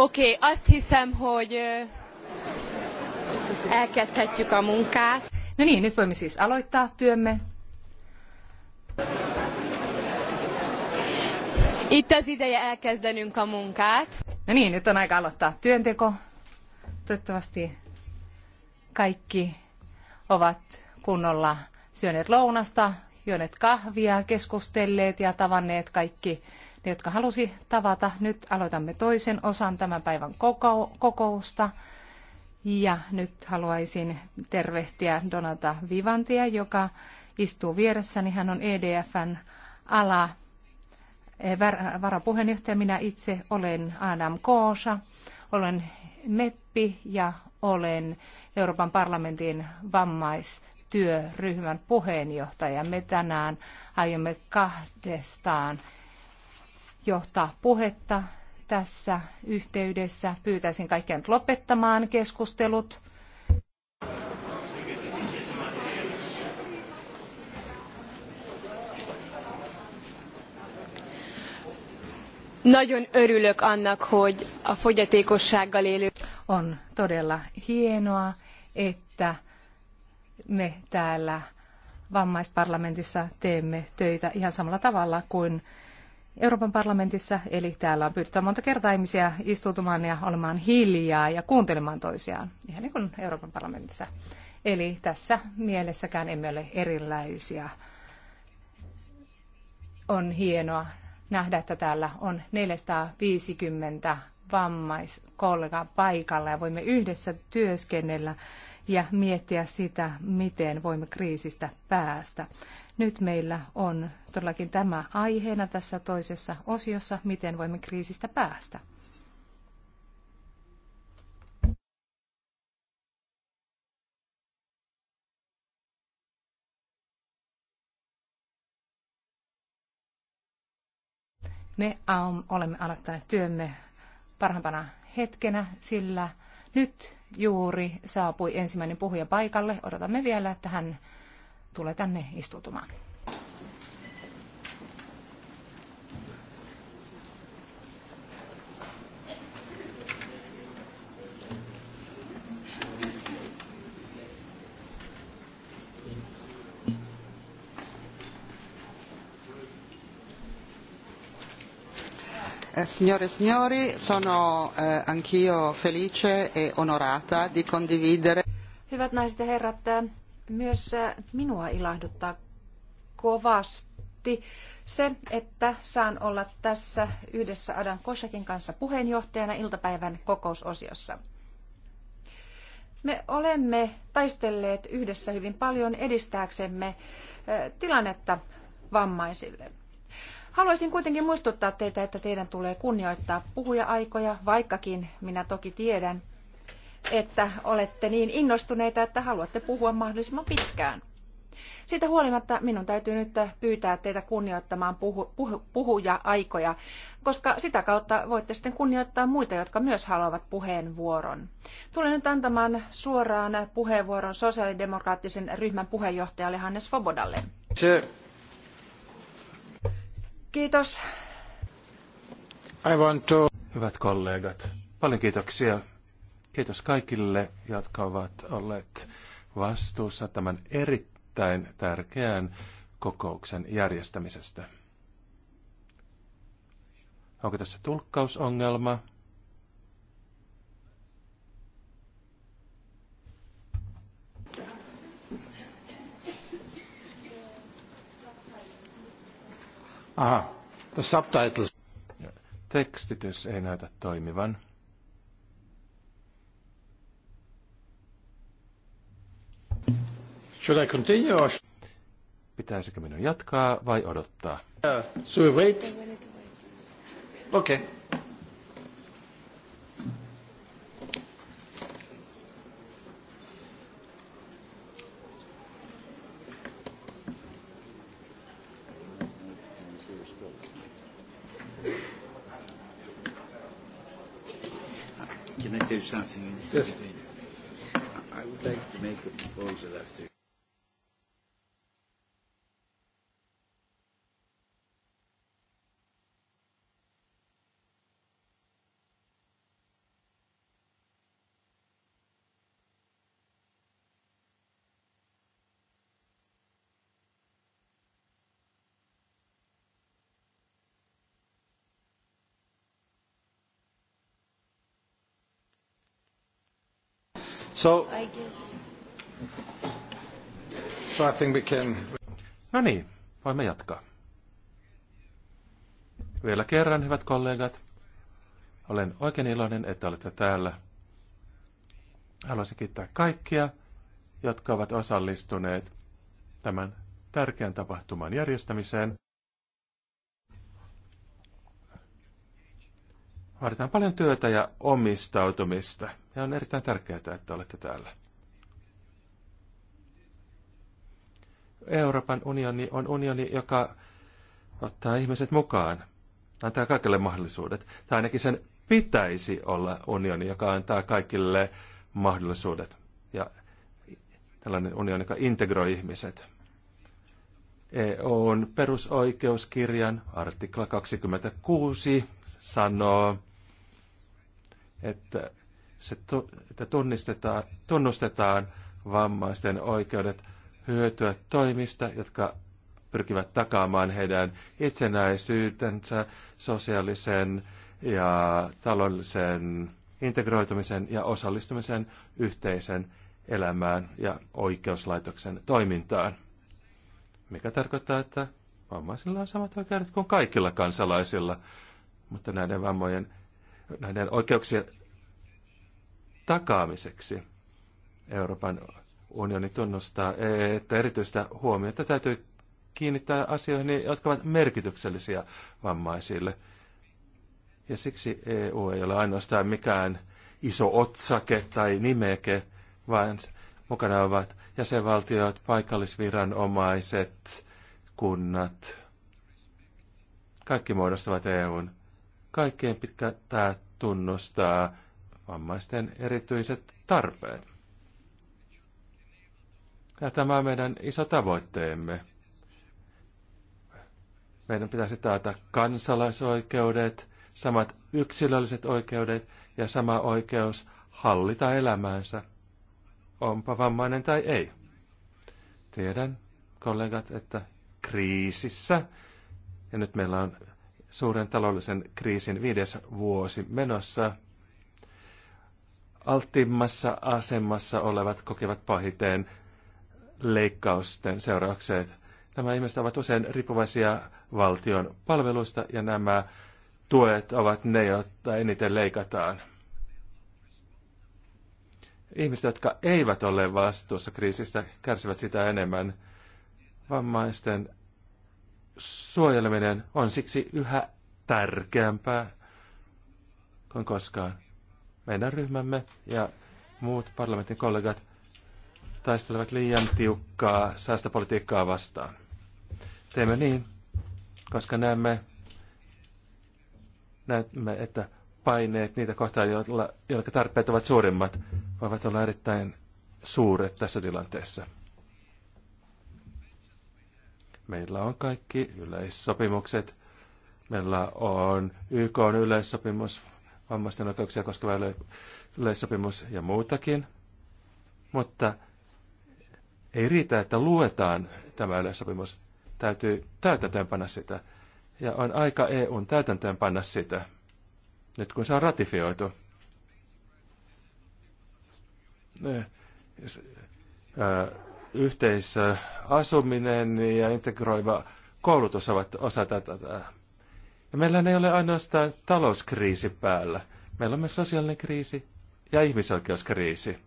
Oké, okay, azt hiszem, hogy elkezdhetjük a munkát. No niin, nyt voimme siis aloittaa työmme. Itt az ideje elkezdenünk a munkát. No niin, nyt on aika aloittaa työnteko. Toivottavasti kaikki ovat kunnolla syöneet lounasta, juoneet kahvia, keskustelleet ja tavanneet kaikki ne, jotka halusi tavata, nyt aloitamme toisen osan tämän päivän kokousta. Ja nyt haluaisin tervehtiä Donata Vivantia, joka istuu vieressäni. Hän on EDFn ala eh, varapuheenjohtaja. Minä itse olen Adam Koosa, olen MEPPI ja olen Euroopan parlamentin vammaistyöryhmän puheenjohtaja. Me tänään aiomme kahdestaan johtaa puhetta tässä yhteydessä. Pyytäisin kaikkia nyt lopettamaan keskustelut. Nagyon örülök annak, hogy a fogyatékossággal élő... On todella hienoa, että me täällä vammaisparlamentissa teemme töitä ihan samalla tavalla kuin Euroopan parlamentissa, eli täällä on pyydetty monta kertaa ihmisiä istuutumaan ja olemaan hiljaa ja kuuntelemaan toisiaan, ihan niin kuin Euroopan parlamentissa. Eli tässä mielessäkään emme ole erilaisia. On hienoa nähdä, että täällä on 450 vammaiskollegaa paikalla ja voimme yhdessä työskennellä ja miettiä sitä, miten voimme kriisistä päästä. Nyt meillä on todellakin tämä aiheena tässä toisessa osiossa, miten voimme kriisistä päästä. Me olemme aloittaneet työmme parhaimpana hetkenä, sillä nyt juuri saapui ensimmäinen puhuja paikalle. Odotamme vielä, että hän tule tänne istutumaan. Eh, signore e signori, sono eh, anch'io felice e onorata di condividere. Hyvät naiset ja herrat, eh, myös minua ilahduttaa kovasti se, että saan olla tässä yhdessä Adan Kosakin kanssa puheenjohtajana iltapäivän kokousosiossa. Me olemme taistelleet yhdessä hyvin paljon edistääksemme tilannetta vammaisille. Haluaisin kuitenkin muistuttaa teitä, että teidän tulee kunnioittaa puhuja-aikoja, vaikkakin minä toki tiedän, että olette niin innostuneita, että haluatte puhua mahdollisimman pitkään. Siitä huolimatta minun täytyy nyt pyytää teitä kunnioittamaan puhu, puhu, puhuja-aikoja, koska sitä kautta voitte sitten kunnioittaa muita, jotka myös haluavat puheenvuoron. Tulen nyt antamaan suoraan puheenvuoron sosiaalidemokraattisen ryhmän puheenjohtajalle Hannes Fobodalle. Se. Kiitos. I want to... Hyvät kollegat, paljon kiitoksia Kiitos kaikille, jotka ovat olleet vastuussa tämän erittäin tärkeän kokouksen järjestämisestä. Onko tässä tulkkausongelma? Aha, the subtitles. Tekstitys ei näytä toimivan. Should I continue or... Pitäisikö minun jatkaa vai odottaa? Uh, so we wait? Okay. Can I do something? Yes. I would like to make a proposal after So, I guess. so I think we can... No niin, voimme jatkaa. Vielä kerran, hyvät kollegat. Olen oikein iloinen, että olette täällä. Haluaisin kiittää kaikkia, jotka ovat osallistuneet tämän tärkeän tapahtuman järjestämiseen. Vaaditaan paljon työtä ja omistautumista. Ja on erittäin tärkeää, että olette täällä. Euroopan unioni on unioni, joka ottaa ihmiset mukaan. Antaa kaikille mahdollisuudet. Tai ainakin sen pitäisi olla unioni, joka antaa kaikille mahdollisuudet. Ja tällainen unioni, joka integroi ihmiset. on e perusoikeuskirjan artikla 26 sanoo, että, se to, että tunnistetaan, tunnustetaan vammaisten oikeudet hyötyä toimista, jotka pyrkivät takaamaan heidän itsenäisyytensä, sosiaalisen ja taloudellisen integroitumisen ja osallistumisen yhteisen elämään ja oikeuslaitoksen toimintaan. Mikä tarkoittaa, että vammaisilla on samat oikeudet kuin kaikilla kansalaisilla, mutta näiden vammojen näiden oikeuksien takaamiseksi Euroopan unioni tunnustaa, että erityistä huomiota täytyy kiinnittää asioihin, jotka ovat merkityksellisiä vammaisille. Ja siksi EU ei ole ainoastaan mikään iso otsake tai nimeke, vaan mukana ovat jäsenvaltiot, paikallisviranomaiset, kunnat. Kaikki muodostavat EUn kaikkein pitää tunnustaa vammaisten erityiset tarpeet. Ja tämä on meidän iso tavoitteemme. Meidän pitäisi taata kansalaisoikeudet, samat yksilölliset oikeudet ja sama oikeus hallita elämäänsä, onpa vammainen tai ei. Tiedän, kollegat, että kriisissä, ja nyt meillä on suuren taloudellisen kriisin viides vuosi menossa. Alttimmassa asemassa olevat kokevat pahiten leikkausten seuraukset. Nämä ihmiset ovat usein riippuvaisia valtion palveluista ja nämä tuet ovat ne, joita eniten leikataan. Ihmiset, jotka eivät ole vastuussa kriisistä, kärsivät sitä enemmän. Vammaisten suojeleminen on siksi yhä tärkeämpää kuin koskaan. Meidän ryhmämme ja muut parlamentin kollegat taistelevat liian tiukkaa säästöpolitiikkaa vastaan. Teemme niin, koska näemme, näemme että paineet niitä kohtaan, joilla, joilla tarpeet ovat suurimmat, voivat olla erittäin suuret tässä tilanteessa. Meillä on kaikki yleissopimukset. Meillä on YK on yleissopimus, vammaisten oikeuksia koskeva yleissopimus ja muutakin. Mutta ei riitä, että luetaan tämä yleissopimus. Täytyy täytäntöönpanna sitä. Ja on aika EUn täytäntöönpanna sitä, nyt kun se on ratifioitu. Ne, ää, yhteisöasuminen ja integroiva koulutus ovat osa tätä. Ja meillä ei ole ainoastaan talouskriisi päällä. Meillä on myös sosiaalinen kriisi ja ihmisoikeuskriisi.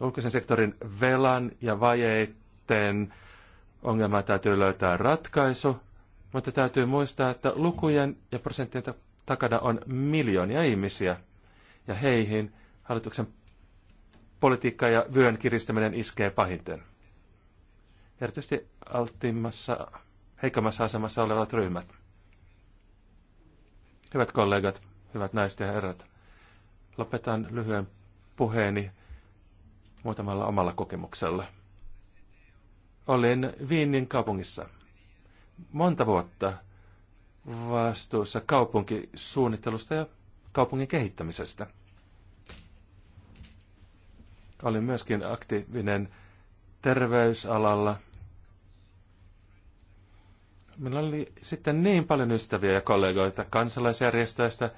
Julkisen sektorin velan ja vajeiden ongelma täytyy löytää ratkaisu, mutta täytyy muistaa, että lukujen ja prosenttien takana on miljoonia ihmisiä, ja heihin hallituksen politiikka ja vyön kiristäminen iskee pahiten. Erityisesti alttiimmassa, heikommassa asemassa olevat ryhmät. Hyvät kollegat, hyvät naiset ja herrat, lopetan lyhyen puheeni muutamalla omalla kokemuksella. Olin Viinin kaupungissa monta vuotta vastuussa kaupunkisuunnittelusta ja kaupungin kehittämisestä – Olin myöskin aktiivinen terveysalalla. Meillä oli sitten niin paljon ystäviä ja kollegoita kansalaisjärjestöistä,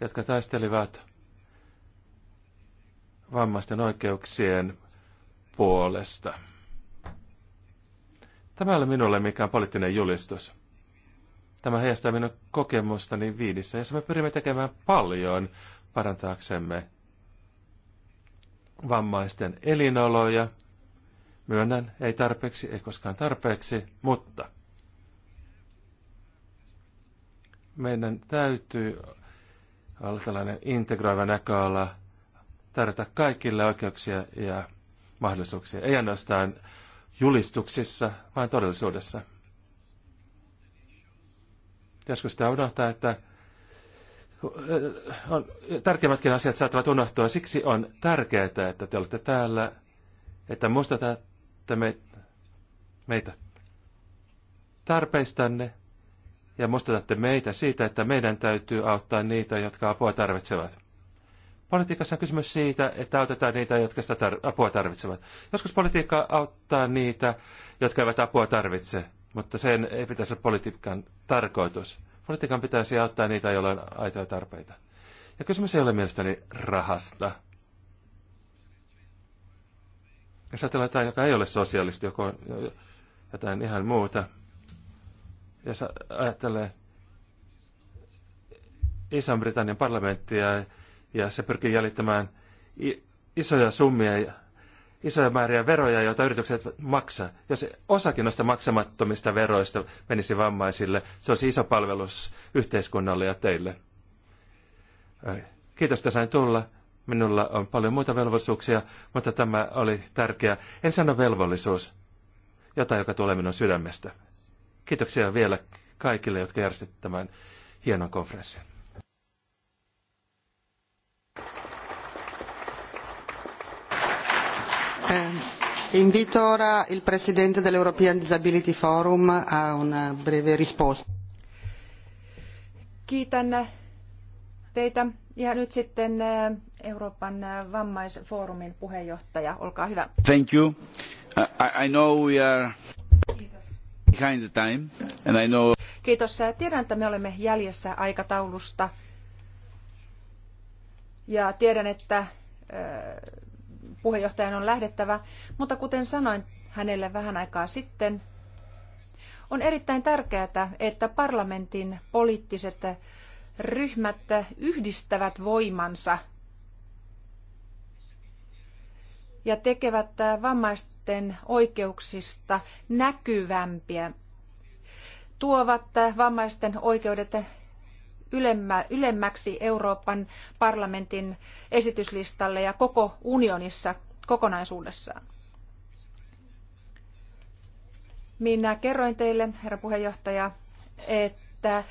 jotka taistelivat vammaisten oikeuksien puolesta. Tämä ei ole minulle mikään poliittinen julistus. Tämä heijastaa minun kokemustani viidissä, jossa me pyrimme tekemään paljon parantaaksemme vammaisten elinoloja. Myönnän, ei tarpeeksi, ei koskaan tarpeeksi, mutta meidän täytyy olla tällainen integroiva näköala, tarjota kaikille oikeuksia ja mahdollisuuksia, ei ainoastaan julistuksissa, vaan todellisuudessa. Joskus sitä unohtaa, että Äh, äh, on, tärkeimmätkin asiat saattavat unohtua. Siksi on tärkeää, että te olette täällä, että muistatte me, meitä tarpeistanne ja muistatte meitä siitä, että meidän täytyy auttaa niitä, jotka apua tarvitsevat. Politiikassa on kysymys siitä, että autetaan niitä, jotka sitä tar- apua tarvitsevat. Joskus politiikka auttaa niitä, jotka eivät apua tarvitse, mutta sen ei pitäisi olla politiikan tarkoitus. Politiikan pitäisi auttaa niitä, joilla on aitoja tarpeita. Ja kysymys ei ole mielestäni rahasta. Jos ajatellaan jotain, joka ei ole sosiaalista joko jotain ihan muuta, jos ajattelee iso britannian parlamenttia ja se pyrkii jäljittämään isoja summia isoja määriä veroja, joita yritykset maksaa. Jos osakin noista maksamattomista veroista menisi vammaisille, se olisi iso palvelus yhteiskunnalle ja teille. Kiitos, että sain tulla. Minulla on paljon muita velvollisuuksia, mutta tämä oli tärkeä. En sano velvollisuus, jotain, joka tulee minun sydämestä. Kiitoksia vielä kaikille, jotka järjestivät tämän hienon konferenssin. Eh, invito ora il Presidente dell'European Disability Forum a una breve risposta. Kiitän teitä. Ja nyt sitten eh, Euroopan eh, vammaisfoorumin puheenjohtaja, olkaa hyvä. Thank you. I, I know we are behind the time and I know... Kiitos. Eh, tiedän, että me olemme jäljessä aikataulusta. Ja tiedän, että puheenjohtajan on lähdettävä, mutta kuten sanoin hänelle vähän aikaa sitten, on erittäin tärkeää, että parlamentin poliittiset ryhmät yhdistävät voimansa ja tekevät vammaisten oikeuksista näkyvämpiä, tuovat vammaisten oikeudet ylemmä, ylemmäksi Euroopan parlamentin esityslistalle ja koko unionissa kokonaisuudessaan. Minä kerroin teille, herra puheenjohtaja, että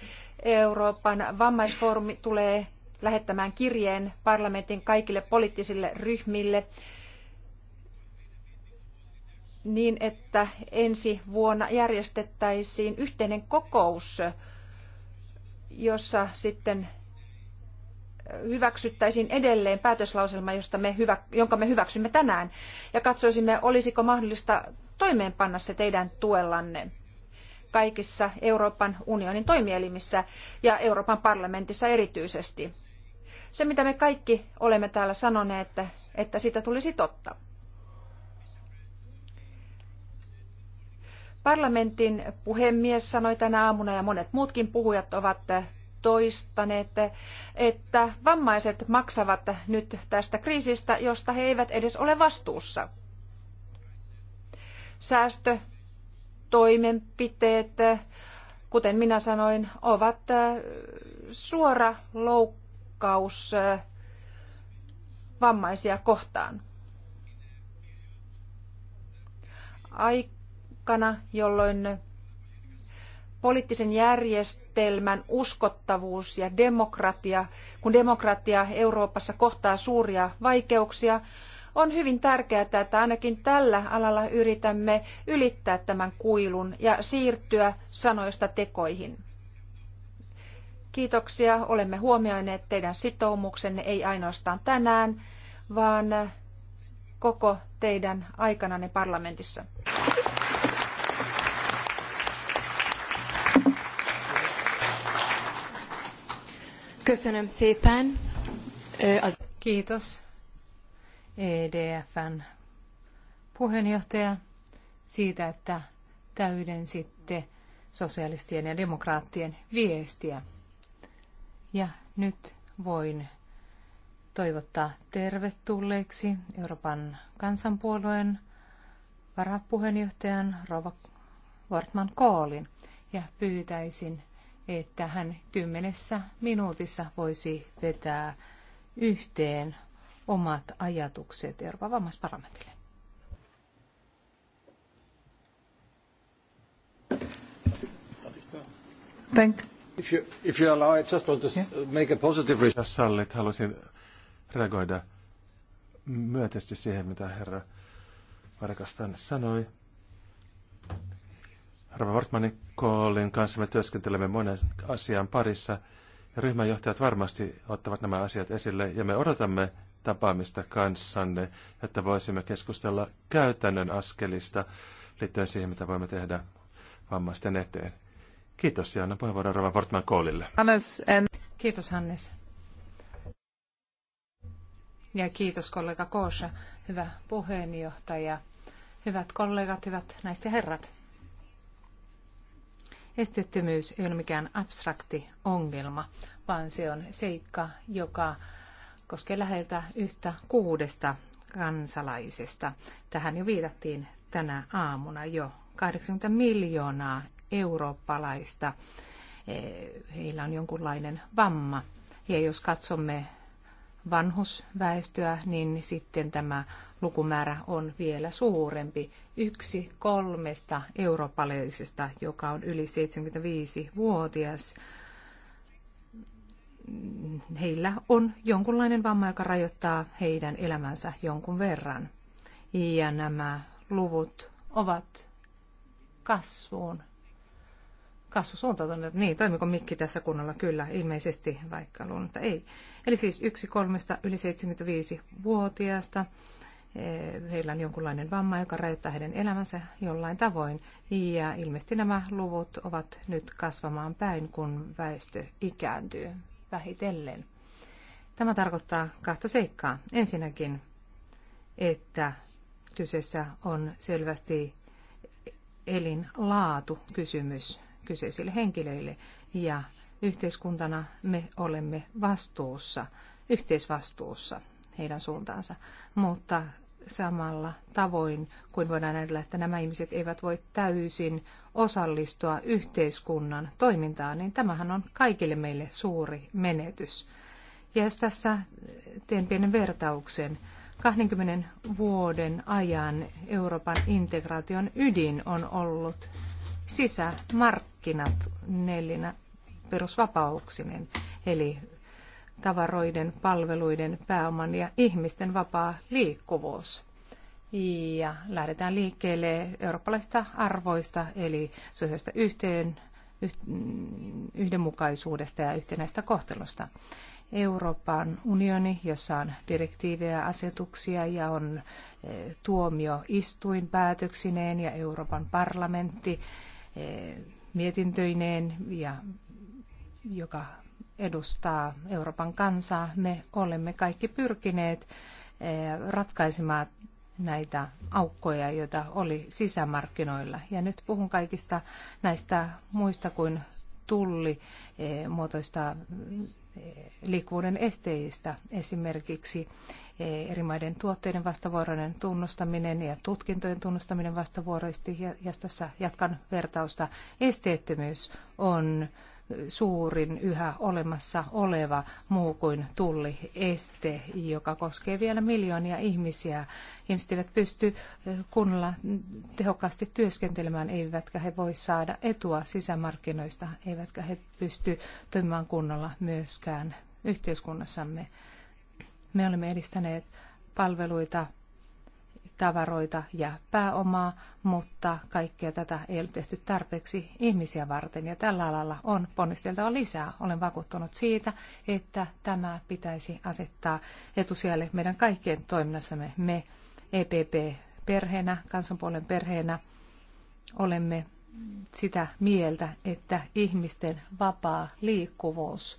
Euroopan vammaisfoorumi tulee lähettämään kirjeen parlamentin kaikille poliittisille ryhmille niin, että ensi vuonna järjestettäisiin yhteinen kokous jossa sitten hyväksyttäisiin edelleen päätöslauselma, josta me hyvä, jonka me hyväksymme tänään, ja katsoisimme, olisiko mahdollista toimeenpanna se teidän tuellanne kaikissa Euroopan unionin toimielimissä ja Euroopan parlamentissa erityisesti. Se, mitä me kaikki olemme täällä sanoneet, että, että sitä tulisi totta. Parlamentin puhemies sanoi tänä aamuna ja monet muutkin puhujat ovat toistaneet, että vammaiset maksavat nyt tästä kriisistä, josta he eivät edes ole vastuussa. Säästötoimenpiteet, kuten minä sanoin, ovat suora loukkaus vammaisia kohtaan. Ai aikana, jolloin poliittisen järjestelmän uskottavuus ja demokratia, kun demokratia Euroopassa kohtaa suuria vaikeuksia, on hyvin tärkeää, että ainakin tällä alalla yritämme ylittää tämän kuilun ja siirtyä sanoista tekoihin. Kiitoksia, olemme huomioineet teidän sitoumuksenne ei ainoastaan tänään, vaan koko teidän aikananne parlamentissa. Köszönöm szépen. Kiitos EDFn puheenjohtaja siitä, että täydensitte sosialistien ja demokraattien viestiä. Ja nyt voin toivottaa tervetulleeksi Euroopan kansanpuolueen varapuheenjohtajan Rova Wortman Koolin ja pyytäisin että hän kymmenessä minuutissa voisi vetää yhteen omat ajatukset Euroopan vammaisparlamentille. Thank. If you, if you allow, I just want to yeah. make a positive Jos sallit, haluaisin reagoida myönteisesti siihen, mitä herra Varkastan sanoi. Rava Wortmanin koolin kanssa me työskentelemme monen asian parissa. Ja ryhmänjohtajat varmasti ottavat nämä asiat esille ja me odotamme tapaamista kanssanne, että voisimme keskustella käytännön askelista liittyen siihen, mitä voimme tehdä vammaisten eteen. Kiitos ja annan puheenvuoron Rova Wortman Koolille. Hannes, and... Kiitos Hannes. Ja kiitos kollega Koosa, hyvä puheenjohtaja, hyvät kollegat, hyvät naiset ja herrat. Esteettömyys ei ole mikään abstrakti ongelma, vaan se on seikka, joka koskee läheltä yhtä kuudesta kansalaisesta. Tähän jo viitattiin tänä aamuna jo 80 miljoonaa eurooppalaista. Eh, heillä on jonkunlainen vamma. Ja jos katsomme vanhusväestöä, niin sitten tämä lukumäärä on vielä suurempi. Yksi kolmesta eurooppalaisesta, joka on yli 75-vuotias, heillä on jonkunlainen vamma, joka rajoittaa heidän elämänsä jonkun verran. Ja nämä luvut ovat kasvuun. Kasvusuuntautuneet, Niin, toimiko mikki tässä kunnolla? Kyllä, ilmeisesti, vaikka luulen, että ei. Eli siis yksi kolmesta yli 75-vuotiaasta Eh, heillä on jonkunlainen vamma, joka rajoittaa heidän elämänsä jollain tavoin. Ja ilmeisesti nämä luvut ovat nyt kasvamaan päin, kun väestö ikääntyy vähitellen. Tämä tarkoittaa kahta seikkaa. Ensinnäkin, että kyseessä on selvästi elinlaatu-kysymys kyseisille henkilöille ja yhteiskuntana me olemme vastuussa, yhteisvastuussa heidän suuntaansa. Mutta samalla tavoin kuin voidaan ajatella, että nämä ihmiset eivät voi täysin osallistua yhteiskunnan toimintaan, niin tämähän on kaikille meille suuri menetys. Ja jos tässä teen pienen vertauksen, 20 vuoden ajan Euroopan integraation ydin on ollut sisämarkkinat neljänä perusvapauksinen, eli tavaroiden, palveluiden, pääoman ja ihmisten vapaa liikkuvuus. Ja lähdetään liikkeelle eurooppalaisista arvoista, eli sosiaalista yhteen, yhdenmukaisuudesta ja yhtenäistä kohtelusta. Euroopan unioni, jossa on direktiivejä, asetuksia ja on e, tuomioistuin päätöksineen ja Euroopan parlamentti e, mietintöineen, ja joka edustaa Euroopan kansaa. Me olemme kaikki pyrkineet eh, ratkaisemaan näitä aukkoja, joita oli sisämarkkinoilla. Ja nyt puhun kaikista näistä muista kuin tulli eh, muotoista eh, liikkuvuuden esteistä, esimerkiksi eri maiden tuotteiden vastavuoroinen tunnustaminen ja tutkintojen tunnustaminen vastavuoroisesti. Ja, tässä jatkan vertausta. Esteettömyys on suurin yhä olemassa oleva muu kuin tullieste, joka koskee vielä miljoonia ihmisiä. Ihmiset eivät pysty eh, kunnolla tehokkaasti työskentelemään, eivätkä he voi saada etua sisämarkkinoista, eivätkä he pysty toimimaan kunnolla myöskään yhteiskunnassamme. Me olemme edistäneet palveluita tavaroita ja pääomaa, mutta kaikkea tätä ei ole tehty tarpeeksi ihmisiä varten. Ja tällä alalla on ponnisteltava lisää. Olen vakuuttunut siitä, että tämä pitäisi asettaa etusijalle meidän kaikkien toiminnassamme. Me EPP-perheenä, kansanpuolen perheenä, olemme sitä mieltä, että ihmisten vapaa liikkuvuus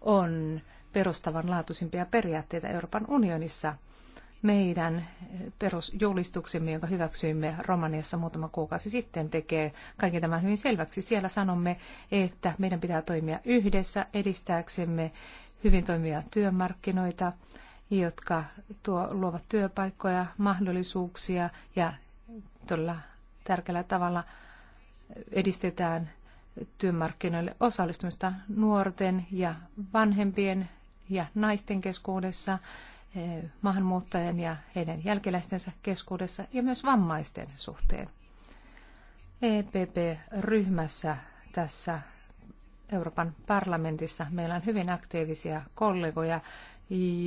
on perustavanlaatuisimpia periaatteita Euroopan unionissa – meidän perusjulistuksemme, jonka hyväksyimme Romaniassa muutama kuukausi sitten, tekee kaiken tämän hyvin selväksi. Siellä sanomme, että meidän pitää toimia yhdessä edistääksemme hyvin toimivia työmarkkinoita, jotka tuo, luovat työpaikkoja, mahdollisuuksia ja todella tärkeällä tavalla edistetään työmarkkinoille osallistumista nuorten ja vanhempien ja naisten keskuudessa maahanmuuttajien ja heidän jälkeläistensä keskuudessa ja myös vammaisten suhteen. EPP-ryhmässä tässä Euroopan parlamentissa meillä on hyvin aktiivisia kollegoja,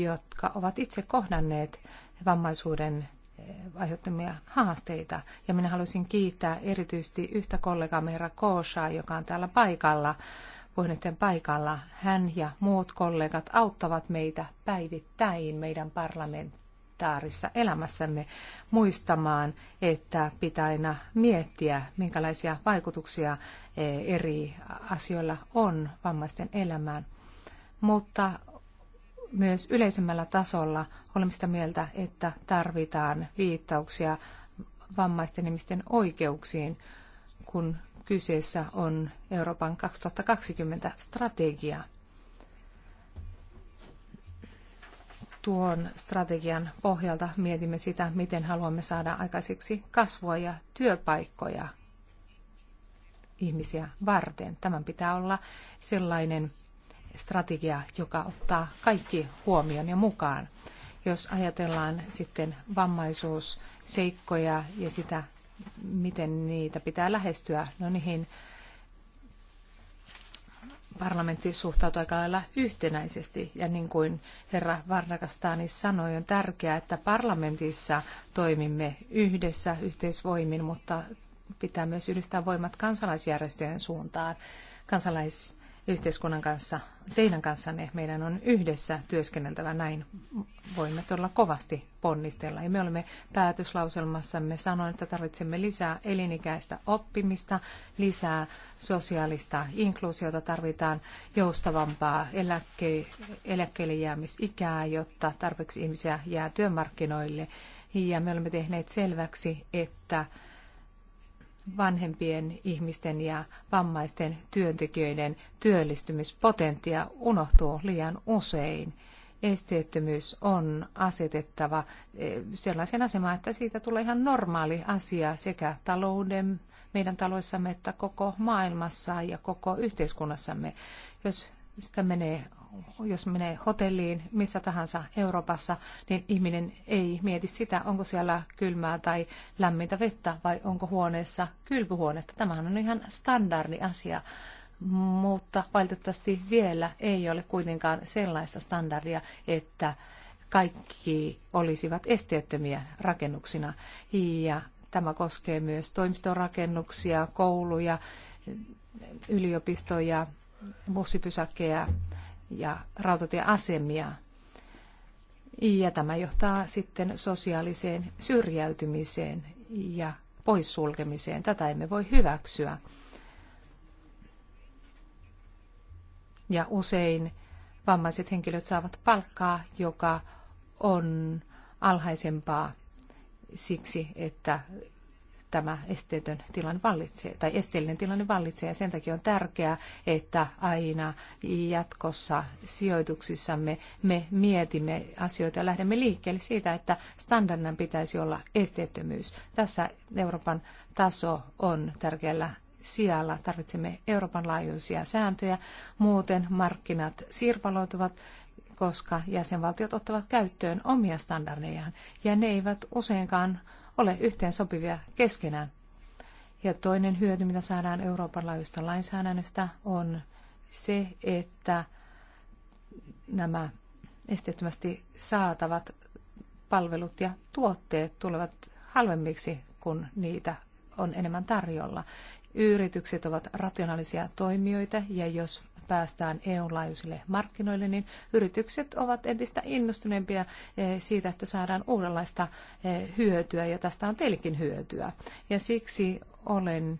jotka ovat itse kohdanneet vammaisuuden eh, aiheuttamia haasteita. Ja minä haluaisin kiittää erityisesti yhtä kollegaa, herra Kooshaa, joka on täällä paikalla puheenjohtajan paikalla. Hän ja muut kollegat auttavat meitä päivittäin meidän parlamentaarissa elämässämme muistamaan, että pitää aina miettiä, minkälaisia vaikutuksia e, eri asioilla on vammaisten elämään. Mutta myös yleisemmällä tasolla olemme sitä mieltä, että tarvitaan viittauksia vammaisten ihmisten oikeuksiin, kun kyseessä on Euroopan 2020 strategia. Tuon strategian pohjalta mietimme sitä, miten haluamme saada aikaiseksi kasvua ja työpaikkoja ihmisiä varten. Tämän pitää olla sellainen strategia, joka ottaa kaikki huomioon ja mukaan. Jos ajatellaan sitten vammaisuusseikkoja ja sitä, miten niitä pitää lähestyä. No niihin parlamentti suhtautuu aika lailla yhtenäisesti. Ja niin kuin herra Varnakastani sanoi, on tärkeää, että parlamentissa toimimme yhdessä yhteisvoimin, mutta pitää myös yhdistää voimat kansalaisjärjestöjen suuntaan. Kansalais yhteiskunnan kanssa, teidän kanssanne. Meidän on yhdessä työskenneltävä näin. Voimme todella kovasti ponnistella. Ja me olemme päätöslauselmassamme sanoneet, että tarvitsemme lisää elinikäistä oppimista, lisää sosiaalista inkluusiota, tarvitaan joustavampaa eläkke- eläkkeelle jäämisikää, jotta tarpeeksi ihmisiä jää työmarkkinoille. Ja me olemme tehneet selväksi, että vanhempien ihmisten ja vammaisten työntekijöiden työllistymispotentia unohtuu liian usein. Esteettömyys on asetettava eh, sellaisen asemaan, että siitä tulee ihan normaali asia sekä talouden, meidän taloissamme että koko maailmassa ja koko yhteiskunnassamme. Jos sitä menee, jos menee hotelliin missä tahansa Euroopassa, niin ihminen ei mieti sitä, onko siellä kylmää tai lämmintä vettä vai onko huoneessa kylpyhuonetta. Tämähän on ihan standardi asia, mutta valitettavasti vielä ei ole kuitenkaan sellaista standardia, että kaikki olisivat esteettömiä rakennuksina. Ja tämä koskee myös toimistorakennuksia, kouluja, yliopistoja, bussipysäkkejä ja rautatieasemia. Ja tämä johtaa sitten sosiaaliseen syrjäytymiseen ja poissulkemiseen. Tätä emme voi hyväksyä. Ja usein vammaiset henkilöt saavat palkkaa, joka on alhaisempaa siksi, että tämä esteetön tilanne vallitsee, tai esteellinen tilanne vallitsee, ja sen takia on tärkeää, että aina jatkossa sijoituksissamme me mietimme asioita ja lähdemme liikkeelle siitä, että standardin pitäisi olla esteettömyys. Tässä Euroopan taso on tärkeällä sijalla. Tarvitsemme Euroopan laajuisia sääntöjä, muuten markkinat sirpaloituvat koska jäsenvaltiot ottavat käyttöön omia standardejaan, ja ne eivät useinkaan ole yhteen sopivia keskenään. Ja toinen hyöty, mitä saadaan Euroopan laajuista lainsäädännöstä, on se, että nämä esteettömästi saatavat palvelut ja tuotteet tulevat halvemmiksi, kun niitä on enemmän tarjolla. Yritykset ovat rationaalisia toimijoita ja jos päästään EU-laajuisille markkinoille, niin yritykset ovat entistä innostuneempia eh, siitä, että saadaan uudenlaista eh, hyötyä ja tästä on teillekin hyötyä. Ja siksi olen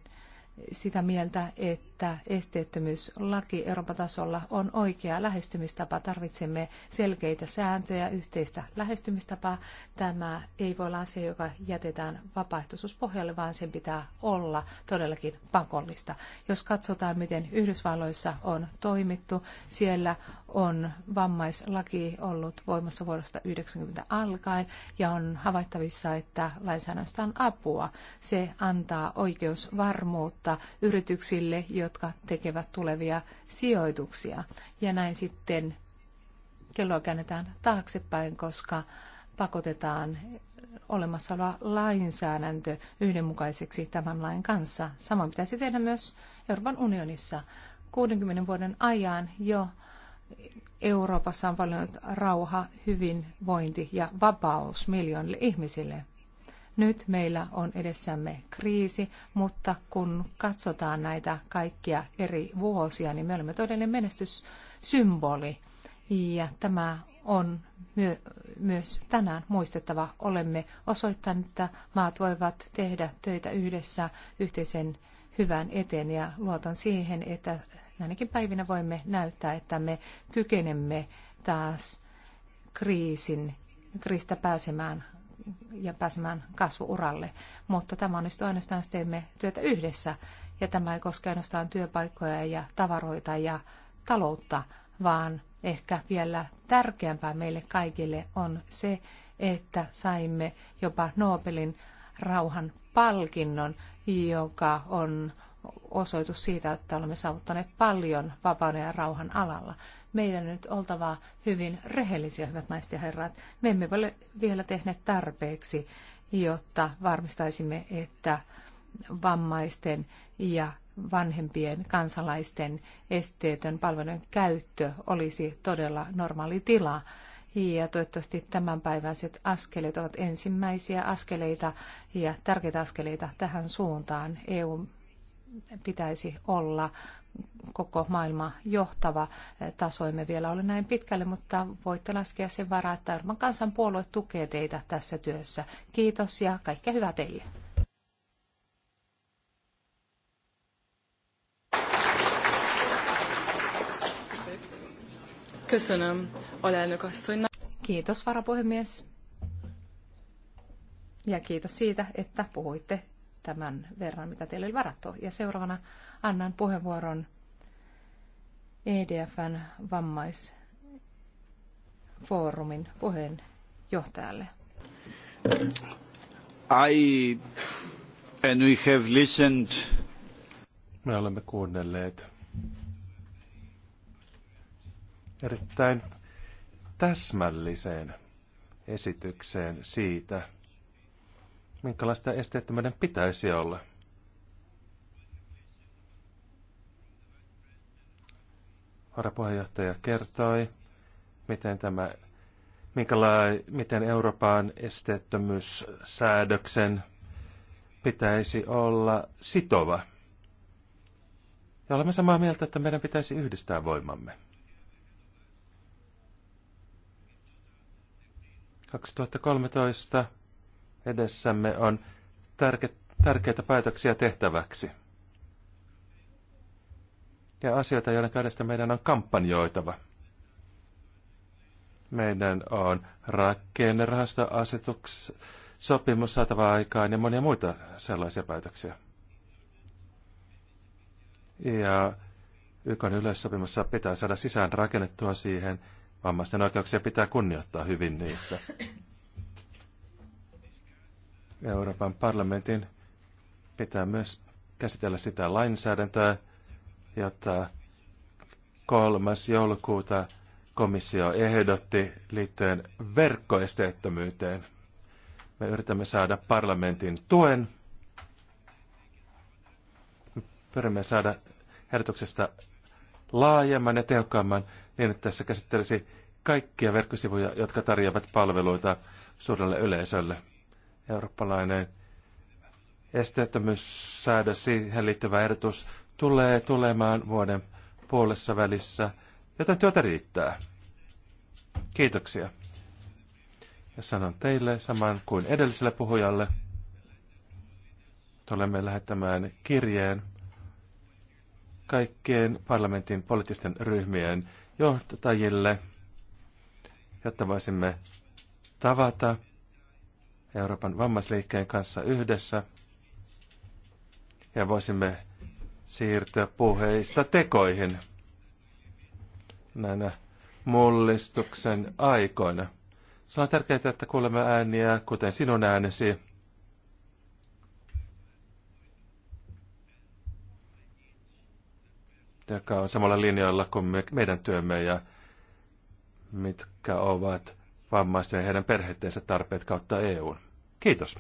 sitä mieltä, että esteettömyyslaki Euroopan tasolla on oikea lähestymistapa. Tarvitsemme selkeitä sääntöjä, yhteistä lähestymistapaa. Tämä ei voi olla asia, joka jätetään vapaaehtoisuuspohjalle, vaan sen pitää olla todellakin pakollista. Jos katsotaan, miten Yhdysvalloissa on toimittu, siellä on vammaislaki ollut voimassa vuodesta 90 alkaen ja on havaittavissa, että lainsäädännöstä on apua. Se antaa oikeusvarmuutta yrityksille, jotka tekevät tulevia sijoituksia. Ja näin sitten kelloa käännetään taaksepäin, koska pakotetaan olemassa oleva lainsäädäntö yhdenmukaiseksi tämän lain kanssa. Samoin pitäisi tehdä myös Euroopan unionissa. 60 vuoden ajan jo Euroopassa on paljon rauha, hyvinvointi ja vapaus miljoonille ihmisille. Nyt meillä on edessämme kriisi, mutta kun katsotaan näitä kaikkia eri vuosia, niin me olemme todellinen menestyssymboli. Ja tämä on my- myös tänään muistettava. Olemme osoittaneet, että maat voivat tehdä töitä yhdessä yhteisen hyvän eteen ja luotan siihen, että näinäkin päivinä voimme näyttää, että me kykenemme taas kriisin, kriistä pääsemään ja pääsemään kasvuuralle. Mutta tämä on ainoastaan, jos teemme työtä yhdessä. Ja tämä ei koske ainoastaan työpaikkoja ja tavaroita ja taloutta, vaan ehkä vielä tärkeämpää meille kaikille on se, että saimme jopa Nobelin rauhan palkinnon, joka on osoitus siitä, että olemme saavuttaneet paljon vapauden ja rauhan alalla. Meidän nyt oltava hyvin rehellisiä, hyvät naiset ja herrat. Me emme ole vielä tehneet tarpeeksi, jotta varmistaisimme, että vammaisten ja vanhempien kansalaisten esteetön palvelujen käyttö olisi todella normaali tila. Ja toivottavasti tämänpäiväiset askeleet ovat ensimmäisiä askeleita ja tärkeitä askeleita tähän suuntaan. EU pitäisi olla koko maailma johtava taso. Emme vielä ole näin pitkälle, mutta voitte laskea sen varaa, että Arman kansanpuolue tukee teitä tässä työssä. Kiitos ja kaikkea hyvää teille. Kiitos, varapuhemies. Ja kiitos siitä, että puhuitte tämän verran, mitä teille oli varattu. Ja seuraavana annan puheenvuoron EDFn vammaisfoorumin puheenjohtajalle. I and we have listened. Me olemme kuunnelleet erittäin täsmälliseen esitykseen siitä, minkälaista esteettömyyden pitäisi olla. Varapuheenjohtaja kertoi, miten, tämä, minkäla- miten Euroopan esteettömyyssäädöksen pitäisi olla sitova. Ja olemme samaa mieltä, että meidän pitäisi yhdistää voimamme. 2013 edessämme on tärke, tärkeitä päätöksiä tehtäväksi. Ja asioita, joiden kädestä meidän on kampanjoitava. Meidän on rakennerahastoasetuks, sopimus saatava aikaan ja monia muita sellaisia päätöksiä. Ja YKn yleissopimussa pitää saada sisään rakennettua siihen. Vammaisten oikeuksia pitää kunnioittaa hyvin niissä. Euroopan parlamentin pitää myös käsitellä sitä lainsäädäntöä, jota kolmas joulukuuta komissio ehdotti liittyen verkkoesteettömyyteen. Me yritämme saada parlamentin tuen. Me pyrimme saada ehdotuksesta laajemman ja tehokkaamman niin, että tässä käsittelisi kaikkia verkkosivuja, jotka tarjoavat palveluita suurelle yleisölle eurooppalainen esteettömyyssäädös, siihen liittyvä ehdotus, tulee tulemaan vuoden puolessa välissä, joten työtä riittää. Kiitoksia. Ja sanon teille saman kuin edelliselle puhujalle. Tulemme lähettämään kirjeen kaikkien parlamentin poliittisten ryhmien johtajille, jotta voisimme tavata Euroopan vammaisliikkeen kanssa yhdessä ja voisimme siirtyä puheista tekoihin näinä mullistuksen aikoina. Se on tärkeää, että kuulemme ääniä, kuten sinun äänesi. joka on samalla linjalla kuin meidän työmme ja mitkä ovat vammaisten ja heidän perheittensä tarpeet kautta EUn. Kiitos.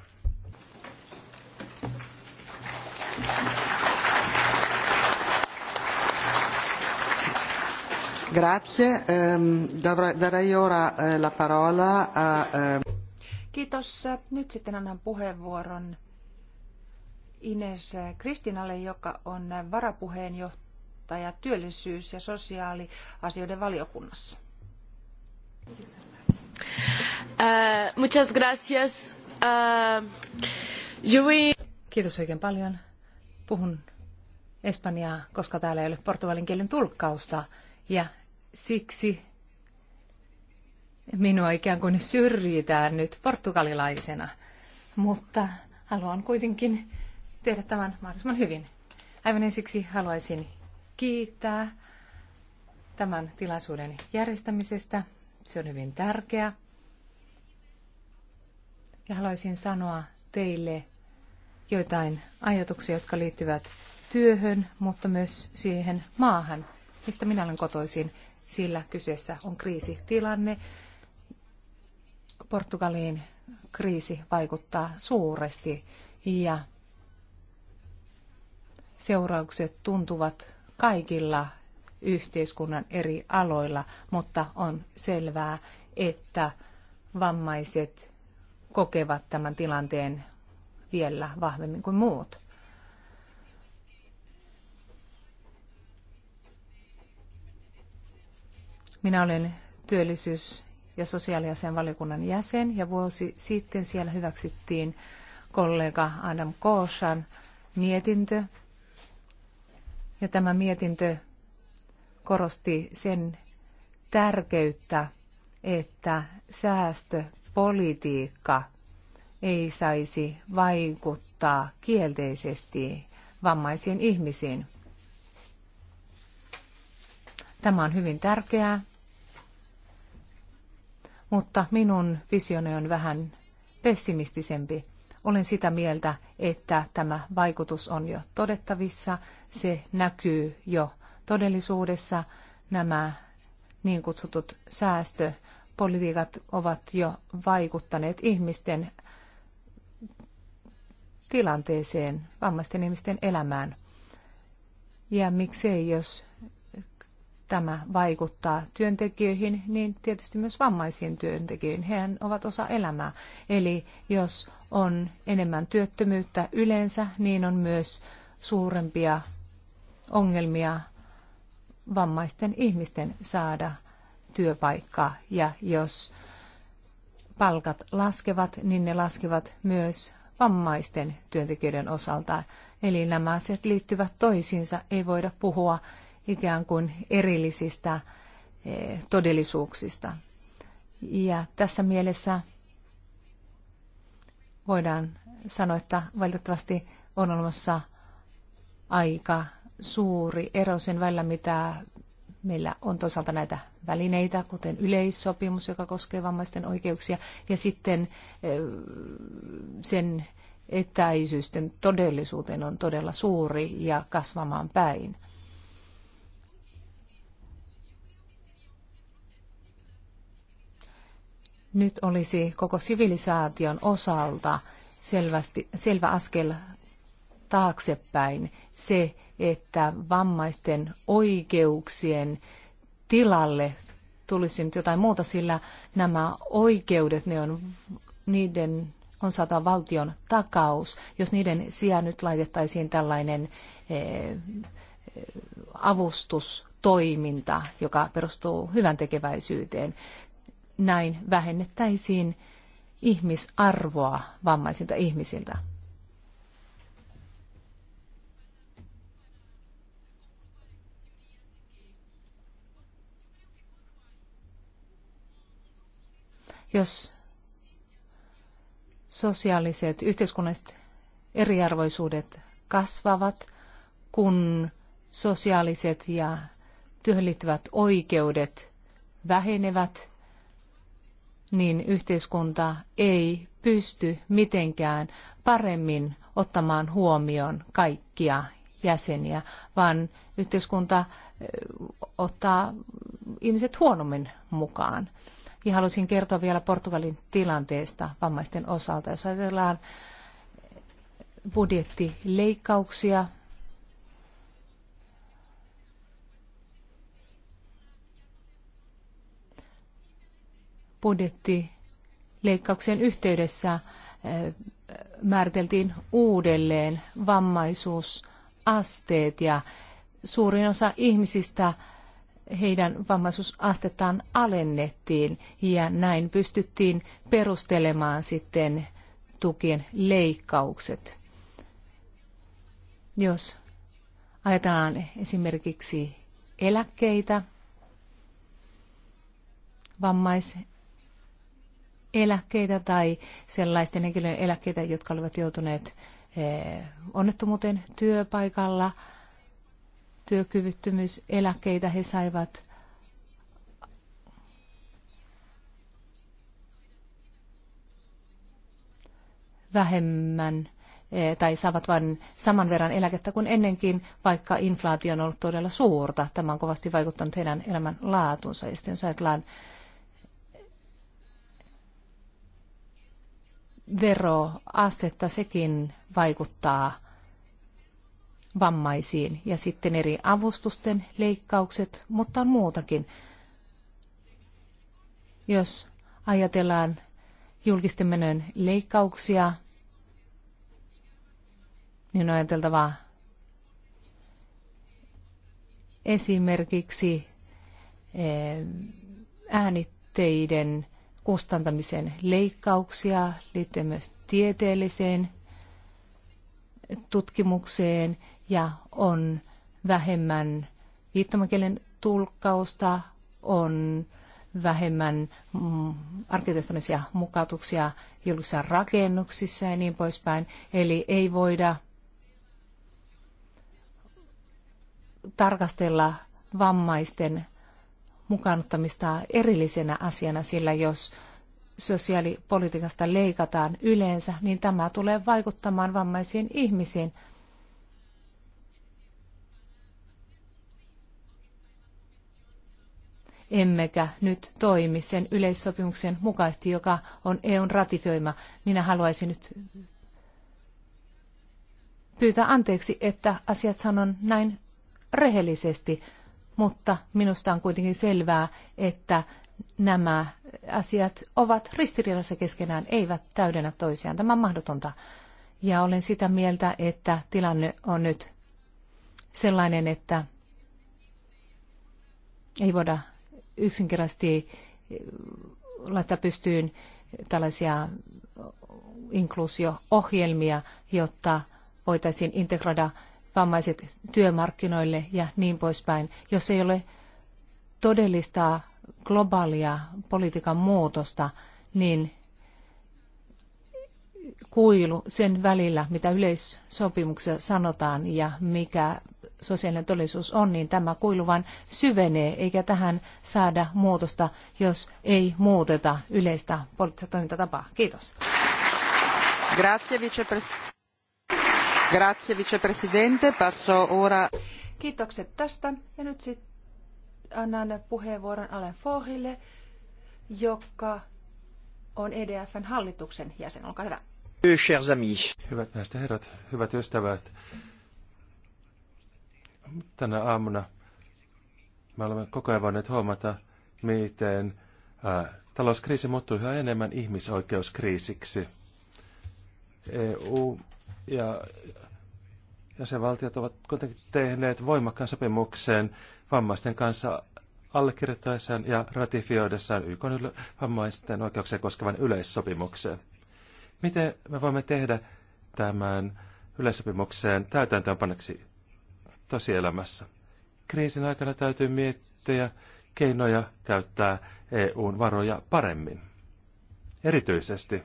Grazie. Ehm, darei ora eh, la parola a... Eh, Kiitos. Nyt sitten annan puheenvuoron Ines Kristinalle, joka on varapuheenjohtaja työllisyys- ja sosiaaliasioiden valiokunnassa. Kiitos. Uh, muchas gracias. Uh, eh, Jui. Kiitos oikein paljon. Puhun espanjaa, koska täällä ei ole portugalin kielen tulkkausta ja siksi minua ikään kuin syrjitään nyt portugalilaisena, mutta haluan kuitenkin tehdä tämän mahdollisimman hyvin. Aivan ensiksi haluaisin kiittää tämän tilaisuuden järjestämisestä se on hyvin tärkeä. Ja haluaisin sanoa teille joitain ajatuksia, jotka liittyvät työhön, mutta myös siihen maahan, mistä minä olen kotoisin, sillä kyseessä on kriisitilanne. Portugaliin kriisi vaikuttaa suuresti ja seuraukset tuntuvat kaikilla yhteiskunnan eri aloilla, mutta on selvää, että vammaiset kokevat tämän tilanteen vielä vahvemmin kuin muut. Minä olen työllisyys- ja sosiaaliasian valiokunnan jäsen ja vuosi sitten siellä hyväksyttiin kollega Adam Koosan mietintö. Ja tämä mietintö korosti sen tärkeyttä, että säästöpolitiikka ei saisi vaikuttaa kielteisesti vammaisiin ihmisiin. Tämä on hyvin tärkeää, mutta minun visioni on vähän pessimistisempi. Olen sitä mieltä, että tämä vaikutus on jo todettavissa, se näkyy jo todellisuudessa nämä niin kutsutut säästöpolitiikat ovat jo vaikuttaneet ihmisten tilanteeseen, vammaisten ihmisten elämään. Ja miksei, jos tämä vaikuttaa työntekijöihin, niin tietysti myös vammaisiin työntekijöihin. He ovat osa elämää. Eli jos on enemmän työttömyyttä yleensä, niin on myös suurempia ongelmia vammaisten ihmisten saada työpaikkaa. Ja jos palkat laskevat, niin ne laskevat myös vammaisten työntekijöiden osalta. Eli nämä asiat liittyvät toisiinsa. Ei voida puhua ikään kuin erillisistä eh, todellisuuksista. Ja tässä mielessä voidaan sanoa, että valitettavasti on olemassa aika suuri ero sen välillä, mitä meillä on toisaalta näitä välineitä, kuten yleissopimus, joka koskee vammaisten oikeuksia, ja sitten sen etäisyysten todellisuuteen on todella suuri ja kasvamaan päin. Nyt olisi koko sivilisaation osalta selvästi, selvä askel taaksepäin se, että vammaisten oikeuksien tilalle tulisi nyt jotain muuta, sillä nämä oikeudet, ne on, niiden on saatava valtion takaus. Jos niiden sijaan nyt laitettaisiin tällainen eh, avustustoiminta, joka perustuu hyvän tekeväisyyteen, näin vähennettäisiin ihmisarvoa vammaisilta ihmisiltä. Jos sosiaaliset, yhteiskunnalliset eriarvoisuudet kasvavat, kun sosiaaliset ja työhön liittyvät oikeudet vähenevät, niin yhteiskunta ei pysty mitenkään paremmin ottamaan huomioon kaikkia jäseniä, vaan yhteiskunta ottaa ihmiset huonommin mukaan. Ja haluaisin kertoa vielä Portugalin tilanteesta vammaisten osalta. Jos ajatellaan budjettileikkauksia, budjettileikkauksien yhteydessä eh, määriteltiin uudelleen vammaisuusasteet ja suurin osa ihmisistä heidän vammaisuusastettaan alennettiin ja näin pystyttiin perustelemaan sitten tukien leikkaukset. Jos ajatellaan esimerkiksi eläkkeitä, vammaiseläkkeitä tai sellaisten henkilöiden eläkkeitä, jotka olivat joutuneet eh, onnettomuuteen työpaikalla – työkyvyttömyyseläkkeitä he saivat vähemmän eh, tai saavat vain saman verran eläkettä kuin ennenkin, vaikka inflaatio on ollut todella suurta. Tämä on kovasti vaikuttanut heidän elämän laatunsa. Ja sitten jos ajatellaan veroasetta, sekin vaikuttaa vammaisiin ja sitten eri avustusten leikkaukset, mutta on muutakin. Jos ajatellaan julkisten menojen leikkauksia, niin on ajateltava esimerkiksi eh, äänitteiden kustantamisen leikkauksia liittyen myös tieteelliseen tutkimukseen ja on vähemmän viittomakielen tulkkausta, on vähemmän mm, arkkitehtonisia mukautuksia julkisissa rakennuksissa ja niin poispäin. Eli ei voida tarkastella vammaisten mukaanottamista erillisenä asiana, sillä jos sosiaalipolitiikasta leikataan yleensä, niin tämä tulee vaikuttamaan vammaisiin ihmisiin emmekä nyt toimi sen yleissopimuksen mukaisesti, joka on EUn ratifioima. Minä haluaisin nyt pyytää anteeksi, että asiat sanon näin rehellisesti, mutta minusta on kuitenkin selvää, että nämä asiat ovat ristiriidassa keskenään, eivät täydennä toisiaan. Tämä on mahdotonta. Ja olen sitä mieltä, että tilanne on nyt sellainen, että ei voida yksinkertaisesti eh, laittaa pystyyn tällaisia inkluusio-ohjelmia, jotta voitaisiin integroida vammaiset työmarkkinoille ja niin poispäin. Jos ei ole todellista globaalia politiikan muutosta, niin kuilu sen välillä, mitä yleissopimuksessa sanotaan ja mikä sosiaalinen todellisuus on, niin tämä kuilu vain syvenee, eikä tähän saada muutosta, jos ei muuteta yleistä poliittista toimintatapaa. Kiitos. Grazie, Grazie vicepresidente. Passo ora... Kiitokset tästä. Ja nyt sitten annan puheenvuoron Alain Fohille, joka on EDFn hallituksen jäsen. Olkaa hyvä. Chers amis. Hyvät herrat, hyvät ystävät tänä aamuna me olemme koko ajan voineet huomata, miten ää, äh, talouskriisi muuttuu yhä enemmän ihmisoikeuskriisiksi. EU ja jäsenvaltiot ovat kuitenkin tehneet voimakkaan sopimuksen vammaisten kanssa allekirjoittaessaan ja ratifioidessaan YK vammaisten oikeuksia koskevan yleissopimuksen. Miten me voimme tehdä tämän yleissopimukseen täytäntöönpaneksi tosielämässä. Kriisin aikana täytyy miettiä keinoja käyttää EUn varoja paremmin. Erityisesti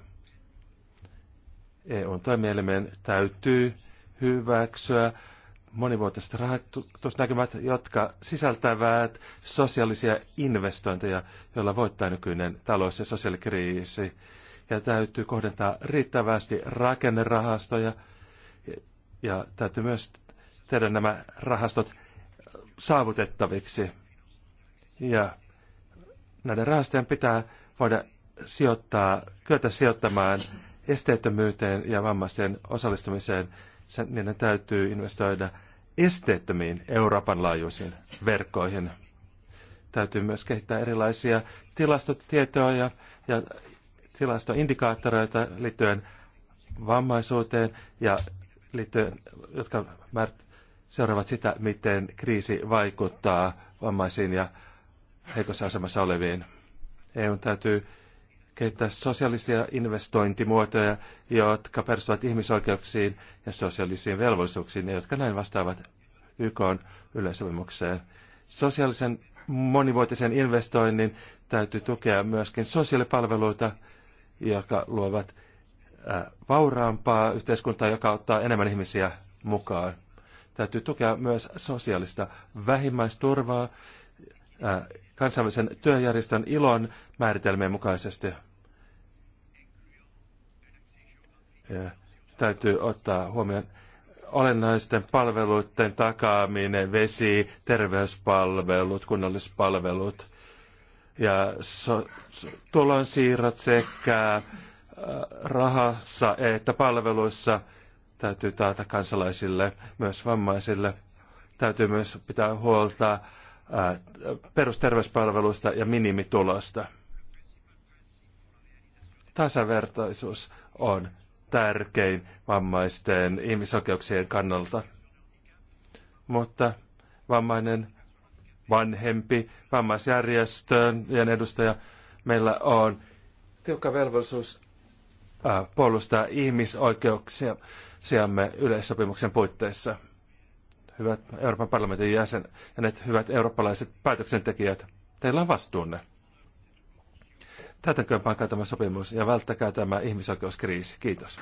EUn toimielimeen täytyy hyväksyä monivuotiset rahoitusnäkymät, jotka sisältävät sosiaalisia investointeja, joilla voittaa nykyinen talous- ja sosiaalikriisi. Ja täytyy kohdentaa riittävästi rakennerahastoja ja täytyy myös tehdä nämä rahastot saavutettaviksi. Ja näiden rahastojen pitää voida sijoittaa, kyetä sijoittamaan esteettömyyteen ja vammaisten osallistumiseen. Sen, niiden täytyy investoida esteettömiin Euroopan laajuisiin verkkoihin. Täytyy myös kehittää erilaisia tilastotietoja ja, ja tilastoindikaattoreita liittyen vammaisuuteen ja liittyen, jotka määrit, seuraavat sitä, miten kriisi vaikuttaa vammaisiin ja heikossa asemassa oleviin. EU täytyy kehittää sosiaalisia investointimuotoja, jotka perustuvat ihmisoikeuksiin ja sosiaalisiin velvollisuuksiin, ja jotka näin vastaavat YK yleisövimukseen. Sosiaalisen monivuotisen investoinnin täytyy tukea myöskin sosiaalipalveluita, jotka luovat vauraampaa yhteiskuntaa, joka ottaa enemmän ihmisiä mukaan. Täytyy tukea myös sosiaalista vähimmäisturvaa kansainvälisen työjärjestön ilon määritelmien mukaisesti. Ja täytyy ottaa huomioon olennaisten palveluiden takaaminen, vesi, terveyspalvelut, kunnallispalvelut ja so, so, tulonsiirrot sekä rahassa että palveluissa – täytyy taata kansalaisille, myös vammaisille. Täytyy myös pitää huolta perusterveyspalveluista ja minimitulosta. Tasavertaisuus on tärkein vammaisten ihmisoikeuksien kannalta. Mutta vammainen vanhempi vammaisjärjestöön ja edustaja, meillä on tiukka velvollisuus puolustaa ihmisoikeuksia sijamme yleissopimuksen puitteissa. Hyvät Euroopan parlamentin jäsenet, ja hyvät eurooppalaiset päätöksentekijät, teillä on vastuunne. Täytänköön pankaa tämä sopimus ja välttäkää tämä ihmisoikeuskriisi. Kiitos.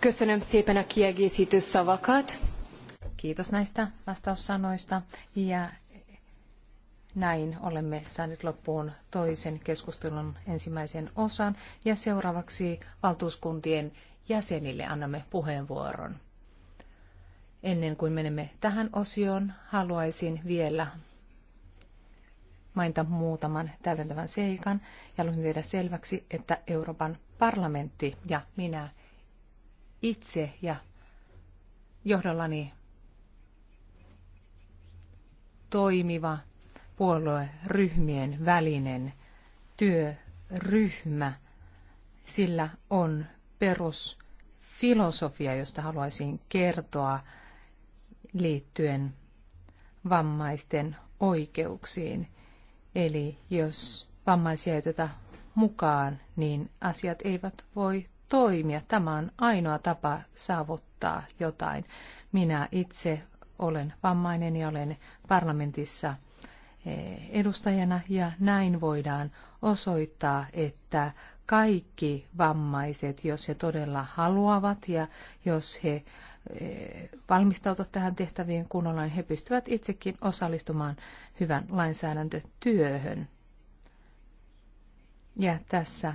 Köszönöm szépen a kiegészítő szavakat. Kiitos näistä vastaussanoista ja näin olemme saaneet loppuun toisen keskustelun ensimmäisen osan ja seuraavaksi valtuuskuntien jäsenille annamme puheenvuoron. Ennen kuin menemme tähän osioon, haluaisin vielä mainita muutaman täydentävän seikan ja haluaisin tehdä selväksi, että Euroopan parlamentti ja minä itse ja johdollani toimiva puolueryhmien välinen työryhmä. Sillä on perusfilosofia, josta haluaisin kertoa liittyen vammaisten oikeuksiin. Eli jos vammaisia ei oteta mukaan, niin asiat eivät voi toimia. Tämä on ainoa tapa saavuttaa jotain. Minä itse olen vammainen ja olen parlamentissa Eh, edustajana ja näin voidaan osoittaa, että kaikki vammaiset, jos he todella haluavat ja jos he eh, valmistautuvat tähän tehtäviin kunnolla, niin he pystyvät itsekin osallistumaan hyvän lainsäädäntötyöhön. Ja tässä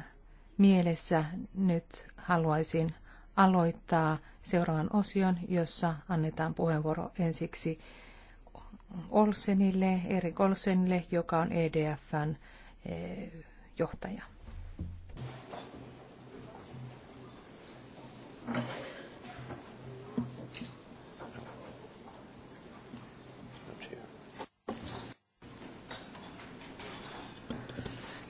mielessä nyt haluaisin aloittaa seuraavan osion, jossa annetaan puheenvuoro ensiksi Olsenille, Erik Olsenille, joka on EDFn eh, johtaja.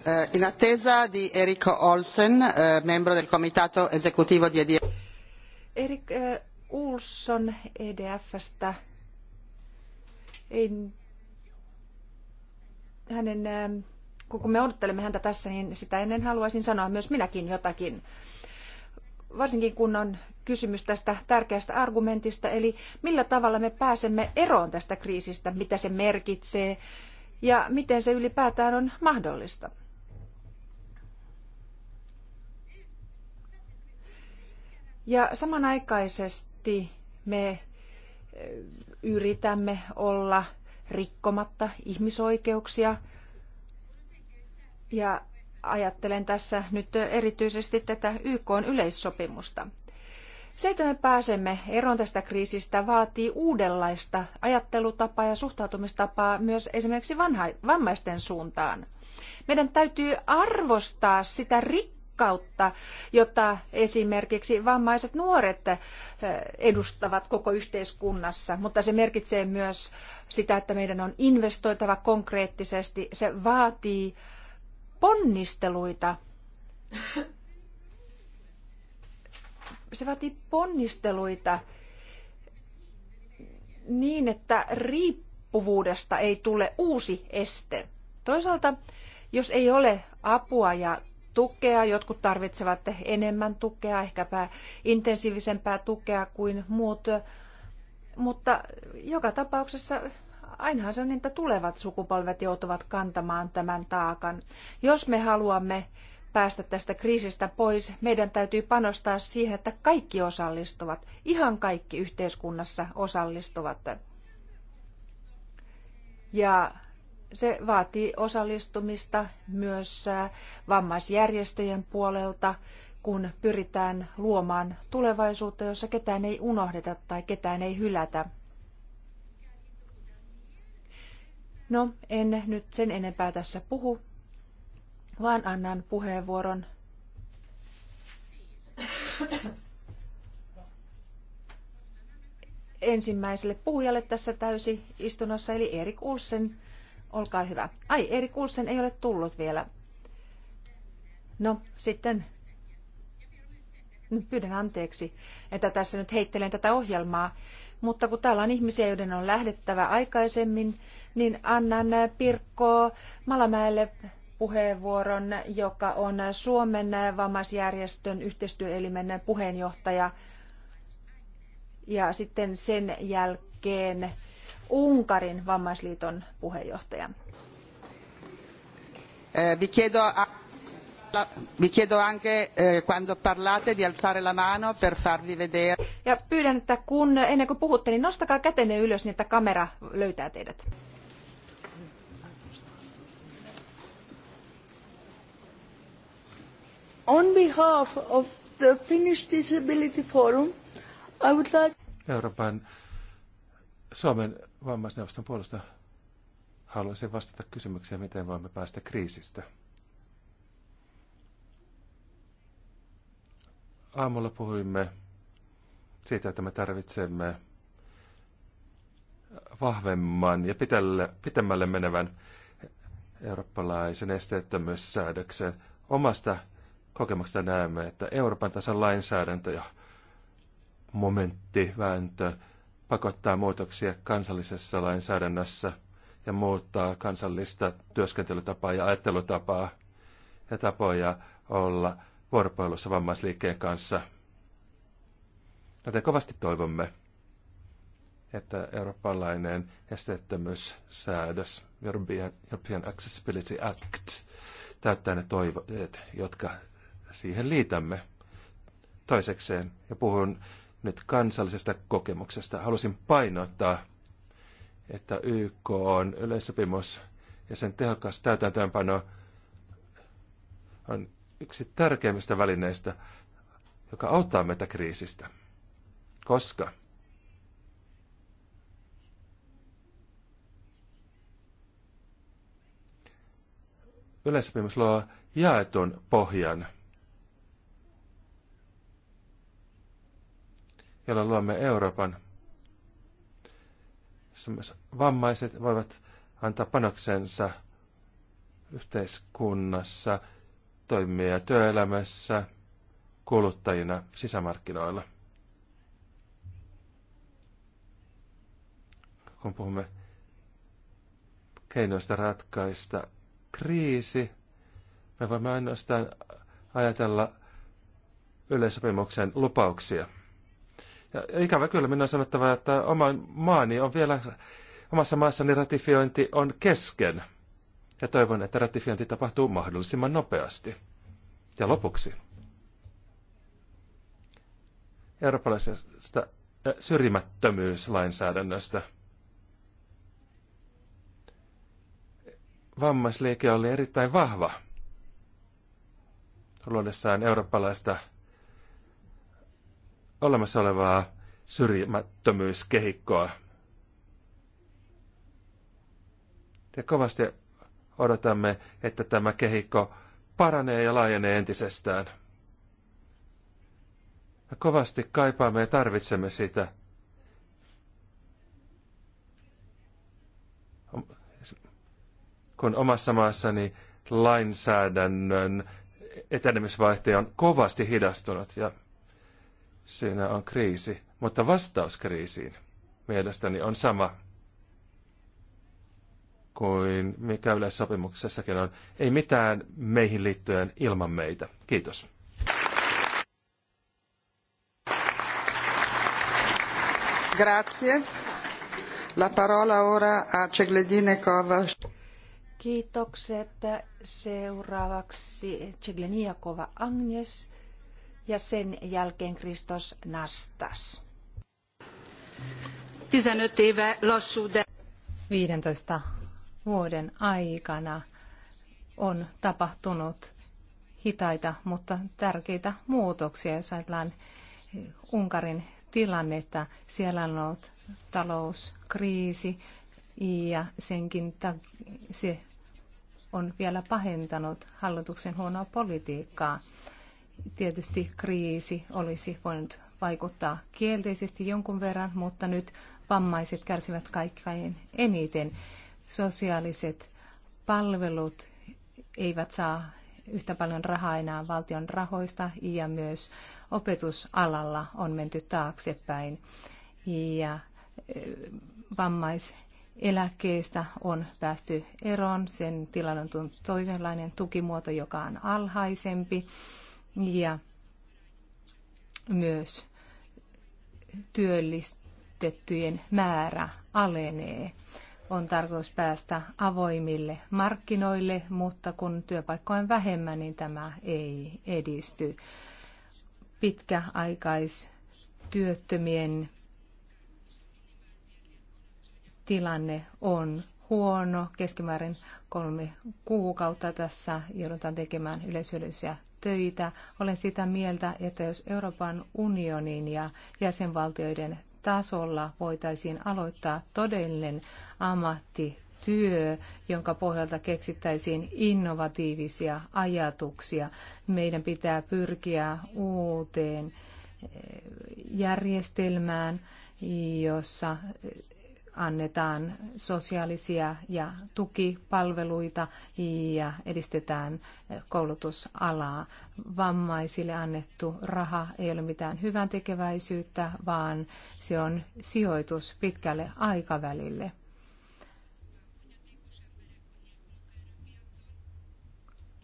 Eh, in attesa di Eric Olsen, eh, membro del comitato esecutivo di EDF. Erik Olsson EDFstä ei hänen, ähm, kun me odottelemme häntä tässä, niin sitä ennen haluaisin sanoa myös minäkin jotakin. Varsinkin kun on kysymys tästä tärkeästä argumentista, eli millä tavalla me pääsemme eroon tästä kriisistä, mitä se merkitsee ja miten se ylipäätään on mahdollista. Ja samanaikaisesti me yritämme olla rikkomatta ihmisoikeuksia. Ja ajattelen tässä nyt erityisesti tätä YK yleissopimusta. Se, että me pääsemme eroon tästä kriisistä, vaatii uudenlaista ajattelutapaa ja suhtautumistapaa myös esimerkiksi vanha, vammaisten suuntaan. Meidän täytyy arvostaa sitä rikkomista, tehokkautta, jota esimerkiksi vammaiset nuoret eh, edustavat koko yhteiskunnassa, mutta se merkitsee myös sitä, että meidän on investoitava konkreettisesti. Se vaatii ponnisteluita. Se vaatii ponnisteluita niin, että riippuvuudesta ei tule uusi este. Toisaalta, jos ei ole apua ja tukea, jotkut tarvitsevat enemmän tukea, ehkäpä intensiivisempää tukea kuin muut. Mutta joka tapauksessa ainahan se on, niin, että tulevat sukupolvet joutuvat kantamaan tämän taakan. Jos me haluamme päästä tästä kriisistä pois, meidän täytyy panostaa siihen, että kaikki osallistuvat, ihan kaikki yhteiskunnassa osallistuvat. Ja se vaatii osallistumista myös vammaisjärjestöjen puolelta, kun pyritään luomaan tulevaisuutta, jossa ketään ei unohdeta tai ketään ei hylätä. No, en nyt sen enempää tässä puhu, vaan annan puheenvuoron ensimmäiselle puhujalle tässä täysi istunnossa, eli Erik Ulsen Olkaa hyvä. Ai, Eri Kulsen ei ole tullut vielä. No, sitten nyt pyydän anteeksi, että tässä nyt heittelen tätä ohjelmaa, mutta kun täällä on ihmisiä, joiden on lähdettävä aikaisemmin, niin annan Pirkko Malamäelle puheenvuoron, joka on Suomen vammaisjärjestön yhteistyöelimen puheenjohtaja. Ja sitten sen jälkeen Unkarin vammaisliiton puheenjohtaja. Eh, vi vi eh, di alzare la mano per farvi Ja pyydän, että kun, ennen kuin puhutte, niin nostakaa kätenne ylös, niin että kamera löytää teidät. On behalf of the Finnish Disability Forum, I would like... Euroopan Suomen vammaisneuvoston puolesta haluaisin vastata kysymykseen, miten voimme päästä kriisistä. Aamulla puhuimme siitä, että me tarvitsemme vahvemman ja pitemmälle menevän eurooppalaisen esteettömyyssäädöksen. Omasta kokemuksesta näemme, että Euroopan tasan lainsäädäntö ja momentti, vääntö pakottaa muutoksia kansallisessa lainsäädännössä ja muuttaa kansallista työskentelytapaa ja ajattelutapaa ja tapoja olla vuoropuhelussa vammaisliikkeen kanssa. Joten kovasti toivomme, että eurooppalainen esteettömyyssäädös, European, European Accessibility Act, täyttää ne toiveet, jotka siihen liitämme. Toisekseen, ja puhun nyt kansallisesta kokemuksesta. Halusin painottaa, että YK on yleissopimus ja sen tehokas täytäntöönpano on yksi tärkeimmistä välineistä, joka auttaa meitä kriisistä. Koska yleissopimus luo jaetun pohjan – jolla luomme Euroopan. Vammaiset voivat antaa panoksensa yhteiskunnassa, toimia työelämässä, kuluttajina sisämarkkinoilla. Kun puhumme keinoista ratkaista kriisi, me voimme ainoastaan ajatella yleissopimuksen lupauksia. Ja ikävä kyllä minun on sanottava, että oma maani on vielä, omassa maassani ratifiointi on kesken. Ja toivon, että ratifiointi tapahtuu mahdollisimman nopeasti. Ja lopuksi. Eurooppalaisesta äh, syrjimättömyyslainsäädännöstä. Vammaisliike oli erittäin vahva luodessaan eurooppalaista olemassa olevaa syrjimättömyyskehikkoa. Ja kovasti odotamme, että tämä kehikko paranee ja laajenee entisestään. Me kovasti kaipaamme ja tarvitsemme sitä. Kun omassa maassani lainsäädännön etenemisvaihteen on kovasti hidastunut ja Siinä on kriisi, mutta vastaus kriisiin mielestäni on sama kuin mikä yleissopimuksessakin on. Ei mitään meihin liittyen ilman meitä. Kiitos. Grazie. La parola ora a Cegledinekova. Kiitokset. Seuraavaksi Cegleniakova Agnes ja sen jälkeen Kristos Nastas. 15 vuoden aikana on tapahtunut hitaita, mutta tärkeitä muutoksia, jos ajatellaan Unkarin tilannetta. Siellä on ollut talouskriisi ja senkin se on vielä pahentanut hallituksen huonoa politiikkaa. Tietysti kriisi olisi voinut vaikuttaa kielteisesti jonkun verran, mutta nyt vammaiset kärsivät kaikkein eniten. Sosiaaliset palvelut eivät saa yhtä paljon rahaa enää valtion rahoista ja myös opetusalalla on menty taaksepäin. Ja vammaiseläkkeestä on päästy eroon. Sen tilanne on toisenlainen tukimuoto, joka on alhaisempi ja myös työllistettyjen määrä alenee. On tarkoitus päästä avoimille markkinoille, mutta kun työpaikkoja on vähemmän, niin tämä ei edisty. Pitkäaikaistyöttömien tilanne on huono, keskimäärin kolme kuukautta tässä joudutaan tekemään yleishyödyllisiä töitä. Olen sitä mieltä, että jos Euroopan unionin ja jäsenvaltioiden tasolla voitaisiin aloittaa todellinen ammattityö, jonka pohjalta keksittäisiin innovatiivisia ajatuksia. Meidän pitää pyrkiä uuteen eh, järjestelmään, jossa annetaan sosiaalisia ja tukipalveluita ja edistetään koulutusalaa. Vammaisille annettu raha ei ole mitään hyvän tekeväisyyttä, vaan se on sijoitus pitkälle aikavälille.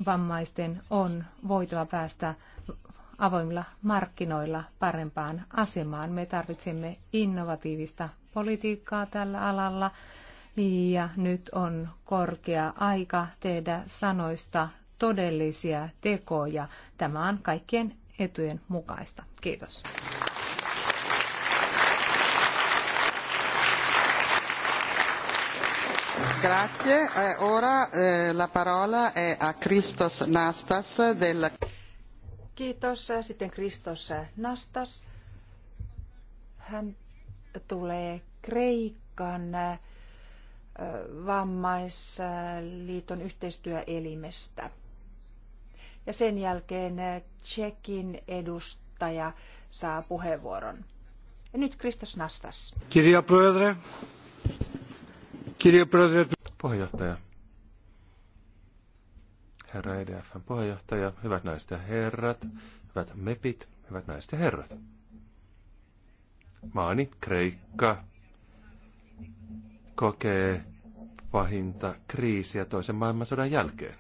Vammaisten on voitava päästä avoimilla markkinoilla parempaan asemaan. Me tarvitsemme innovatiivista politiikkaa tällä alalla ja nyt on korkea aika tehdä sanoista todellisia tekoja. Tämä on kaikkien etujen mukaista. Kiitos. Grazie. Eh, ora eh, la parola è a Christos Nastas del. Kiitos. Sitten Christos Nastas. Hän tulee Kreikan vammaisliiton yhteistyöelimestä. Ja sen jälkeen Tsekin edustaja saa puheenvuoron. Ja nyt Kristos Nastas. Kirja Prödre. Kirja Prödre. Puheenjohtaja. Herra EDFn puheenjohtaja, hyvät naiset ja herrat, hyvät mepit, hyvät naiset ja herrat maani Kreikka kokee pahinta kriisiä toisen maailmansodan jälkeen.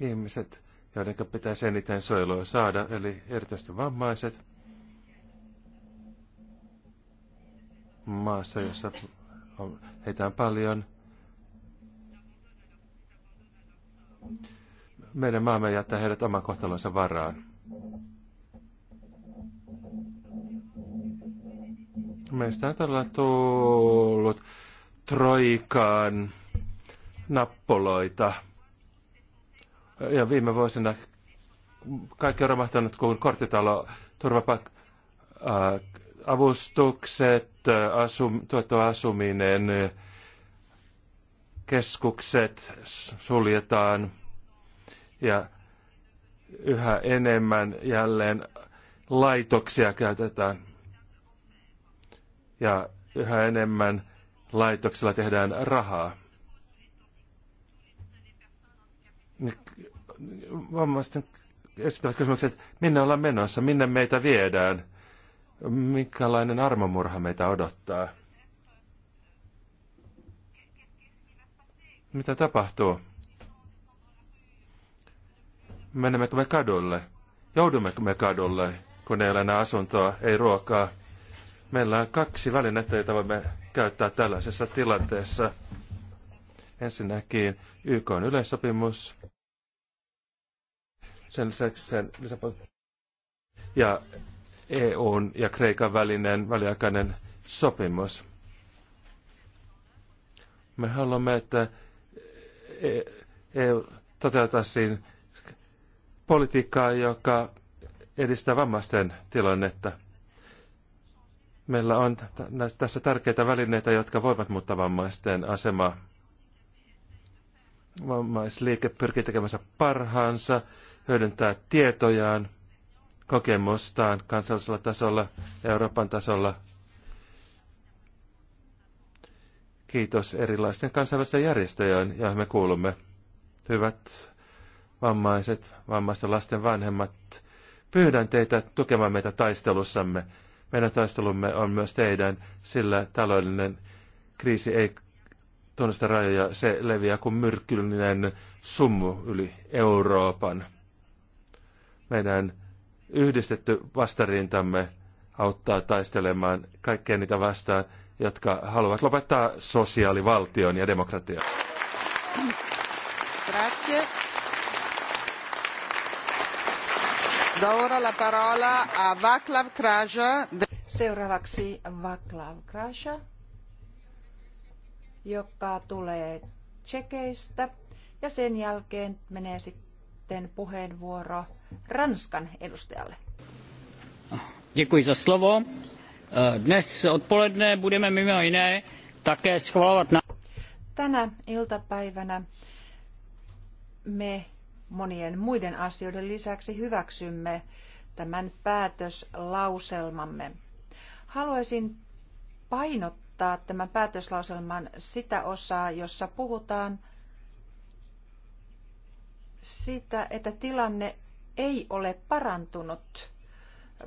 Ihmiset, joiden pitäisi eniten suojelua saada, eli erityisesti vammaiset, maassa, jossa heitä on paljon – Meidän maamme jättää heidät oman kohtalonsa varaan. Meistä on todella tullut troikaan nappuloita. Ja viime vuosina kaikki on romahtanut, kun korttitalo, turvapaikka, avustukset, asum, tuettu asuminen, keskukset suljetaan ja yhä enemmän jälleen laitoksia käytetään. Ja yhä enemmän laitoksilla tehdään rahaa. Vammaisten esittävät kysymykset, että minne ollaan menossa, minne meitä viedään, minkälainen armomurha meitä odottaa. Mitä tapahtuu? Menemmekö me kadulle? Joudummeko me kadulle, kun ei ole enää asuntoa, ei ruokaa? Meillä on kaksi välinettä, joita voimme käyttää tällaisessa tilanteessa. Ensinnäkin YK on yleissopimus. Sen lisäksi sen ja EUn ja Kreikan välinen väliaikainen sopimus. Me haluamme, että EU e- toteuttaisiin politiikkaa, joka edistää vammaisten tilannetta. Meillä on tässä tärkeitä välineitä, jotka voivat muuttaa vammaisten asemaa. Vammaisliike pyrkii tekemänsä parhaansa, hyödyntää tietojaan, kokemustaan kansallisella tasolla, Euroopan tasolla – Kiitos erilaisten kansainvälisten järjestöjen, joihin me kuulumme. Hyvät vammaiset, vammaisten lasten vanhemmat, pyydän teitä tukemaan meitä taistelussamme. Meidän taistelumme on myös teidän, sillä taloudellinen kriisi ei tunnusta rajoja. Se leviää kuin myrkyllinen summu yli Euroopan. Meidän yhdistetty vastarintamme auttaa taistelemaan kaikkea niitä vastaan – jotka haluavat lopettaa sosiaalivaltion ja demokratian. Grazie. Da ora la parola a Vaclav Kraja. Seuraavaksi Vaclav Kraja, joka tulee Tsekeistä. Ja sen jälkeen menee sitten puheenvuoro Ranskan edustajalle. Děkuji za slovo Eh, dnes odpoledne budeme mimo jiné také schvalovat... Na... Tänä iltapäivänä me monien muiden asioiden lisäksi hyväksymme tämän päätöslauselmamme. Haluaisin painottaa tämän päätöslauselman sitä osaa, jossa puhutaan siitä, että tilanne ei ole parantunut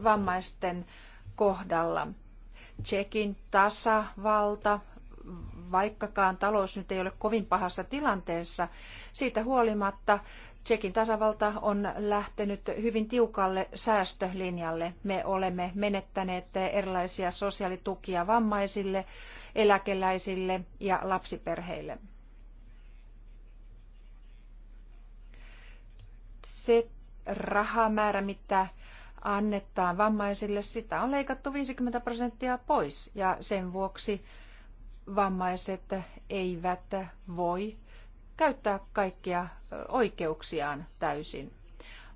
vammaisten kohdalla. Tsekin tasavalta, vaikkakaan talous nyt ei ole kovin pahassa tilanteessa, siitä huolimatta Tsekin tasavalta on lähtenyt hyvin tiukalle säästölinjalle. Me olemme menettäneet erilaisia sosiaalitukia vammaisille, eläkeläisille ja lapsiperheille. Se rahamäärä, mitä annetaan vammaisille, sitä on leikattu 50 prosenttia pois ja sen vuoksi vammaiset eivät voi käyttää kaikkia oikeuksiaan täysin.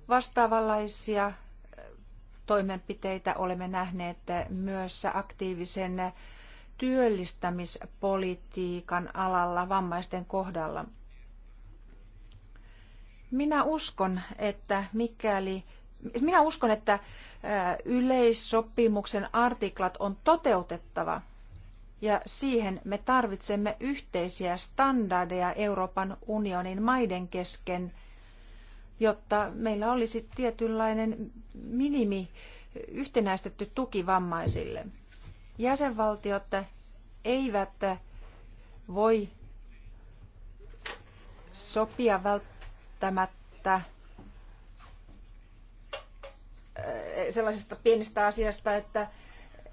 Vastaavanlaisia toimenpiteitä olemme nähneet myös aktiivisen työllistämispolitiikan alalla vammaisten kohdalla. Minä uskon, että mikäli minä uskon, että yleissopimuksen artiklat on toteutettava ja siihen me tarvitsemme yhteisiä standardeja Euroopan unionin maiden kesken, jotta meillä olisi tietynlainen minimi yhtenäistetty tuki vammaisille. Jäsenvaltiot eivät voi sopia välttämättä Eh, sellaisesta pienestä asiasta, että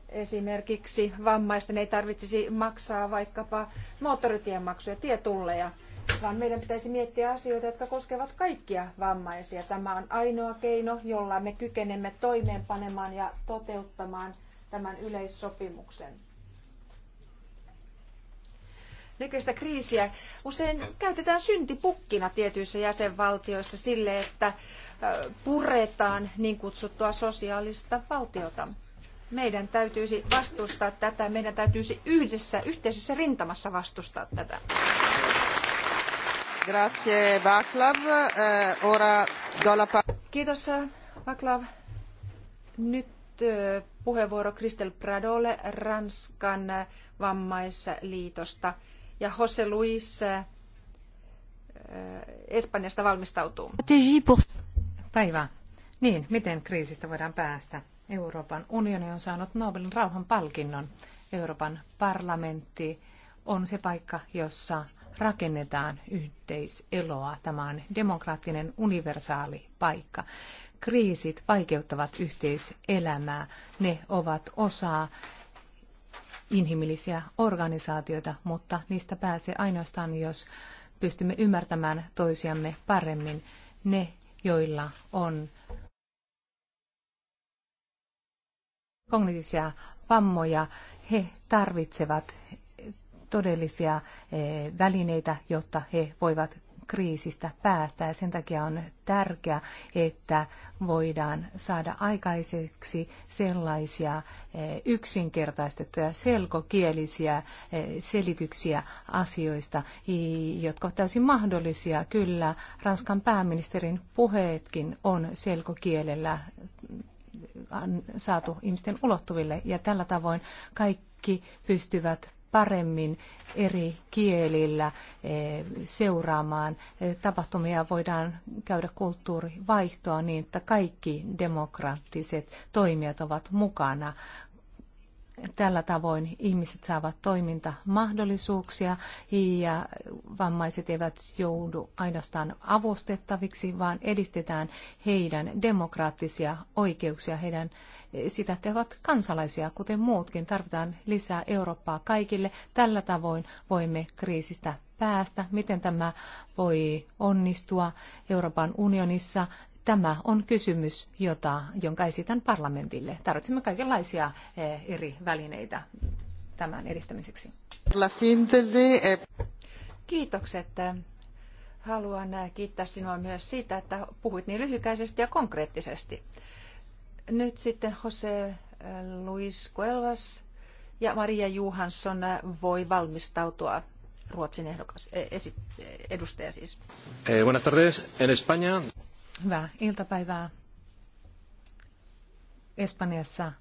esimerkiksi vammaisten ei tarvitsisi maksaa vaikkapa moottoritiemaksuja, tietulleja, vaan meidän pitäisi miettiä asioita, jotka koskevat kaikkia vammaisia. Tämä on ainoa keino, jolla me kykenemme toimeenpanemaan ja toteuttamaan tämän yleissopimuksen nykyistä kriisiä usein käytetään syntipukkina tietyissä jäsenvaltioissa sille, että puretaan niin kutsuttua sosiaalista valtiota. Meidän täytyisi vastustaa tätä, meidän täytyisi yhdessä, yhteisessä rintamassa vastustaa tätä. Grazie, Vaclav. Eh, ora do la... Kiitos, eh, Vaclav. Nyt eh, puheenvuoro Kristel Pradolle Ranskan vammaisliitosta. liitosta ja Jose Luis äh, Espanjasta valmistautuu. Päivää. Niin, miten kriisistä voidaan päästä? Euroopan unioni on saanut Nobelin rauhanpalkinnon. Euroopan parlamentti on se paikka, jossa rakennetaan yhteiseloa. Tämä on demokraattinen universaali paikka. Kriisit vaikeuttavat yhteiselämää. Ne ovat osa inhimillisiä organisaatioita, mutta niistä pääsee ainoastaan, jos pystymme ymmärtämään toisiamme paremmin ne, joilla on kognitiivisia vammoja, he tarvitsevat todellisia eh, välineitä, jotta he voivat kriisistä päästä ja sen takia on tärkeää, että voidaan saada aikaiseksi sellaisia eh, yksinkertaistettuja selkokielisiä eh, selityksiä asioista, jotka ovat täysin mahdollisia. Kyllä Ranskan pääministerin puheetkin on selkokielellä mm, saatu ihmisten ulottuville ja tällä tavoin kaikki pystyvät paremmin eri kielillä eh, seuraamaan eh, tapahtumia, voidaan käydä kulttuurivaihtoa niin, että kaikki demokraattiset toimijat ovat mukana Tällä tavoin ihmiset saavat toimintamahdollisuuksia ja vammaiset eivät joudu ainoastaan avustettaviksi, vaan edistetään heidän demokraattisia oikeuksia, heidän sitä tehovat kansalaisia, kuten muutkin. Tarvitaan lisää Eurooppaa kaikille. Tällä tavoin voimme kriisistä päästä, miten tämä voi onnistua Euroopan unionissa, Tämä on kysymys, jota, jonka esitän parlamentille. Tarvitsemme kaikenlaisia eh, eri välineitä tämän edistämiseksi. Eh. Kiitokset. Haluan eh, kiittää sinua myös siitä, että puhuit niin lyhykäisesti ja konkreettisesti. Nyt sitten Jose Luis Cuelvas ja Maria Johansson voi valmistautua Ruotsin ehdokas, esi, edustaja siis. Eh, buenas tardes. En España. Hyvää iltapäivää. Espanjassa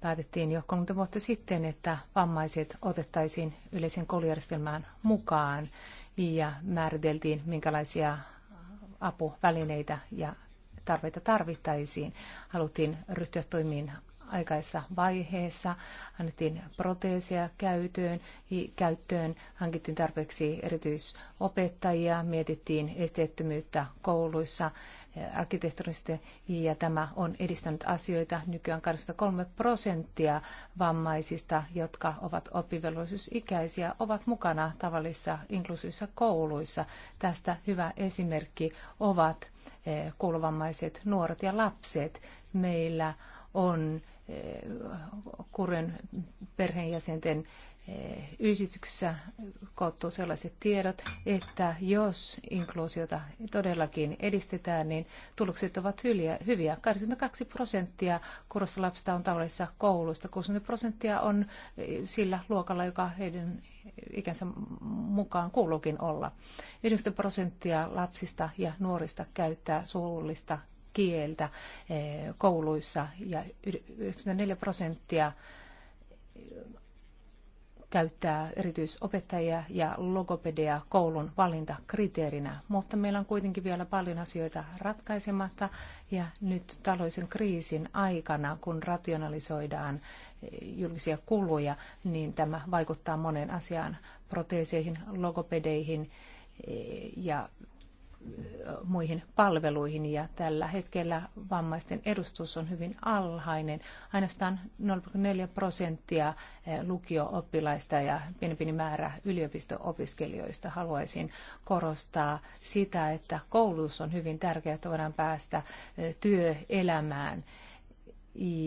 päätettiin jo 30 vuotta sitten, että vammaiset otettaisiin yleisen koulujärjestelmään mukaan ja määriteltiin, minkälaisia apuvälineitä ja tarveita tarvittaisiin. Haluttiin ryhtyä toimiin aikaisessa vaiheessa, annettiin proteeseja käytöön, käyttöön, hankittiin tarpeeksi erityisopettajia, mietittiin esteettömyyttä kouluissa arkkitehtorista ja tämä on edistänyt asioita nykyään 83 prosenttia vammaisista, jotka ovat oppivelvollisuusikäisiä, ovat mukana tavallisissa inklusiivisissa kouluissa. Tästä hyvä esimerkki ovat eh, kuuluvammaiset nuoret ja lapset. Meillä on eh, kurjen perheenjäsenten Eh, yhdistyksessä koottuu sellaiset tiedot, että jos inkluusiota todellakin edistetään, niin tulokset ovat hyviä. 82 prosenttia kurosta lapsista on tavallisissa kouluista, 60 prosenttia on eh, sillä luokalla, joka heidän ikänsä mukaan kuuluukin olla. 90 prosenttia lapsista ja nuorista käyttää suullista kieltä eh, kouluissa ja 94 prosenttia käyttää erityisopettajia ja logopedia koulun valintakriteerinä, mutta meillä on kuitenkin vielä paljon asioita ratkaisematta ja nyt taloisen kriisin aikana, kun rationalisoidaan eh, julkisia kuluja, niin tämä vaikuttaa moneen asiaan, proteeseihin, logopedeihin eh, ja muihin palveluihin ja tällä hetkellä vammaisten edustus on hyvin alhainen. Ainoastaan 0,4 prosenttia eh, lukio-oppilaista ja pieni, pieni määrä yliopisto-opiskelijoista haluaisin korostaa sitä, että koulutus on hyvin tärkeää, että voidaan päästä eh, työelämään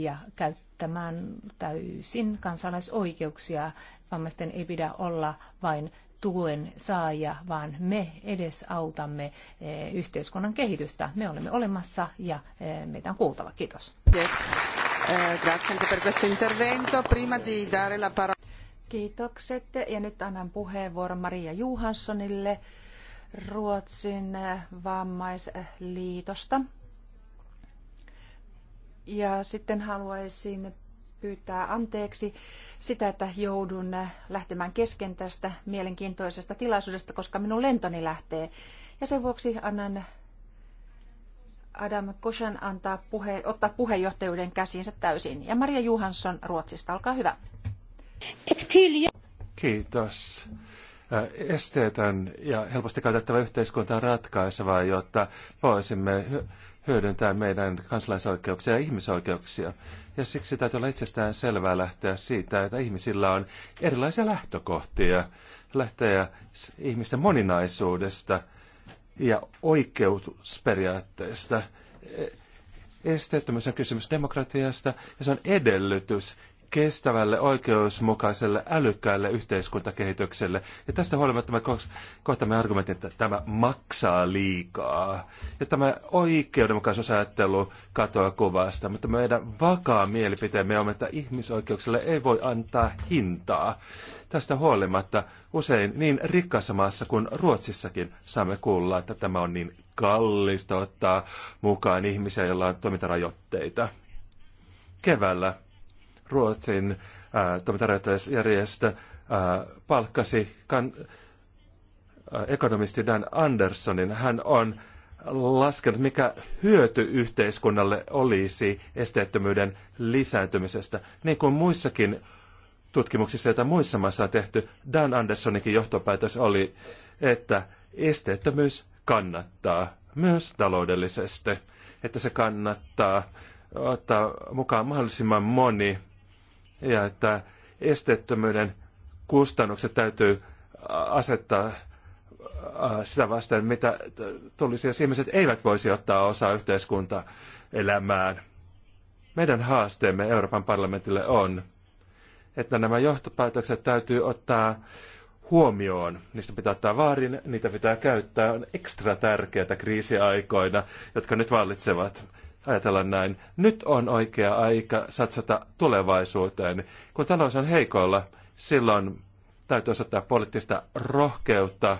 ja käyttämään täysin kansalaisoikeuksia. Vammaisten ei pidä olla vain tuen saaja, vaan me edesautamme eh, yhteiskunnan kehitystä. Me olemme olemassa ja eh, meitä on kuultava. Kiitos. Kiitokset. Ja nyt annan puheenvuoron Maria Juhanssonille Ruotsin eh, vammaisliitosta. Ja sitten haluaisin pyytää anteeksi sitä, että joudun lähtemään kesken tästä mielenkiintoisesta tilaisuudesta, koska minun lentoni lähtee. Ja sen vuoksi annan Adam Koshan antaa puhe, ottaa puheenjohtajuuden käsiinsä täysin. Ja Maria Johansson Ruotsista, olkaa hyvä. Kiitos. Äh, esteetön ja helposti käytettävä yhteiskunta on ratkaisevaa, jotta voisimme hyödyntää meidän kansalaisoikeuksia ja ihmisoikeuksia. Ja siksi täytyy olla itsestään selvää lähteä siitä, että ihmisillä on erilaisia lähtökohtia, lähteä ihmisten moninaisuudesta ja oikeusperiaatteesta. E, esteettömyys on kysymys demokratiasta ja se on edellytys kestävälle, oikeusmukaiselle, älykkäälle yhteiskuntakehitykselle. Ja tästä huolimatta me kohtamme argumentin, että tämä maksaa liikaa. Ja tämä oikeudenmukaisuusajattelu katoaa kuvasta, mutta meidän vakaa mielipiteemme on, että ihmisoikeuksille ei voi antaa hintaa. Tästä huolimatta usein niin rikkaassa maassa kuin Ruotsissakin saamme kuulla, että tämä on niin kallista ottaa mukaan ihmisiä, joilla on toimintarajoitteita. Keväällä Ruotsin äh, toimintarajoittajärjestö äh, palkkasi kan, äh, ekonomisti Dan Anderssonin. Hän on laskenut, mikä hyöty yhteiskunnalle olisi esteettömyyden lisääntymisestä. Niin kuin muissakin tutkimuksissa, joita muissa maissa on tehty, Dan Anderssonikin johtopäätös oli, että esteettömyys kannattaa myös taloudellisesti, että se kannattaa ottaa mukaan mahdollisimman moni ja että esteettömyyden kustannukset täytyy asettaa sitä vastaan, mitä tulisi, jos ihmiset eivät voisi ottaa osaa yhteiskuntaelämään. Meidän haasteemme Euroopan parlamentille on, että nämä johtopäätökset täytyy ottaa huomioon. Niistä pitää ottaa vaarin, niitä pitää käyttää. On ekstra tärkeää kriisiaikoina, jotka nyt vallitsevat ajatella näin. Nyt on oikea aika satsata tulevaisuuteen. Kun talous on heikoilla, silloin täytyy osoittaa poliittista rohkeutta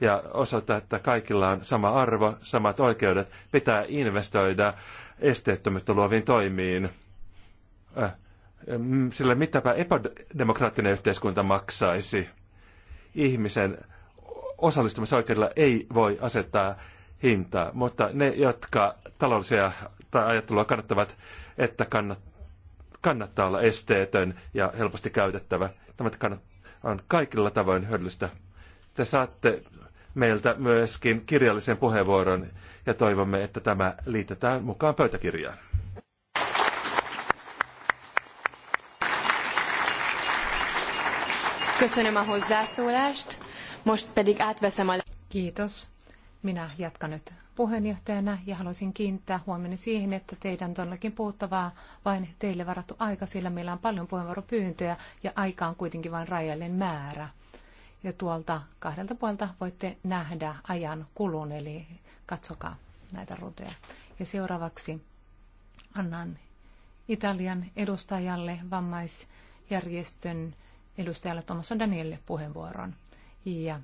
ja osoittaa, että kaikilla on sama arvo, samat oikeudet. Pitää investoida esteettömyyttä luoviin toimiin. Äh, mm, sillä mitäpä epädemokraattinen yhteiskunta maksaisi? Ihmisen osallistumisoikeudella ei voi asettaa hintaa, mutta ne, jotka taloudellisia tai ajattelua kannattavat, että kannat, kannattaa olla esteetön ja helposti käytettävä. Tämä on kaikilla tavoin hyödyllistä. Te saatte meiltä myöskin kirjallisen puheenvuoron ja toivomme, että tämä liitetään mukaan pöytäkirjaan. Köszönöm a hozzászólást, most pedig átveszem a... Kiitos. Minä jatkan nyt puheenjohtajana ja haluaisin kiinnittää huomioni siihen, että teidän todellakin puhuttavaa vain teille varattu aika, sillä meillä on paljon puheenvuoropyyntöjä ja aika on kuitenkin vain rajallinen määrä. Ja tuolta kahdelta puolta voitte nähdä ajan kulun, eli katsokaa näitä ruutuja. Ja seuraavaksi annan Italian edustajalle, vammaisjärjestön edustajalle Tommaso Danielle puheenvuoron. Ja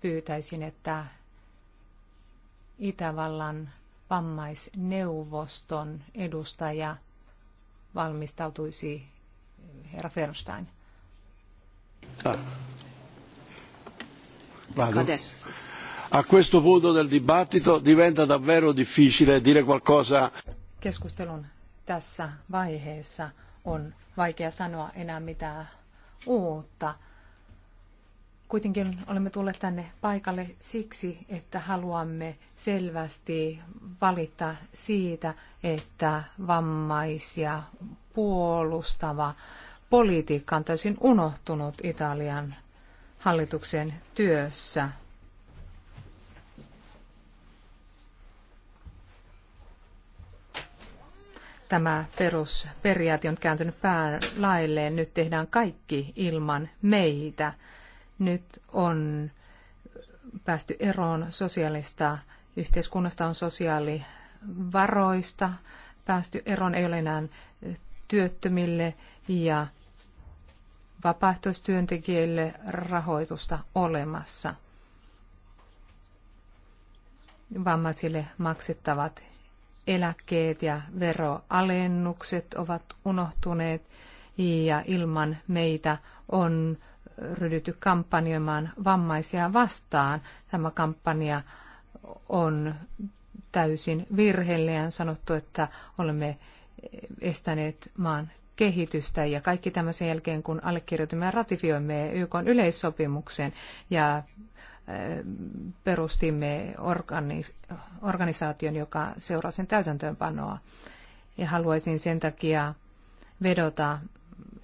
pyytäisin, että Itävallan vammaisneuvoston edustaja valmistautuisi herra Fernstein. Ah. A questo punto del dibattito diventa davvero difficile dire qualcosa. Keskustelun tässä vaiheessa on vaikea sanoa enää mitään uutta Kuitenkin olemme tulleet tänne paikalle siksi, että haluamme selvästi valita siitä, että vammaisia puolustava politiikka on täysin unohtunut Italian hallituksen työssä. Tämä perusperiaate on kääntynyt päälailleen. Nyt tehdään kaikki ilman meitä. Nyt on päästy eroon sosiaalista yhteiskunnasta, on sosiaalivaroista päästy eroon, ei ole enää työttömille ja vapaaehtoistyöntekijöille rahoitusta olemassa. Vammaisille maksettavat eläkkeet ja veroalennukset ovat unohtuneet ja ilman meitä on ryhdytty kampanjoimaan vammaisia vastaan. Tämä kampanja on täysin virheellinen. On sanottu, että olemme estäneet maan kehitystä ja kaikki tämä sen jälkeen, kun allekirjoitimme ja ratifioimme YK yleissopimuksen ja äh, perustimme organi- organisaation, joka seuraa sen täytäntöönpanoa. Ja haluaisin sen takia vedota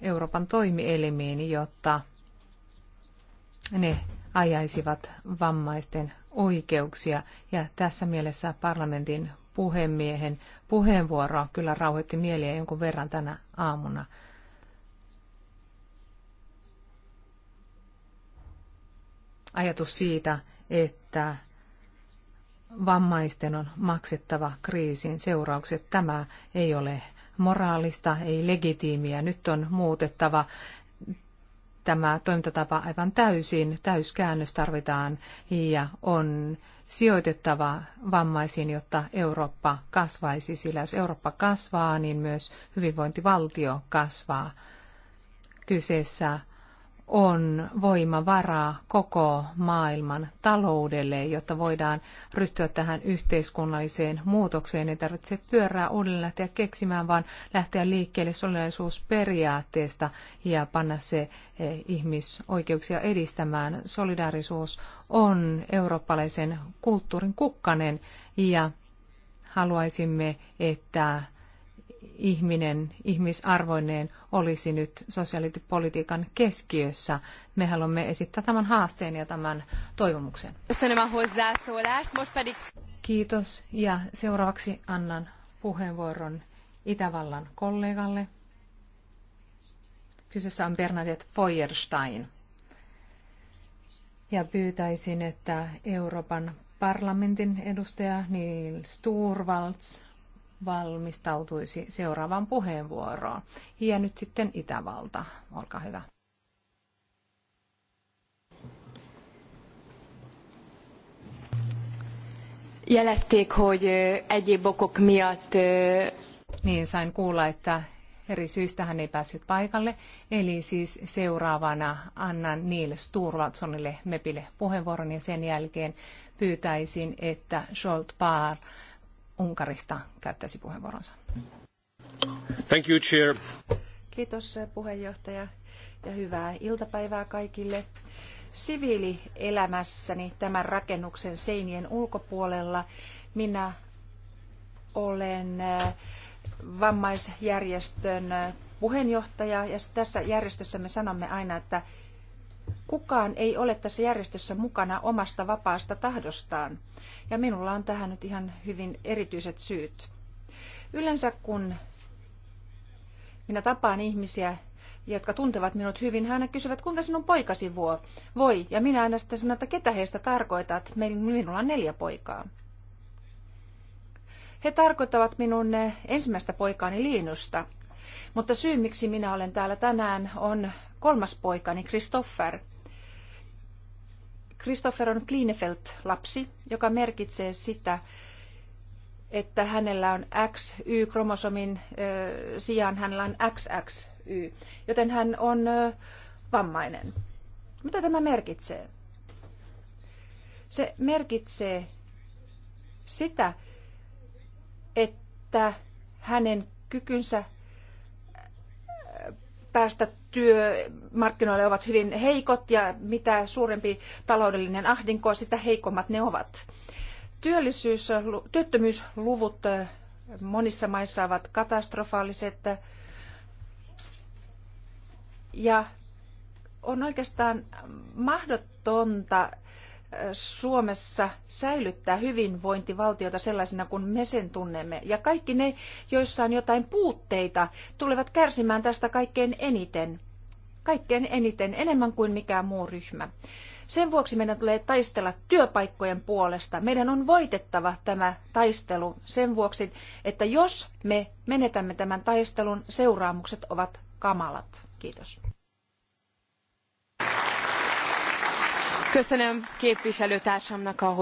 Euroopan toimielimiin, jotta ne ajaisivat vammaisten oikeuksia. Ja tässä mielessä parlamentin puhemiehen puheenvuoro kyllä rauhoitti mieliä jonkun verran tänä aamuna. Ajatus siitä, että vammaisten on maksettava kriisin seuraukset, tämä ei ole moraalista, ei legitiimiä. Nyt on muutettava tämä toimintatapa aivan täysin. Täyskäännös tarvitaan ja on sijoitettava vammaisiin, jotta Eurooppa kasvaisi, sillä jos Eurooppa kasvaa, niin myös hyvinvointivaltio kasvaa. Kyseessä on voimavaraa koko maailman taloudelle, jotta voidaan ryhtyä tähän yhteiskunnalliseen muutokseen. Ei tarvitse pyörää uudelleen lähteä keksimään, vaan lähteä liikkeelle solidaarisuusperiaatteesta ja panna se eh, ihmisoikeuksia edistämään. Solidaarisuus on eurooppalaisen kulttuurin kukkanen ja haluaisimme, että ihminen ihmisarvoineen olisi nyt sosiaalipolitiikan keskiössä. Me haluamme esittää tämän haasteen ja tämän toivomuksen. Kiitos ja seuraavaksi annan puheenvuoron Itävallan kollegalle. Kyseessä on Bernadette Feuerstein. Ja pyytäisin, että Euroopan parlamentin edustaja Niels Turvalds valmistautuisi seuraavaan puheenvuoroon. Ja nyt sitten Itävalta, olkaa hyvä. Jelezték, hogy egyéb okok miatt... Niin, sain kuulla, että eri syistä hän ei päässyt paikalle. Eli siis seuraavana annan Niels Sturlatsonille MEPille puheenvuoron ja sen jälkeen pyytäisin, että Scholt Paar Unkarista käyttäisi puheenvuoronsa. Thank you, chair. Kiitos eh, puheenjohtaja ja hyvää iltapäivää kaikille. Siviilielämässäni tämän rakennuksen seinien ulkopuolella minä olen eh, vammaisjärjestön eh, puheenjohtaja ja tässä järjestössä me sanomme aina, että Kukaan ei ole tässä järjestössä mukana omasta vapaasta tahdostaan, ja minulla on tähän nyt ihan hyvin erityiset syyt. Yleensä kun minä tapaan ihmisiä, jotka tuntevat minut hyvin, he aina kysyvät, kuinka sinun poikasi vuo? voi. Ja minä aina sitten sanon, että ketä heistä tarkoitat? Minulla on neljä poikaa. He tarkoittavat minun eh, ensimmäistä poikaani Liinusta. Mutta syy, miksi minä olen täällä tänään, on kolmas poikani Christopher – Christopher on Klinefeld-lapsi, joka merkitsee sitä, että hänellä on XY-kromosomin sijaan hänellä on XXY, joten hän on vammainen. Mitä tämä merkitsee? Se merkitsee sitä, että hänen kykynsä päästä työmarkkinoille ovat hyvin heikot ja mitä suurempi taloudellinen ahdinko, sitä heikommat ne ovat. Työllisyys, työttömyysluvut monissa maissa ovat katastrofaaliset ja on oikeastaan mahdotonta Suomessa säilyttää hyvinvointivaltiota sellaisena kuin me sen tunnemme. Ja kaikki ne, joissa on jotain puutteita, tulevat kärsimään tästä kaikkein eniten. Kaikkein eniten, enemmän kuin mikään muu ryhmä. Sen vuoksi meidän tulee taistella työpaikkojen puolesta. Meidän on voitettava tämä taistelu sen vuoksi, että jos me menetämme tämän taistelun, seuraamukset ovat kamalat. Kiitos. Köszönöm képviselőtársamnak a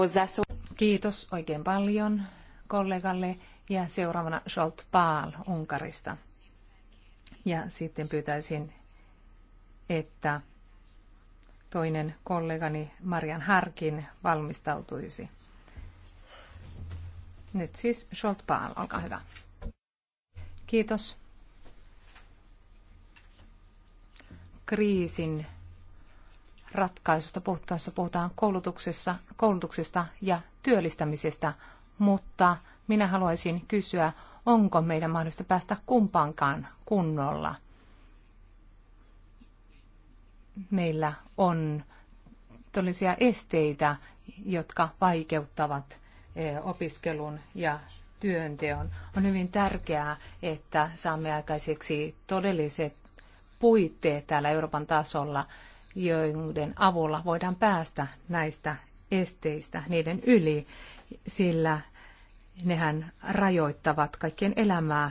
Kiitos oikein paljon kollegalle ja seuraavana Scholt Paal Unkarista. Ja sitten pyytäisin, että toinen kollegani Marian Harkin valmistautuisi. Nyt siis Scholt Paal, olkaa hyvä. Kiitos. Kriisin ratkaisusta puhuttaessa puhutaan koulutuksessa, koulutuksesta ja työllistämisestä, mutta minä haluaisin kysyä, onko meidän mahdollista päästä kumpaankaan kunnolla. Meillä on todellisia esteitä, jotka vaikeuttavat e, opiskelun ja työnteon. On hyvin tärkeää, että saamme aikaiseksi todelliset puitteet täällä Euroopan tasolla joiden avulla voidaan päästä näistä esteistä niiden yli, sillä nehän rajoittavat kaikkien elämää.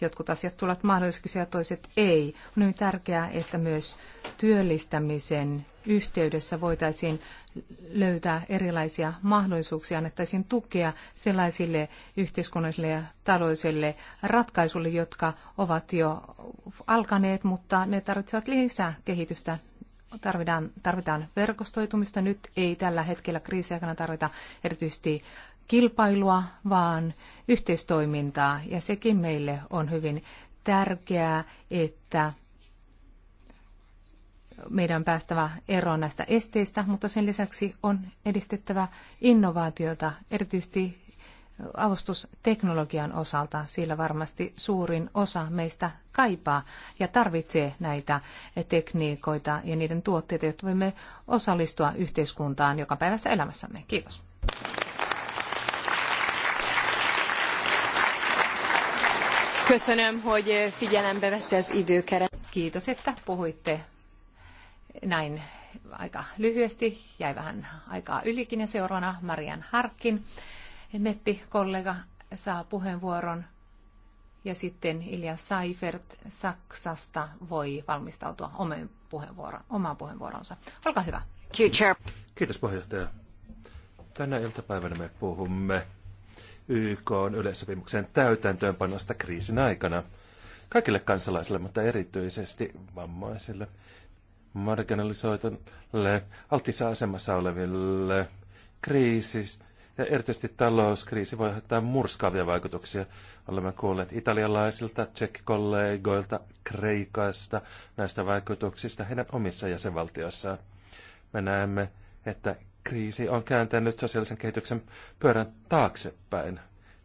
Jotkut asiat tulevat mahdollisiksi ja toiset ei. On hyvin tärkeää, että myös työllistämisen yhteydessä voitaisiin löytää erilaisia mahdollisuuksia, annettaisiin tukea sellaisille yhteiskunnallisille ja taloudellisille ratkaisuille, jotka ovat jo alkaneet, mutta ne tarvitsevat lisää kehitystä tarvitaan, tarvitaan verkostoitumista. Nyt ei tällä hetkellä kriisiaikana tarvita erityisesti kilpailua, vaan yhteistoimintaa. Ja sekin meille on hyvin tärkeää, että meidän on päästävä eroon näistä esteistä, mutta sen lisäksi on edistettävä innovaatiota, erityisesti avustusteknologian osalta, sillä varmasti suurin osa meistä kaipaa ja tarvitsee näitä tekniikoita ja niiden tuotteita, jotta voimme osallistua yhteiskuntaan joka päivässä elämässämme. Kiitos. Köszönöm, hogy figyelembe vette az időkeret. Kiitos, että puhuitte näin aika lyhyesti, jäi vähän aikaa ylikin ja seuraavana Marian Harkin, meppi-kollega, saa puheenvuoron. Ja sitten Ilja Seifert Saksasta voi valmistautua omaan, puheenvuoro, omaan puheenvuoronsa. Olkaa hyvä. Kiitos puheenjohtaja. Tänä iltapäivänä me puhumme YK on yleissopimuksen täytäntöönpanosta kriisin aikana. Kaikille kansalaisille, mutta erityisesti vammaisille, marginalisoituneille, altissa asemassa oleville. Kriisis ja erityisesti talouskriisi voi aiheuttaa murskaavia vaikutuksia. Olemme kuulleet italialaisilta, tsekkikollegoilta, Kreikasta näistä vaikutuksista heidän omissa jäsenvaltioissaan. Me näemme, että kriisi on kääntänyt sosiaalisen kehityksen pyörän taaksepäin.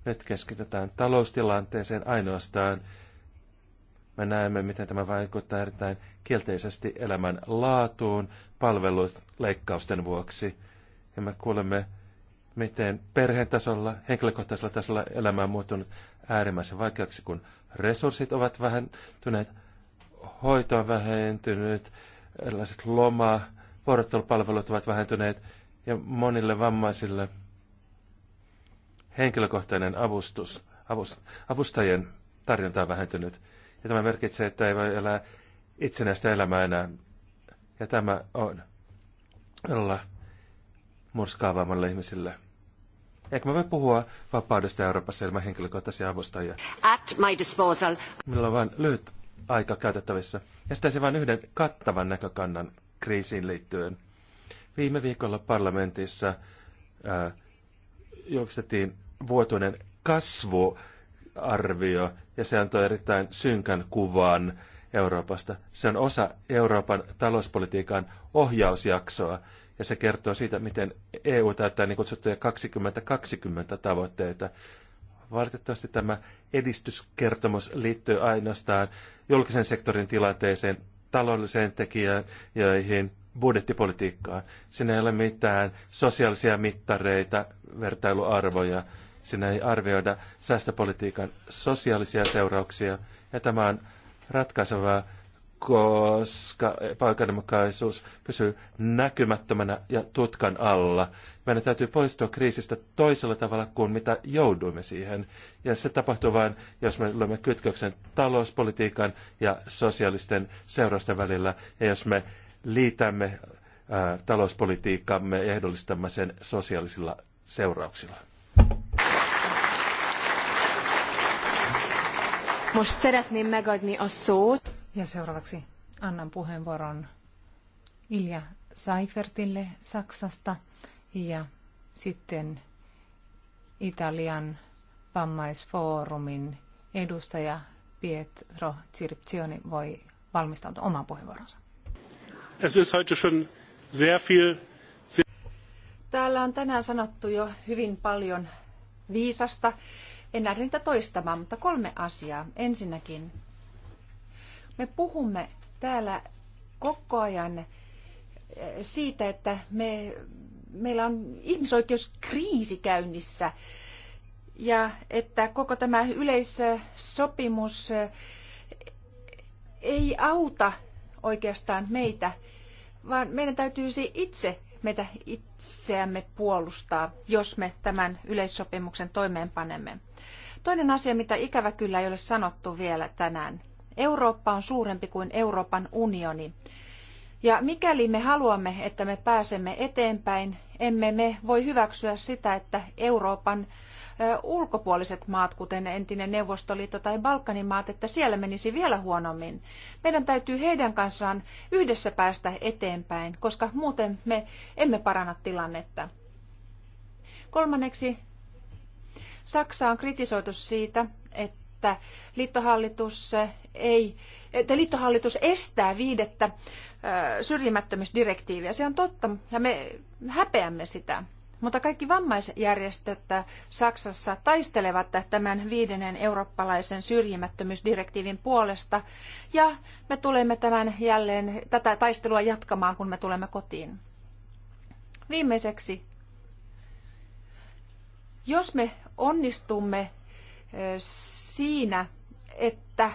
Nyt keskitytään taloustilanteeseen ainoastaan me näemme, miten tämä vaikuttaa erittäin kielteisesti elämän laatuun palvelut leikkausten vuoksi. Ja me kuulemme, miten perheen tasolla, henkilökohtaisella tasolla elämä on muuttunut äärimmäisen vaikeaksi, kun resurssit ovat vähentyneet, hoito on vähentynyt, erilaiset loma, vuorottelupalvelut ovat vähentyneet ja monille vammaisille henkilökohtainen avustus, avust, avustajien tarjonta on vähentynyt. Ja tämä merkitsee, että ei voi elää itsenäistä elämää enää. Ja tämä on olla murskaavammalle ihmisille. Eikö mä voi puhua vapaudesta Euroopassa ilman henkilökohtaisia avustajia? At my disposal. Minulla on vain lyhyt aika käytettävissä. Ja sitä vain yhden kattavan näkökannan kriisiin liittyen. Viime viikolla parlamentissa äh, julkistettiin vuotuinen kasvuarvio ja se antoi erittäin synkän kuvan Euroopasta. Se on osa Euroopan talouspolitiikan ohjausjaksoa ja se kertoo siitä, miten EU täyttää niin kutsuttuja 2020 tavoitteita. Valitettavasti tämä edistyskertomus liittyy ainoastaan julkisen sektorin tilanteeseen, taloudelliseen tekijöihin, budjettipolitiikkaan. Siinä ei ole mitään sosiaalisia mittareita, vertailuarvoja Siinä ei arvioida säästöpolitiikan sosiaalisia seurauksia. Ja tämä on ratkaisevaa, koska epäoikeudenmukaisuus pysyy näkymättömänä ja tutkan alla. Meidän täytyy poistua kriisistä toisella tavalla kuin mitä jouduimme siihen. Ja se tapahtuu vain, jos me luomme kytköksen talouspolitiikan ja sosiaalisten seurausten välillä, ja jos me liitämme ää, talouspolitiikkamme ehdollistamme sen sosiaalisilla seurauksilla. Most szeretném megadni a szót. Ja seuraavaksi annan puheenvuoron Ilja Seifertille Saksasta ja sitten Italian vammaisfoorumin edustaja Pietro Cirpcioni voi valmistautua omaan puheenvuoronsa. Es ist heute schon sehr viel, sehr... Täällä on tänään sanottu jo hyvin paljon viisasta en lähde niitä toistamaan, mutta kolme asiaa. Ensinnäkin, me puhumme täällä koko ajan eh, siitä, että me, meillä on ihmisoikeuskriisi käynnissä ja että koko tämä yleissopimus eh, ei auta oikeastaan meitä, vaan meidän täytyisi itse meitä itseämme puolustaa, jos me tämän yleissopimuksen toimeenpanemme. Toinen asia, mitä ikävä kyllä ei ole sanottu vielä tänään. Eurooppa on suurempi kuin Euroopan unioni. Ja mikäli me haluamme, että me pääsemme eteenpäin, emme me voi hyväksyä sitä, että Euroopan ulkopuoliset maat, kuten entinen Neuvostoliitto tai Balkanin maat, että siellä menisi vielä huonommin. Meidän täytyy heidän kanssaan yhdessä päästä eteenpäin, koska muuten me emme paranna tilannetta. Kolmanneksi, Saksa on kritisoitu siitä, että liittohallitus, ei, että liittohallitus estää viidettä syrjimättömyysdirektiiviä. Se on totta ja me häpeämme sitä. Mutta kaikki vammaisjärjestöt Saksassa taistelevat tämän viidennen eurooppalaisen syrjimättömyysdirektiivin puolesta. Ja me tulemme tämän jälleen, tätä taistelua jatkamaan, kun me tulemme kotiin. Viimeiseksi, jos me onnistumme eh, siinä, että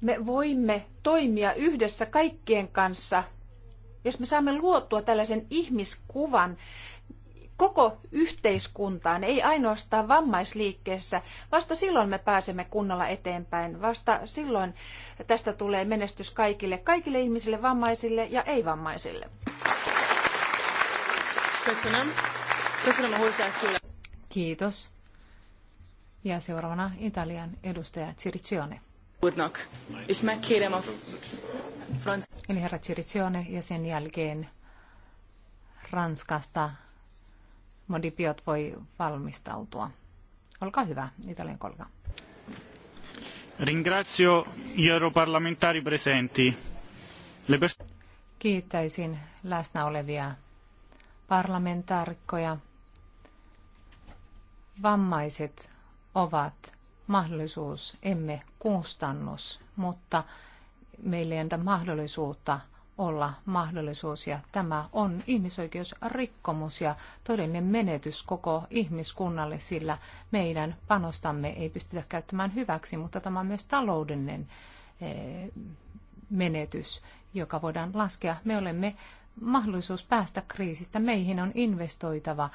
me voimme toimia yhdessä kaikkien kanssa jos me saamme luotua tällaisen ihmiskuvan, koko yhteiskuntaan, ei ainoastaan vammaisliikkeessä. Vasta silloin me pääsemme kunnolla eteenpäin. Vasta silloin tästä tulee menestys kaikille, kaikille ihmisille, vammaisille ja ei-vammaisille. Kiitos. Ja seuraavana Italian edustaja Ciricione. Eli herra Ciricione ja sen jälkeen Ranskasta modipiot voi valmistautua. Olkaa hyvä, Italian kollega. Ringrazio gli europarlamentari presenti. Le pers- Kiittäisin läsnä olevia parlamentaarikkoja. Vammaiset ovat mahdollisuus, emme kustannus, mutta meillä ei mahdollisuutta olla mahdollisuus ja tämä on ihmisoikeusrikkomus ja todellinen menetys koko ihmiskunnalle, sillä meidän panostamme ei pystytä käyttämään hyväksi, mutta tämä on myös taloudellinen eh, menetys, joka voidaan laskea. Me olemme mahdollisuus päästä kriisistä. Meihin on investoitava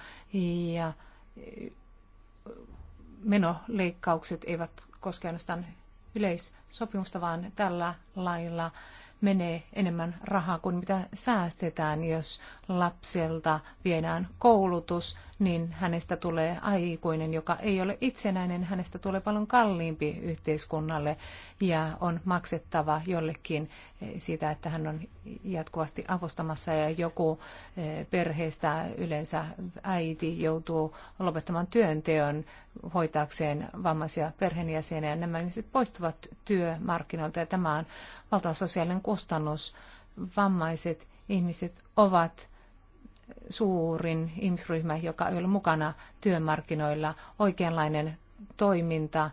ja eh, menoleikkaukset eivät koske ainoastaan yleissopimusta, vaan tällä lailla menee enemmän rahaa kuin mitä säästetään, jos lapselta viedään koulutus, niin hänestä tulee aikuinen, joka ei ole itsenäinen. Hänestä tulee paljon kalliimpi yhteiskunnalle ja on maksettava jollekin eh, siitä, että hän on jatkuvasti avustamassa ja joku eh, perheestä, yleensä äiti, joutuu lopettamaan työnteon hoitaakseen vammaisia perheenjäseniä. Nämä ihmiset poistuvat työmarkkinoilta ja tämä on valtava sosiaalinen kustannus. Vammaiset ihmiset ovat suurin ihmisryhmä, joka ei ole mukana työmarkkinoilla. Oikeanlainen toiminta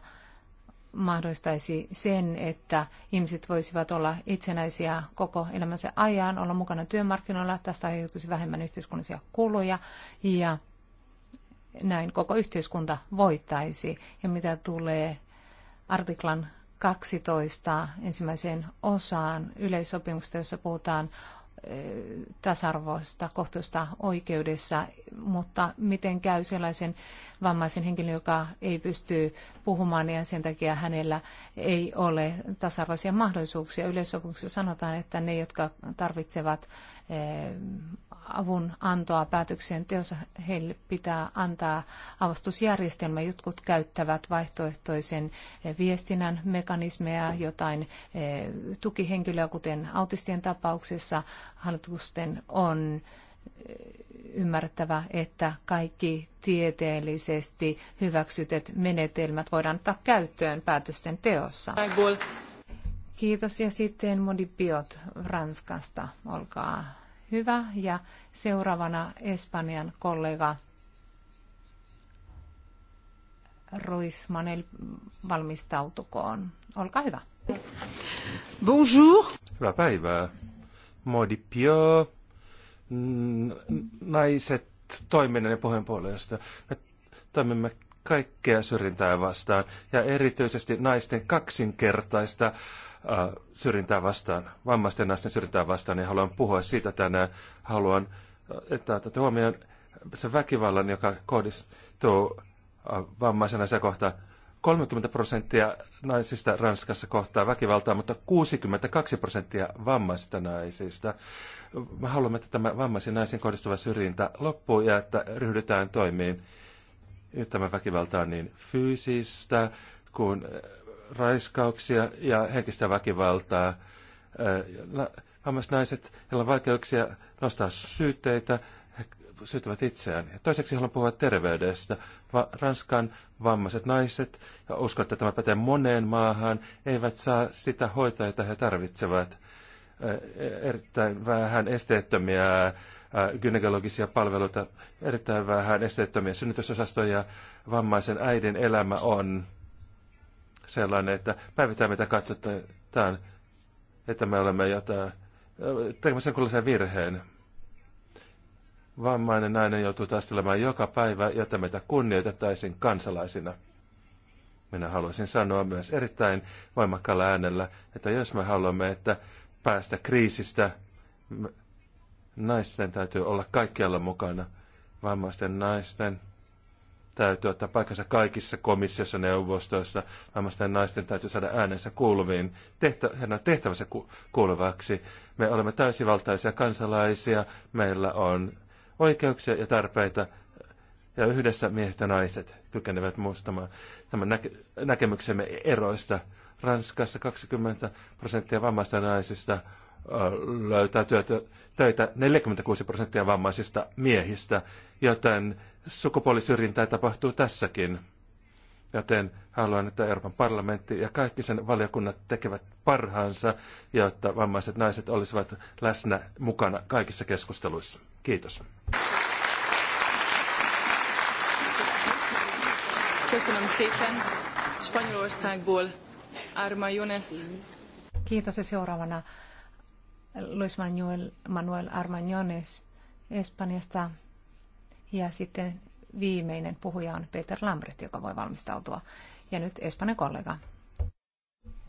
mahdollistaisi sen, että ihmiset voisivat olla itsenäisiä koko elämänsä ajan, olla mukana työmarkkinoilla, tästä aiheutuisi vähemmän yhteiskunnallisia kuluja ja näin koko yhteiskunta voittaisi. Ja mitä tulee artiklan 12 ensimmäiseen osaan yleissopimuksesta, jossa puhutaan tasa-arvoista kohtuista oikeudessa, mutta miten käy sellaisen vammaisen henkilön, joka ei pysty puhumaan ja niin sen takia hänellä ei ole tasa-arvoisia mahdollisuuksia. Yleissopimuksessa sanotaan, että ne, jotka tarvitsevat eh, avun antoa päätöksenteossa, heille pitää antaa avustusjärjestelmä. Jotkut käyttävät vaihtoehtoisen eh, viestinnän mekanismeja, jotain eh, tukihenkilöä, kuten autistien tapauksessa hallitusten on ymmärtävä, että kaikki tieteellisesti hyväksytyt menetelmät voidaan ottaa käyttöön päätösten teossa. Kiitos ja sitten Modibiot Ranskasta, olkaa hyvä. Ja seuraavana Espanjan kollega Roismanel valmistautukoon. Olkaa hyvä. Bonjour. Hyvää päivää. Modibiot naiset toiminnan ja puheen puolesta. Me toimimme kaikkea syrjintää vastaan ja erityisesti naisten kaksinkertaista äh, syrjintää vastaan, vammaisten naisten syrjintää vastaan, ja haluan puhua siitä tänään. Haluan, äh, että otatte huomioon se väkivallan, joka kohdistuu äh, vammaisen naisen kohtaan. 30 prosenttia naisista Ranskassa kohtaa väkivaltaa, mutta 62 prosenttia vammaisista naisista. Me haluamme, että tämä vammaisiin naisiin kohdistuva syrjintä loppuu ja että ryhdytään toimiin. Tämä väkivalta on niin fyysistä kuin äh, raiskauksia ja henkistä väkivaltaa. Äh, vammaiset naiset, heillä on vaikeuksia nostaa syytteitä, syytävät itseään. Ja toiseksi haluan puhua terveydestä. Va- Ranskan vammaiset naiset, ja uskon, että tämä pätee moneen maahan, eivät saa sitä hoitoa, jota he tarvitsevat. E, erittäin vähän esteettömiä gynekologisia palveluita, erittäin vähän esteettömiä synnytysosastoja. Vammaisen äidin elämä on sellainen, että päivittäin mitä katsotaan, että me olemme jotain tekemässä jonkunlaisen virheen vammainen nainen joutuu taistelemaan joka päivä, jotta meitä kunnioitettaisiin kansalaisina. Minä haluaisin sanoa myös erittäin voimakkaalla äänellä, että jos me haluamme, että päästä kriisistä, naisten täytyy olla kaikkialla mukana. Vammaisten naisten täytyy ottaa paikkansa kaikissa komissiossa, neuvostoissa. Vammaisten naisten täytyy saada äänensä kuuluviin, tehtä, tehtävänsä ku, kuuluvaksi. Me olemme täysivaltaisia kansalaisia, meillä on oikeuksia ja tarpeita, ja yhdessä miehet ja naiset kykenevät muistamaan tämän näke- näkemyksemme eroista. Ranskassa 20 prosenttia vammaista naisista löytää työtä, töitä 46 prosenttia vammaisista miehistä, joten sukupuolisyrjintää tapahtuu tässäkin. Joten haluan, että Euroopan parlamentti ja kaikki sen valiokunnat tekevät parhaansa, jotta vammaiset naiset olisivat läsnä mukana kaikissa keskusteluissa. Kiitos. Köszönöm szépen. Spanyolországból Arma Jones. Kiitos ja seuraavana Luis Manuel, Manuel Armañones Espanjasta. Ja sitten viimeinen puhuja on Peter Lambret, joka voi valmistautua. Ja nyt Espanjan kollega.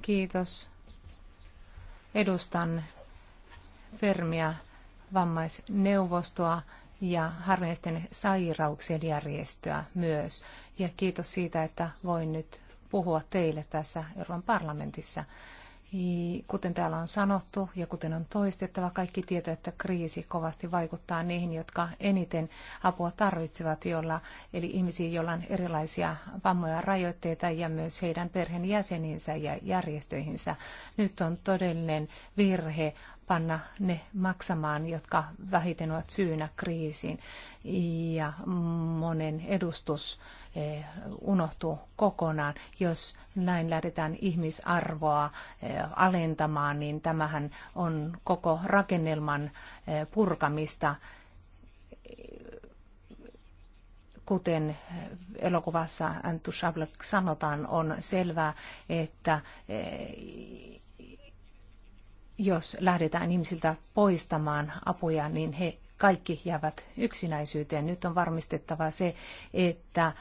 Kiitos. Edustan Fermia vammaisneuvostoa ja harvinaisten sairauksien järjestöä myös. Ja kiitos siitä, että voin nyt puhua teille tässä Euroopan parlamentissa. Kuten täällä on sanottu ja kuten on toistettava, kaikki tietävät, että kriisi kovasti vaikuttaa niihin, jotka eniten apua tarvitsevat, joilla, eli ihmisiin, joilla on erilaisia vammoja rajoitteita ja myös heidän perheenjäseninsä ja järjestöihinsä. Nyt on todellinen virhe panna ne maksamaan, jotka vähiten ovat syynä kriisiin. Ja monen edustus eh, unohtuu kokonaan. Jos näin lähdetään ihmisarvoa eh, alentamaan, niin tämähän on koko rakennelman eh, purkamista kuten elokuvassa Antu sanotaan, on selvää, että jos lähdetään ihmisiltä poistamaan apuja, niin he kaikki jäävät yksinäisyyteen. Nyt on varmistettava se, että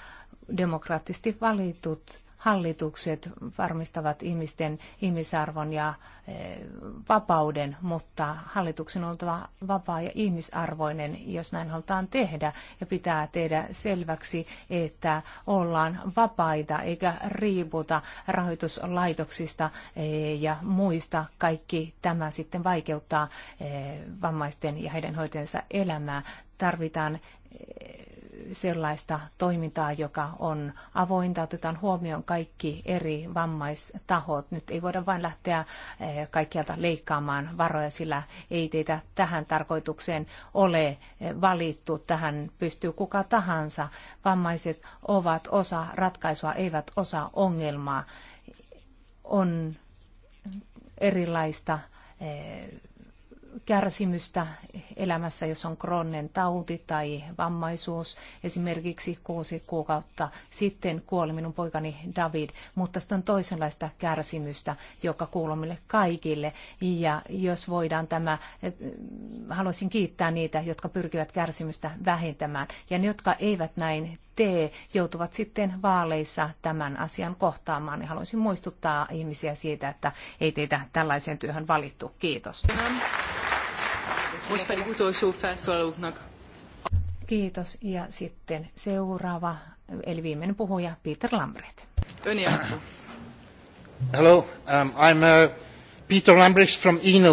demokraattisesti valitut hallitukset varmistavat ihmisten ihmisarvon ja eh, vapauden, mutta hallituksen on oltava vapaa ja ihmisarvoinen, jos näin halutaan tehdä. Ja pitää tehdä selväksi, että ollaan vapaita eikä riiputa rahoituslaitoksista eh, ja muista. Kaikki tämä sitten vaikeuttaa eh, vammaisten ja heidän hoitajansa elämää. Tarvitaan sellaista toimintaa, joka on avointa, otetaan huomioon kaikki eri vammaistahot. Nyt ei voida vain lähteä eh, kaikkialta leikkaamaan varoja, sillä ei teitä tähän tarkoitukseen ole eh, valittu. Tähän pystyy kuka tahansa. Vammaiset ovat osa ratkaisua, eivät osa ongelmaa. On erilaista eh, kärsimystä elämässä, jos on krooninen tauti tai vammaisuus. Esimerkiksi kuusi kuukautta sitten kuoli minun poikani David, mutta sitten on toisenlaista kärsimystä, joka kuuluu meille kaikille. Ja jos voidaan tämä, haluaisin kiittää niitä, jotka pyrkivät kärsimystä vähentämään. Ja ne, jotka eivät näin tee, joutuvat sitten vaaleissa tämän asian kohtaamaan. Ja haluaisin muistuttaa ihmisiä siitä, että ei teitä tällaiseen työhön valittu. Kiitos. Kiitos. Most pedig utolsó felszólalóknak. Kiitos. Ja sitten seuraava, eli viimeinen puhuja, Peter Lambret. Öni Hello, um, I'm uh, Peter Lambrecht from Eno.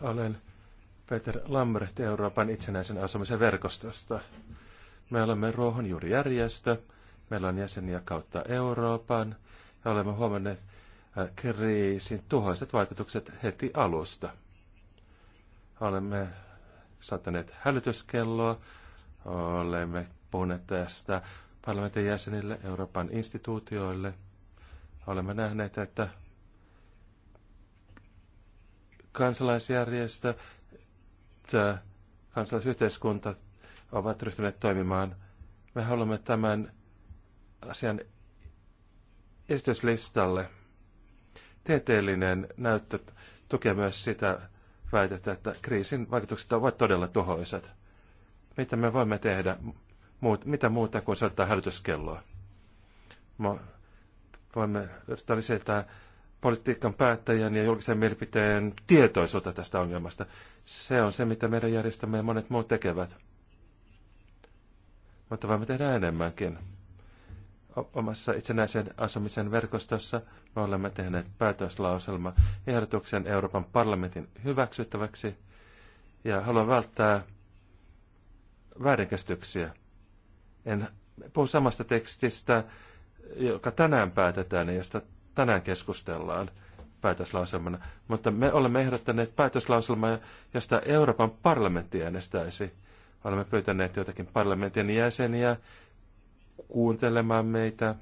Olen Peter Lambrecht Euroopan itsenäisen asumisen verkostosta. Me olemme ruohonjuurijärjestö, meillä on jäseniä kautta Euroopan ja olemme huomanneet äh, kriisin tuhoiset vaikutukset heti alusta. Olemme saattaneet hälytyskelloa. Olemme puhuneet tästä parlamentin jäsenille, Euroopan instituutioille. Olemme nähneet, että kansalaisjärjestö, kansalaisyhteiskunta ovat ryhtyneet toimimaan. Me haluamme tämän asian esityslistalle. Tieteellinen näyttö tukee myös sitä, väitettä, että kriisin vaikutukset ovat todella tuhoisat. Mitä me voimme tehdä? Muut, mitä muuta kuin soittaa hälytyskelloa? Me voimme yrittää lisätä politiikan päättäjän ja julkisen mielipiteen tietoisuutta tästä ongelmasta. Se on se, mitä meidän järjestämme ja monet muut tekevät. Mutta voimme tehdä enemmänkin omassa itsenäisen asumisen verkostossa me olemme tehneet päätöslauselma ehdotuksen Euroopan parlamentin hyväksyttäväksi ja haluan välttää väärinkäsityksiä. En puhu samasta tekstistä, joka tänään päätetään ja josta tänään keskustellaan päätöslauselmana, mutta me olemme ehdottaneet päätöslauselmaa, josta Euroopan parlamentti äänestäisi. Olemme pyytäneet jotakin parlamentin jäseniä kuuntelemaan meitä.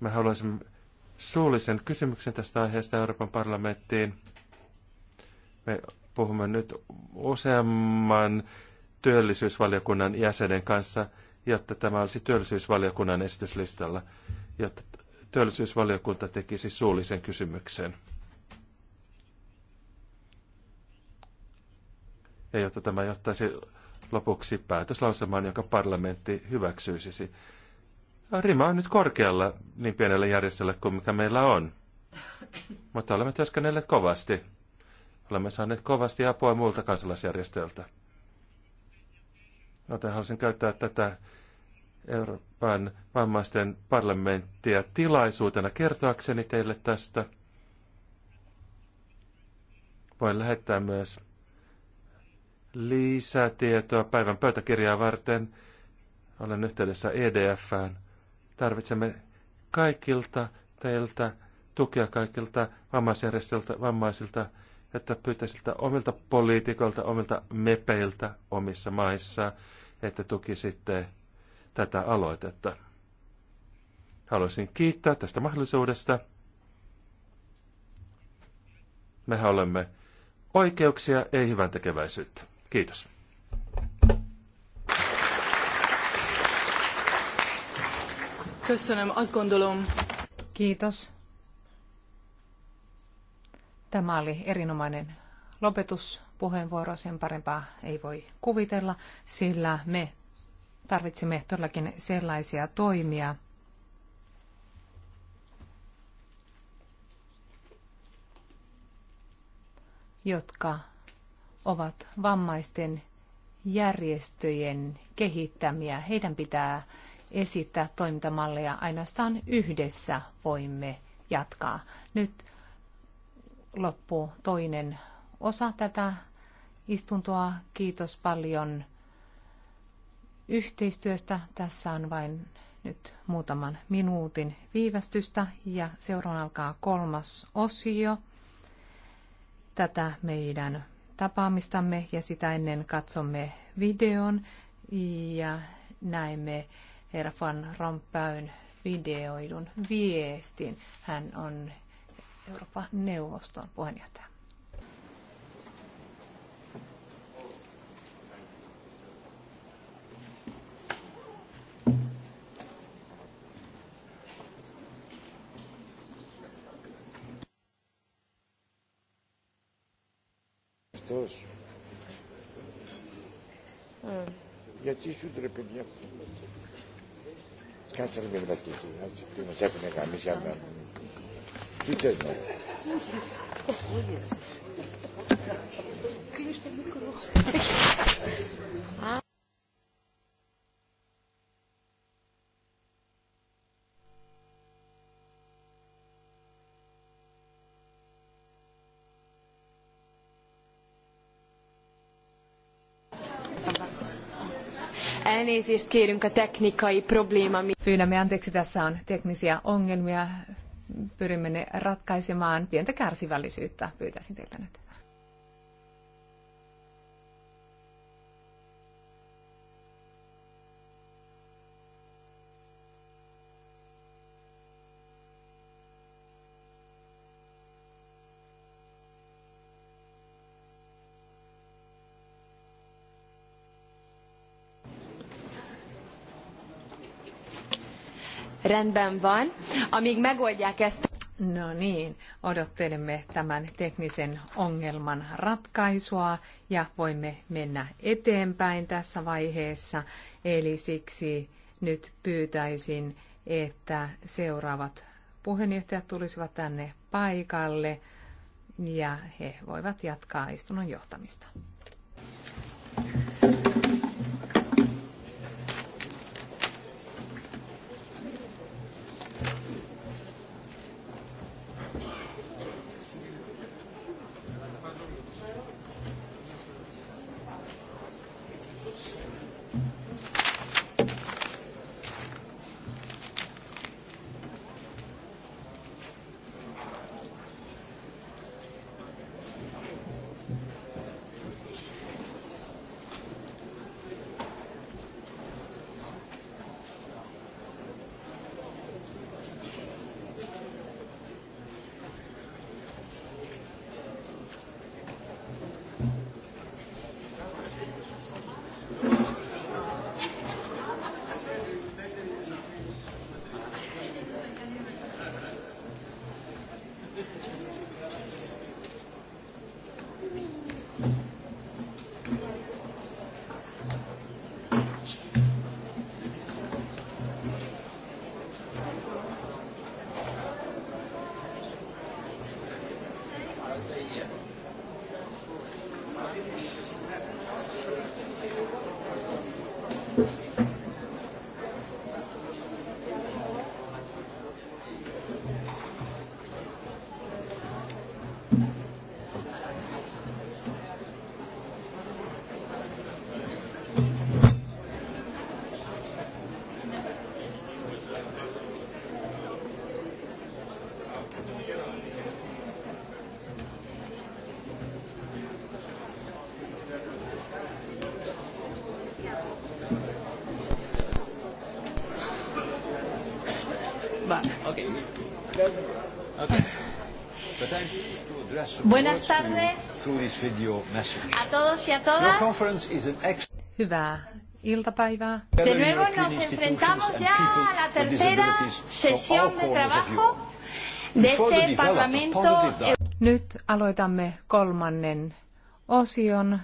Mä haluaisin suullisen kysymyksen tästä aiheesta Euroopan parlamenttiin. Me puhumme nyt useamman työllisyysvaliokunnan jäsenen kanssa, jotta tämä olisi työllisyysvaliokunnan esityslistalla, jotta työllisyysvaliokunta tekisi suullisen kysymyksen. Ja jotta tämä johtaisi lopuksi päätöslausemaan, jonka parlamentti hyväksyisi. Rima on nyt korkealla niin pienellä järjestöllä kuin mikä meillä on. Mutta olemme työskennelleet kovasti. Olemme saaneet kovasti apua muilta kansalaisjärjestöiltä. Joten haluaisin käyttää tätä Euroopan vammaisten parlamenttia tilaisuutena kertoakseni teille tästä. Voin lähettää myös lisätietoa päivän pöytäkirjaa varten. Olen yhteydessä EDFään. Tarvitsemme kaikilta teiltä tukea kaikilta vammaisjärjestöiltä, vammaisilta, että pyytäisiltä omilta poliitikoilta, omilta mepeiltä omissa maissa, että tukisitte tätä aloitetta. Haluaisin kiittää tästä mahdollisuudesta. Mehän olemme oikeuksia, ei hyvän tekeväisyyttä. Kiitos. Kiitos. Tämä oli erinomainen lopetuspuheenvuoro, sen parempaa ei voi kuvitella, sillä me tarvitsemme todellakin sellaisia toimia, jotka ovat vammaisten järjestöjen kehittämiä. Heidän pitää esittää toimintamalleja. Ainoastaan yhdessä voimme jatkaa. Nyt loppu toinen osa tätä istuntoa. Kiitos paljon yhteistyöstä. Tässä on vain nyt muutaman minuutin viivästystä ja seuraan alkaa kolmas osio tätä meidän tapaamistamme ja sitä ennen katsomme videon ja näemme herra Van Rompäyn videoidun viestin. Hän on Euroopan neuvoston puheenjohtaja. γιατί σου τρε παιδιά. Κάτσε με βλακίσει. Τι μας έχουν γαμίσει αν Τι θες να Κλείς το μικρό. Α, Elnézést kérünk a technikai probléma. Pyydämme anteeksi, tässä on teknisiä ongelmia. Pyrimme ne ratkaisemaan. Pientä kärsivällisyyttä pyytäisin teiltä nyt. rendben van. Amíg megoldják ezt... No niin, odottelemme tämän teknisen ongelman ratkaisua ja voimme mennä eteenpäin tässä vaiheessa. Eli siksi nyt pyytäisin, että seuraavat puheenjohtajat tulisivat tänne paikalle ja he voivat jatkaa istunnon johtamista. Buenas tardes a todos y a todas. Hyvää iltapäivää. De nuevo nos enfrentamos ya a la tercera sesión de trabajo de este Parlamento. Nyt aloitamme kolmannen osion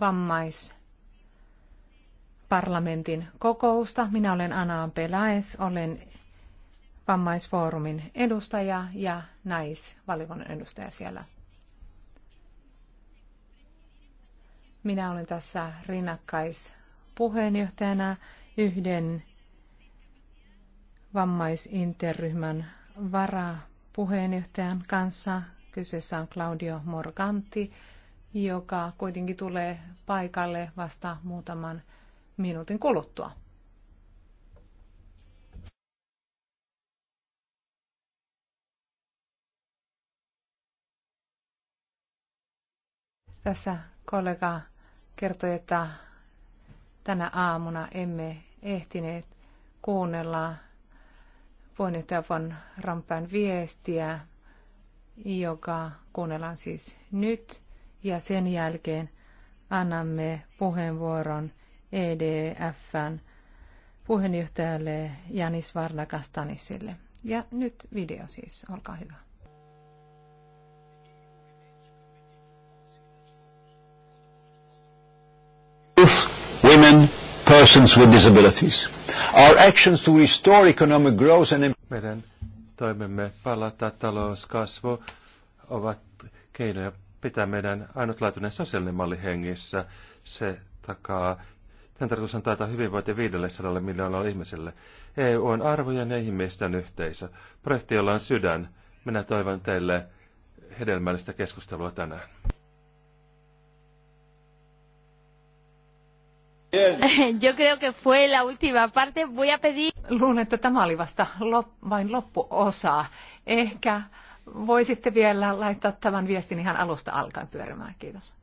vammaisparlamentin kokousta. Minä olen Anna Pelaez, olen vammaisfoorumin edustaja ja naisvalikunnan edustaja siellä. Minä olen tässä rinnakkaispuheenjohtajana yhden vammaisinterryhmän varapuheenjohtajan kanssa. Kyseessä on Claudio Morganti, joka kuitenkin tulee paikalle vasta muutaman minuutin kuluttua. Tässä kollega kertoi, että tänä aamuna emme ehtineet kuunnella puheenjohtaja von Rampan viestiä, joka kuunnellaan siis nyt ja sen jälkeen annamme puheenvuoron EDFn puheenjohtajalle Janis Varnakastanisille. Ja nyt video siis, olkaa hyvä. on persons with disabilities. Our actions to restore economic growth and Meidän toimemme palata talouskasvu ovat keinoja pitää meidän ainutlaatuinen sosiaalinen malli hengissä. Se takaa Tämän tarkoitus on taitaa hyvinvointi 500 miljoonalle ihmiselle. EU on arvojen ja ihmisten yhteisö. Projekti, jolla on sydän. Minä toivon teille hedelmällistä keskustelua tänään. Yo creo que fue la última parte. Voy a pedir... Luulen, että tämä oli vasta lop, vain loppuosa. Ehkä voisitte vielä laittaa tämän viestin ihan alusta alkaen pyörimään. Kiitos.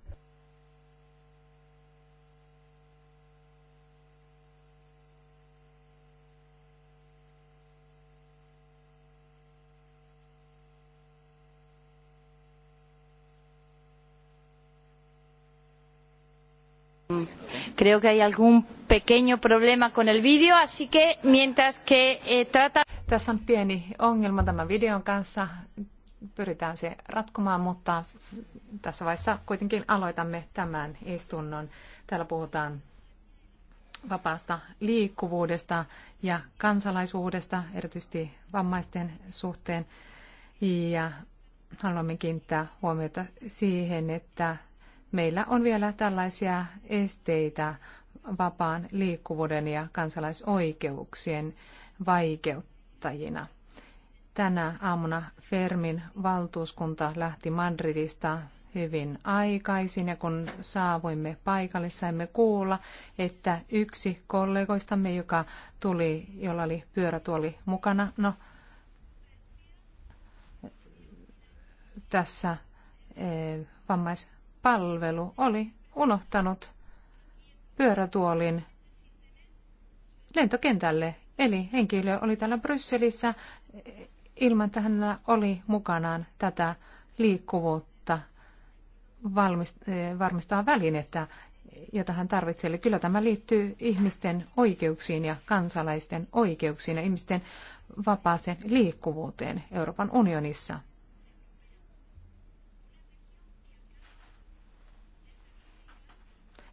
Creo que hay algún pequeño problema con el vídeo, así que mientras que eh, trata... Tässä on pieni ongelma tämän videon kanssa. Pyritään se ratkomaan, mutta tässä vaiheessa kuitenkin aloitamme tämän istunnon. Täällä puhutaan vapaasta liikkuvuudesta ja kansalaisuudesta, erityisesti vammaisten suhteen. Ja haluamme kiinnittää huomiota siihen, että meillä on vielä tällaisia esteitä vapaan liikkuvuuden ja kansalaisoikeuksien vaikeuttajina. Tänä aamuna Fermin valtuuskunta lähti Madridista hyvin aikaisin ja kun saavuimme paikalle, saimme kuulla, että yksi kollegoistamme, joka tuli, jolla oli pyörätuoli mukana, no tässä eh, palvelu oli unohtanut pyörätuolin lentokentälle. Eli henkilö oli täällä Brysselissä ilman, että hänellä oli mukanaan tätä liikkuvuutta eh, varmistaa välinettä, jota hän tarvitsee. Eli kyllä tämä liittyy ihmisten oikeuksiin ja kansalaisten oikeuksiin ja ihmisten vapaaseen liikkuvuuteen Euroopan unionissa.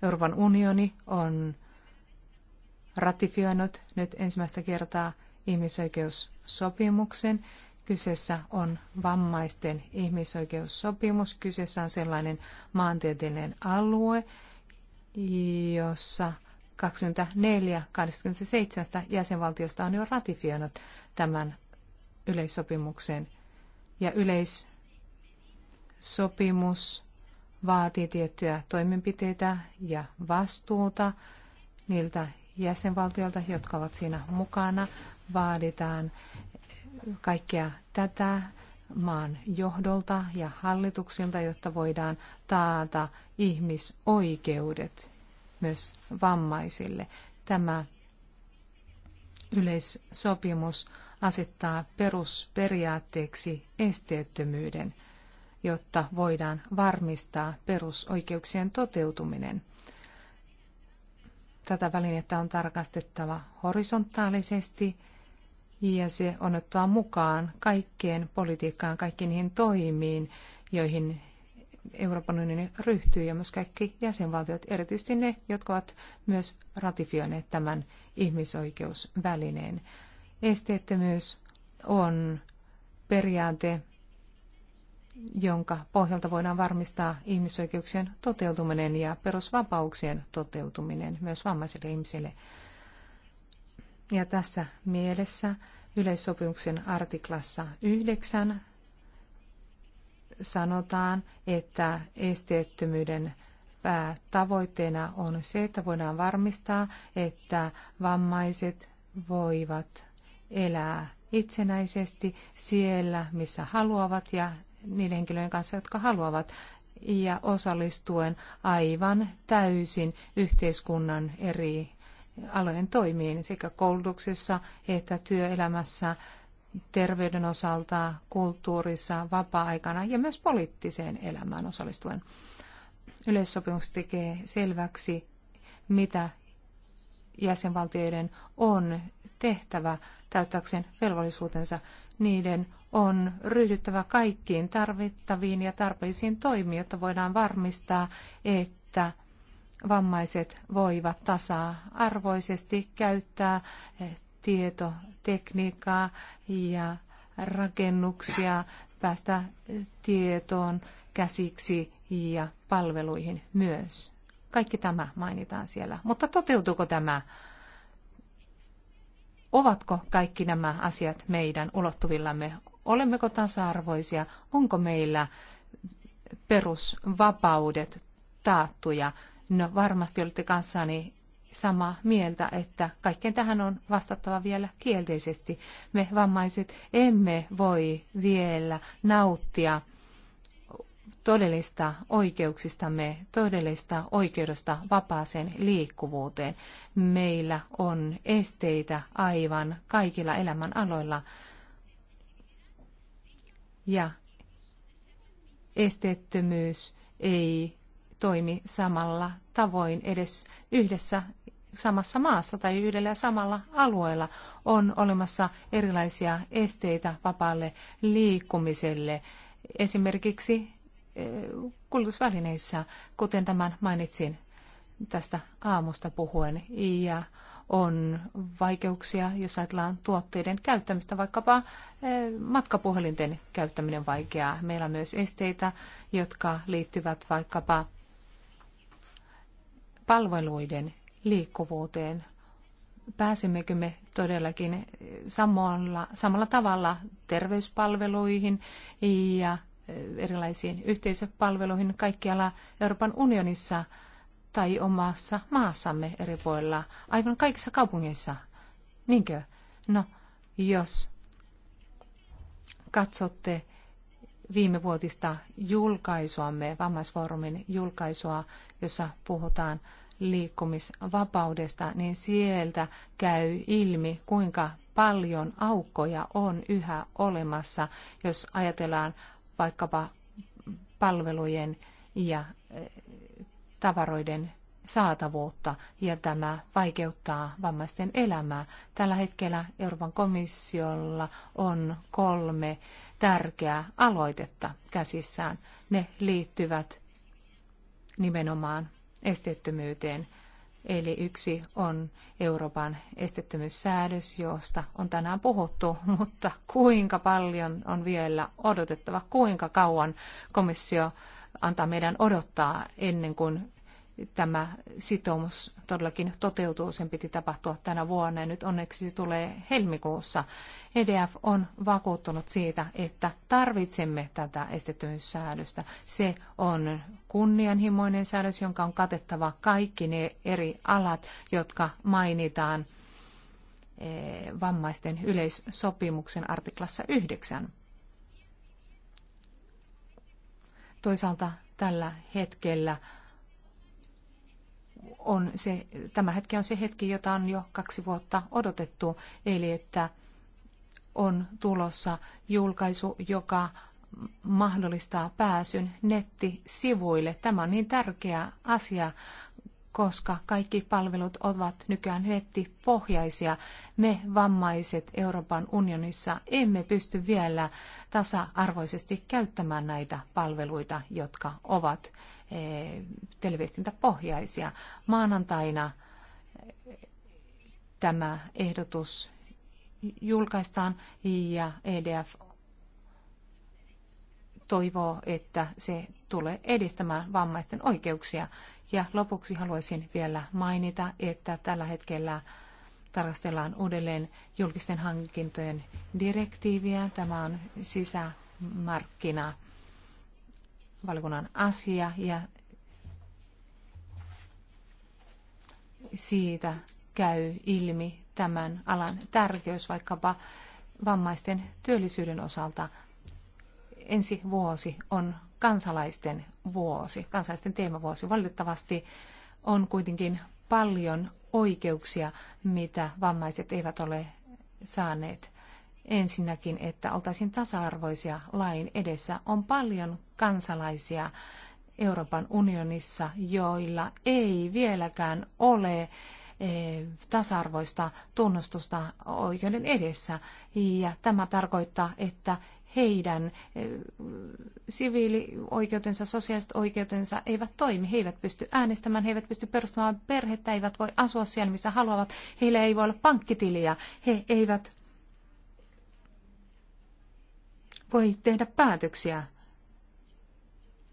Euroopan unioni on ratifioinut nyt ensimmäistä kertaa ihmisoikeussopimuksen. Kyseessä on vammaisten ihmisoikeussopimus. Kyseessä on sellainen maantieteellinen alue, jossa 24 27 jäsenvaltiosta on jo ratifioinut tämän yleissopimuksen. Ja yleissopimus vaatii tiettyjä toimenpiteitä ja vastuuta niiltä jäsenvaltioilta, jotka ovat siinä mukana. Vaaditaan kaikkea tätä maan johdolta ja hallituksilta, jotta voidaan taata ihmisoikeudet myös vammaisille. Tämä yleissopimus asettaa perusperiaatteeksi esteettömyyden – jotta voidaan varmistaa perusoikeuksien toteutuminen. Tätä välinettä on tarkastettava horisontaalisesti ja se on ottaa mukaan kaikkeen politiikkaan, kaikkiin niihin toimiin, joihin Euroopan unioni ryhtyy ja myös kaikki jäsenvaltiot, erityisesti ne, jotka ovat myös ratifioineet tämän ihmisoikeusvälineen. Esteettömyys on periaate, jonka pohjalta voidaan varmistaa ihmisoikeuksien toteutuminen ja perusvapauksien toteutuminen myös vammaisille ihmisille. Ja tässä mielessä yleissopimuksen artiklassa 9 sanotaan, että esteettömyyden päätavoitteena on se, että voidaan varmistaa, että vammaiset voivat elää itsenäisesti siellä, missä haluavat ja niiden henkilöiden kanssa, jotka haluavat ja osallistuen aivan täysin yhteiskunnan eri alojen toimiin sekä koulutuksessa että työelämässä, terveyden osalta, kulttuurissa, vapaa-aikana ja myös poliittiseen elämään osallistuen. Yleissopimus tekee selväksi, mitä jäsenvaltioiden on tehtävä täyttääkseen velvollisuutensa niiden on ryhdyttävä kaikkiin tarvittaviin ja tarpeisiin toimiin, jotta voidaan varmistaa, että vammaiset voivat tasa-arvoisesti käyttää eh, tietotekniikkaa ja rakennuksia, päästä eh, tietoon käsiksi ja palveluihin myös. Kaikki tämä mainitaan siellä. Mutta toteutuuko tämä? Ovatko kaikki nämä asiat meidän ulottuvillamme? Olemmeko tasa-arvoisia? Onko meillä perusvapaudet taattuja? No varmasti olette kanssani samaa mieltä, että kaikkeen tähän on vastattava vielä kielteisesti. Me vammaiset emme voi vielä nauttia todellista oikeuksistamme, todellista oikeudesta vapaaseen liikkuvuuteen. Meillä on esteitä aivan kaikilla elämän aloilla. Ja esteettömyys ei toimi samalla tavoin edes yhdessä samassa maassa tai yhdellä samalla alueella on olemassa erilaisia esteitä vapaalle liikkumiselle. Esimerkiksi kulutusvälineissä, kuten tämän mainitsin tästä aamusta puhuen. Ja on vaikeuksia, jos ajatellaan tuotteiden käyttämistä, vaikkapa eh, matkapuhelinten käyttäminen vaikeaa. Meillä on myös esteitä, jotka liittyvät vaikkapa palveluiden liikkuvuuteen. Pääsemmekö me todellakin samalla, samalla tavalla terveyspalveluihin ja erilaisiin yhteisöpalveluihin kaikkialla Euroopan unionissa tai omassa maassamme eri puolilla, aivan kaikissa kaupungeissa. Niinkö? No, jos katsotte viime vuotista julkaisuamme, vammaisfoorumin julkaisua, jossa puhutaan liikkumisvapaudesta, niin sieltä käy ilmi, kuinka paljon aukkoja on yhä olemassa, jos ajatellaan vaikkapa palvelujen ja e, tavaroiden saatavuutta ja tämä vaikeuttaa vammaisten elämää. Tällä hetkellä Euroopan komissiolla on kolme tärkeää aloitetta käsissään. Ne liittyvät nimenomaan esteettömyyteen. Eli yksi on Euroopan estettömyyssäädös, josta on tänään puhuttu, mutta kuinka paljon on vielä odotettava, kuinka kauan komissio antaa meidän odottaa ennen kuin tämä sitoumus todellakin toteutuu. Sen piti tapahtua tänä vuonna ja nyt onneksi se tulee helmikuussa. EDF on vakuuttunut siitä, että tarvitsemme tätä estettömyyssäädöstä. Se on kunnianhimoinen säädös, jonka on katettava kaikki ne eri alat, jotka mainitaan eh, vammaisten yleissopimuksen artiklassa 9. Toisaalta tällä hetkellä on se, tämä hetki on se hetki, jota on jo kaksi vuotta odotettu, eli että on tulossa julkaisu, joka mahdollistaa pääsyn nettisivuille. Tämä on niin tärkeä asia koska kaikki palvelut ovat nykyään nettipohjaisia. Me vammaiset Euroopan unionissa emme pysty vielä tasa-arvoisesti käyttämään näitä palveluita, jotka ovat eh, televiestintäpohjaisia. Maanantaina eh, tämä ehdotus julkaistaan ja EDF toivoo, että se tulee edistämään vammaisten oikeuksia ja lopuksi haluaisin vielä mainita, että tällä hetkellä tarkastellaan uudelleen julkisten hankintojen direktiiviä. Tämä on sisämarkkina valiokunnan asia ja siitä käy ilmi tämän alan tärkeys vaikkapa vammaisten työllisyyden osalta ensi vuosi on kansalaisten vuosi, kansalaisten teemavuosi. Valitettavasti on kuitenkin paljon oikeuksia, mitä vammaiset eivät ole saaneet. Ensinnäkin, että oltaisiin tasa-arvoisia lain edessä. On paljon kansalaisia Euroopan unionissa, joilla ei vieläkään ole eh, tasa-arvoista tunnustusta oikeuden edessä. Ja tämä tarkoittaa, että heidän eh, siviilioikeutensa, sosiaaliset oikeutensa eivät toimi. He eivät pysty äänestämään, he eivät pysty perustamaan perhettä, eivät voi asua siellä, missä haluavat. Heillä ei voi olla pankkitiliä. He eivät voi tehdä päätöksiä.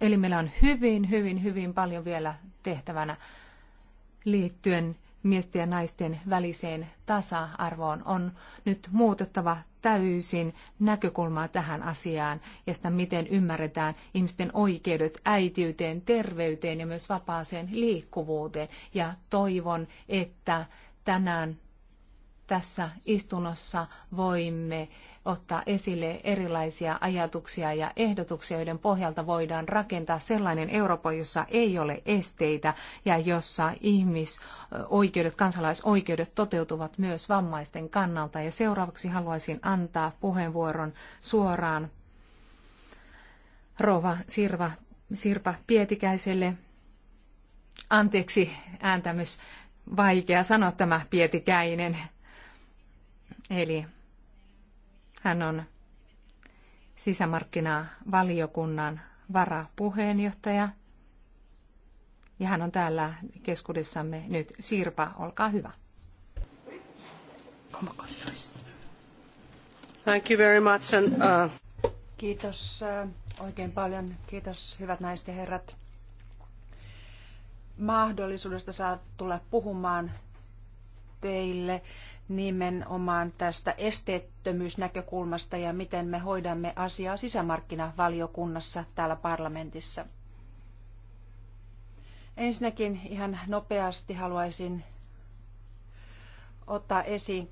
Eli meillä on hyvin, hyvin, hyvin paljon vielä tehtävänä liittyen miesten ja naisten väliseen tasa-arvoon on nyt muutettava täysin näkökulmaa tähän asiaan ja sitä, miten ymmärretään ihmisten oikeudet äitiyteen, terveyteen ja myös vapaaseen liikkuvuuteen. Ja toivon, että tänään tässä istunnossa voimme ottaa esille erilaisia ajatuksia ja ehdotuksia, joiden pohjalta voidaan rakentaa sellainen Eurooppa, jossa ei ole esteitä ja jossa ihmisoikeudet, kansalaisoikeudet toteutuvat myös vammaisten kannalta. Ja seuraavaksi haluaisin antaa puheenvuoron suoraan Rova Sirva, Sirpa Pietikäiselle. Anteeksi ääntämys, vaikea sanoa tämä Pietikäinen. Eli hän on sisämarkkinavaliokunnan varapuheenjohtaja. Ja hän on täällä keskuudessamme nyt. Sirpa, olkaa hyvä. Thank you very much and, uh... Kiitos uh, oikein paljon. Kiitos hyvät naiset ja herrat mahdollisuudesta saa tulla puhumaan teille nimenomaan tästä esteettömyysnäkökulmasta ja miten me hoidamme asiaa sisämarkkinavaliokunnassa täällä parlamentissa. Ensinnäkin ihan nopeasti haluaisin ottaa esiin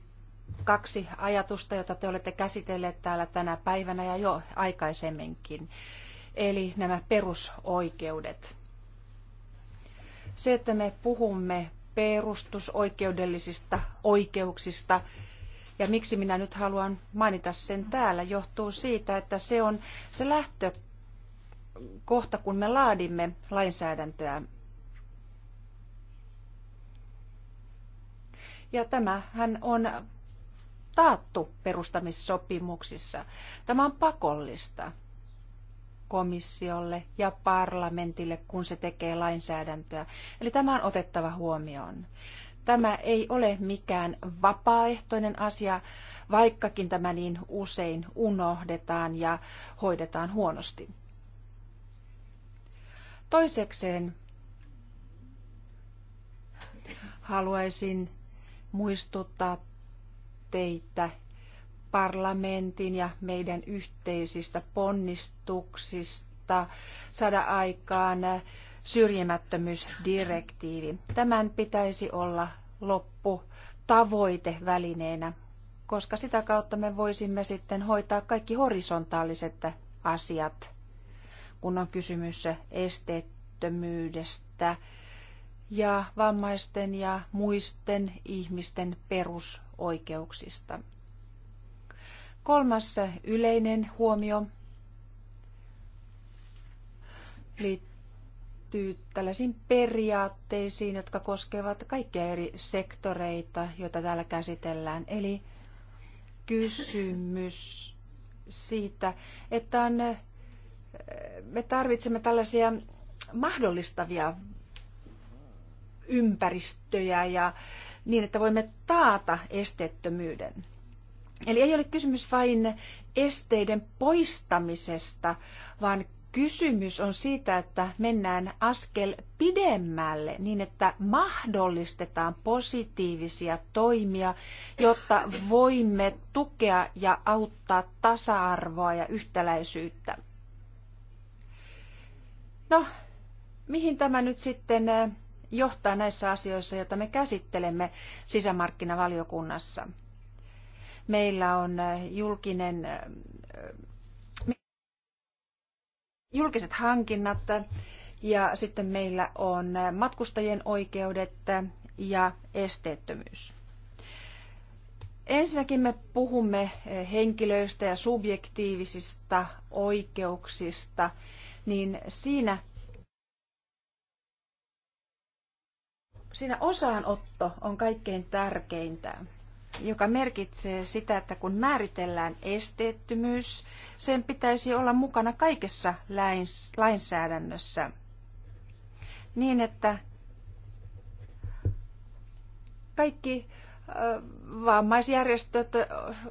kaksi ajatusta, jota te olette käsitelleet täällä tänä päivänä ja jo aikaisemminkin. Eli nämä perusoikeudet. Se, että me puhumme perustusoikeudellisista oikeuksista. Ja miksi minä nyt haluan mainita sen täällä, johtuu siitä, että se on se lähtökohta, kun me laadimme lainsäädäntöä. Ja tämähän on taattu perustamissopimuksissa. Tämä on pakollista komissiolle ja parlamentille, kun se tekee lainsäädäntöä. Eli tämä on otettava huomioon. Tämä ei ole mikään vapaaehtoinen asia, vaikkakin tämä niin usein unohdetaan ja hoidetaan huonosti. Toisekseen haluaisin muistuttaa teitä parlamentin ja meidän yhteisistä ponnistuksista saada aikaan syrjimättömyysdirektiivi. Tämän pitäisi olla loppu tavoitevälineenä, koska sitä kautta me voisimme sitten hoitaa kaikki horisontaaliset asiat, kun on kysymys esteettömyydestä ja vammaisten ja muisten ihmisten perusoikeuksista. Kolmas yleinen huomio liittyy tällaisiin periaatteisiin, jotka koskevat kaikkia eri sektoreita, joita täällä käsitellään. Eli kysymys siitä, että on, eh, me tarvitsemme tällaisia mahdollistavia ympäristöjä ja niin, että voimme taata esteettömyyden. Eli ei ole kysymys vain esteiden poistamisesta, vaan kysymys on siitä, että mennään askel pidemmälle niin, että mahdollistetaan positiivisia toimia, jotta voimme tukea ja auttaa tasa-arvoa ja yhtäläisyyttä. No, mihin tämä nyt sitten eh, johtaa näissä asioissa, joita me käsittelemme sisämarkkinavaliokunnassa? Meillä on äh, julkinen, äh, julkiset hankinnat äh, ja sitten meillä on matkustajien oikeudet ja esteettömyys. Ensinnäkin me puhumme henkilöistä ja subjektiivisista oikeuksista, niin siinä, siinä osaanotto on kaikkein tärkeintä joka merkitsee sitä, että kun määritellään esteettömyys, sen pitäisi olla mukana kaikessa lainsäädännössä niin, että kaikki vammaisjärjestöt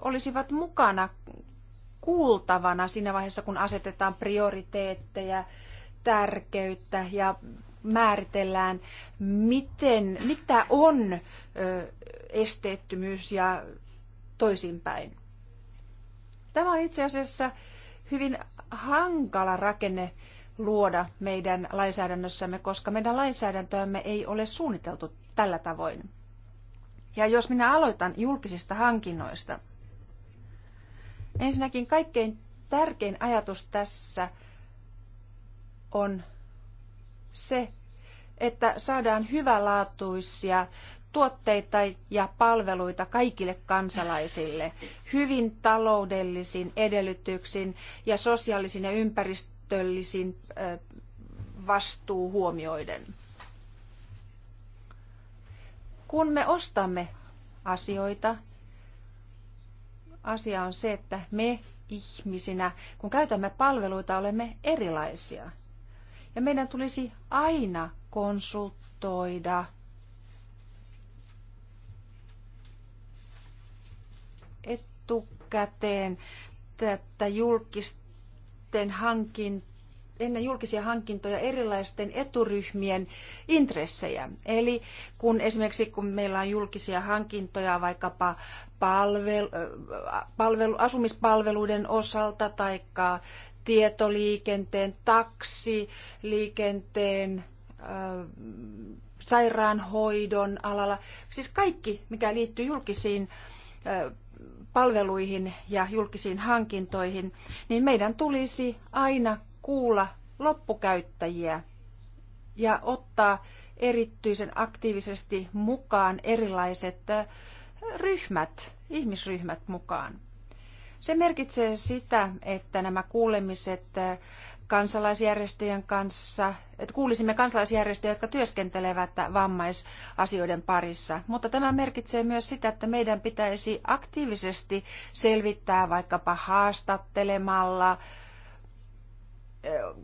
olisivat mukana kuultavana siinä vaiheessa, kun asetetaan prioriteetteja, tärkeyttä ja määritellään, miten, mitä on esteettömyys ja toisinpäin. Tämä on itse asiassa hyvin hankala rakenne luoda meidän lainsäädännössämme, koska meidän lainsäädäntöämme ei ole suunniteltu tällä tavoin. Ja jos minä aloitan julkisista hankinnoista, ensinnäkin kaikkein tärkein ajatus tässä on se, että saadaan hyvälaatuisia tuotteita ja palveluita kaikille kansalaisille hyvin taloudellisin edellytyksin ja sosiaalisin ja ympäristöllisin vastuu huomioiden. Kun me ostamme asioita, asia on se, että me ihmisinä, kun käytämme palveluita, olemme erilaisia – ja meidän tulisi aina konsultoida etukäteen tätä julkisten hankin, ennen julkisia hankintoja erilaisten eturyhmien intressejä. Eli kun esimerkiksi kun meillä on julkisia hankintoja vaikkapa palvelu, palvelu, asumispalveluiden osalta tai tietoliikenteen, taksiliikenteen, sairaanhoidon alalla. Siis kaikki, mikä liittyy julkisiin palveluihin ja julkisiin hankintoihin, niin meidän tulisi aina kuulla loppukäyttäjiä ja ottaa erityisen aktiivisesti mukaan erilaiset ryhmät, ihmisryhmät mukaan. Se merkitsee sitä, että nämä kuulemiset äh, kansalaisjärjestöjen kanssa, että kuulisimme kansalaisjärjestöjä, jotka työskentelevät vammaisasioiden parissa. Mutta tämä merkitsee myös sitä, että meidän pitäisi aktiivisesti selvittää vaikkapa haastattelemalla äh,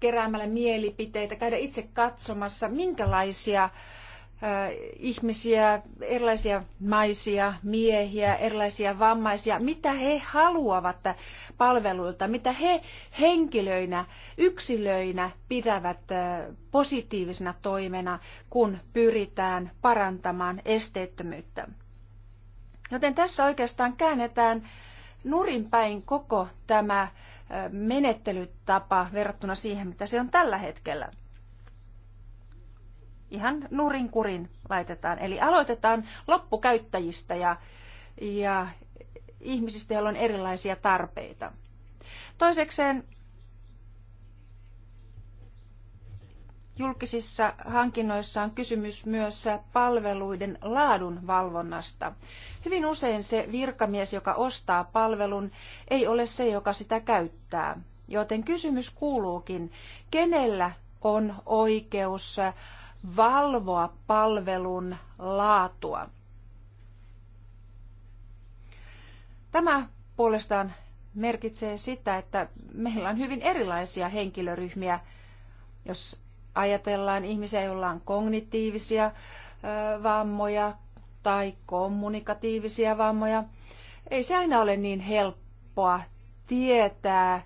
keräämällä mielipiteitä, käydä itse katsomassa, minkälaisia ihmisiä, erilaisia naisia, miehiä, erilaisia vammaisia, mitä he haluavat palveluilta, mitä he henkilöinä, yksilöinä pitävät positiivisena toimena, kun pyritään parantamaan esteettömyyttä. Joten tässä oikeastaan käännetään nurinpäin koko tämä menettelytapa verrattuna siihen, mitä se on tällä hetkellä ihan nurin kurin laitetaan. Eli aloitetaan loppukäyttäjistä ja, ja ihmisistä, joilla on erilaisia tarpeita. Toisekseen julkisissa hankinnoissa on kysymys myös palveluiden laadun valvonnasta. Hyvin usein se virkamies, joka ostaa palvelun, ei ole se, joka sitä käyttää. Joten kysymys kuuluukin, kenellä on oikeus valvoa palvelun laatua. Tämä puolestaan merkitsee sitä, että meillä on hyvin erilaisia henkilöryhmiä, jos ajatellaan ihmisiä, joilla on kognitiivisia vammoja tai kommunikatiivisia vammoja. Ei se aina ole niin helppoa tietää,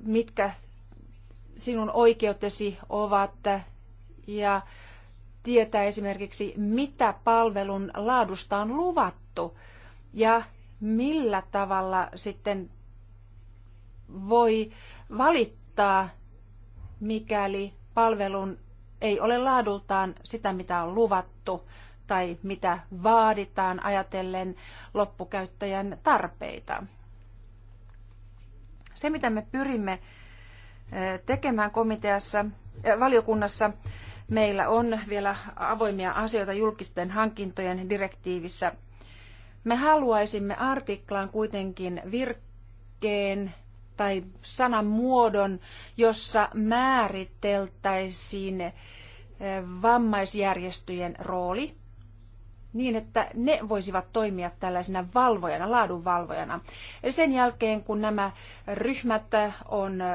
mitkä sinun oikeutesi ovat ja tietää esimerkiksi, mitä palvelun laadusta on luvattu ja millä tavalla sitten voi valittaa, mikäli palvelun ei ole laadultaan sitä, mitä on luvattu tai mitä vaaditaan ajatellen loppukäyttäjän tarpeita. Se, mitä me pyrimme eh, tekemään komiteassa, eh, valiokunnassa, meillä on vielä avoimia asioita julkisten hankintojen direktiivissä. Me haluaisimme artiklaan kuitenkin virkkeen tai sanan muodon, jossa määriteltäisiin eh, vammaisjärjestöjen rooli niin, että ne voisivat toimia tällaisena valvojana, laadunvalvojana. Sen jälkeen, kun nämä ryhmät on eh,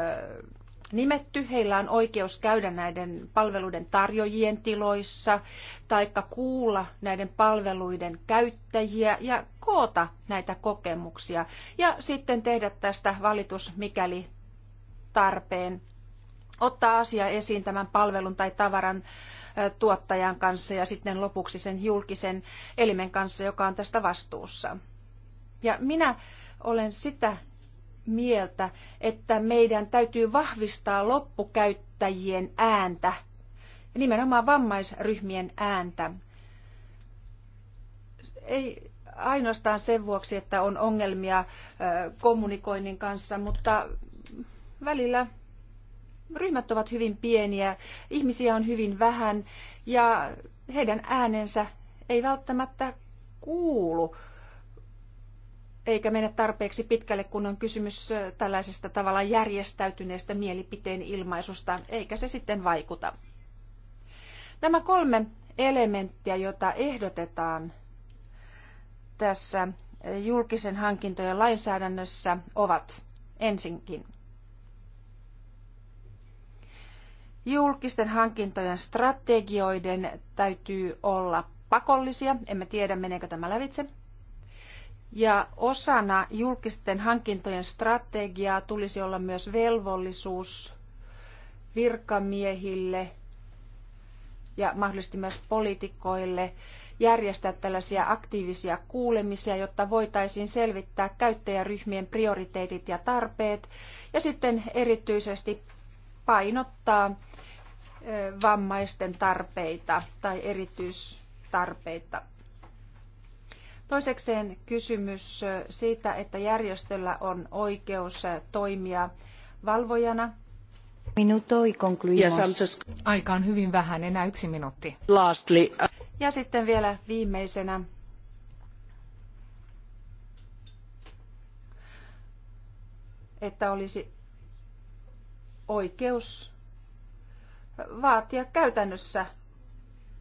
nimetty. Heillä on oikeus käydä näiden palveluiden tarjoajien tiloissa tai kuulla näiden palveluiden käyttäjiä ja koota näitä kokemuksia ja sitten tehdä tästä valitus, mikäli tarpeen ottaa asia esiin tämän palvelun tai tavaran tuottajan kanssa ja sitten lopuksi sen julkisen elimen kanssa, joka on tästä vastuussa. Ja minä olen sitä mieltä, että meidän täytyy vahvistaa loppukäyttäjien ääntä, nimenomaan vammaisryhmien ääntä. Ei ainoastaan sen vuoksi, että on ongelmia kommunikoinnin kanssa, mutta välillä ryhmät ovat hyvin pieniä, ihmisiä on hyvin vähän ja heidän äänensä ei välttämättä kuulu eikä mene tarpeeksi pitkälle, kun on kysymys tällaisesta tavalla järjestäytyneestä mielipiteen ilmaisusta, eikä se sitten vaikuta. Nämä kolme elementtiä, joita ehdotetaan tässä julkisen hankintojen lainsäädännössä, ovat ensinkin julkisten hankintojen strategioiden täytyy olla pakollisia. Emme tiedä, meneekö tämä lävitse. Ja osana julkisten hankintojen strategiaa tulisi olla myös velvollisuus virkamiehille ja mahdollisesti myös poliitikoille järjestää tällaisia aktiivisia kuulemisia, jotta voitaisiin selvittää käyttäjäryhmien prioriteetit ja tarpeet ja sitten erityisesti painottaa vammaisten tarpeita tai erityistarpeita. Toisekseen kysymys siitä, että järjestöllä on oikeus toimia valvojana. Minuto y Yes, Aika on hyvin vähän, enää yksi minuutti. Lastly. Uh- ja sitten vielä viimeisenä että olisi oikeus vaatia käytännössä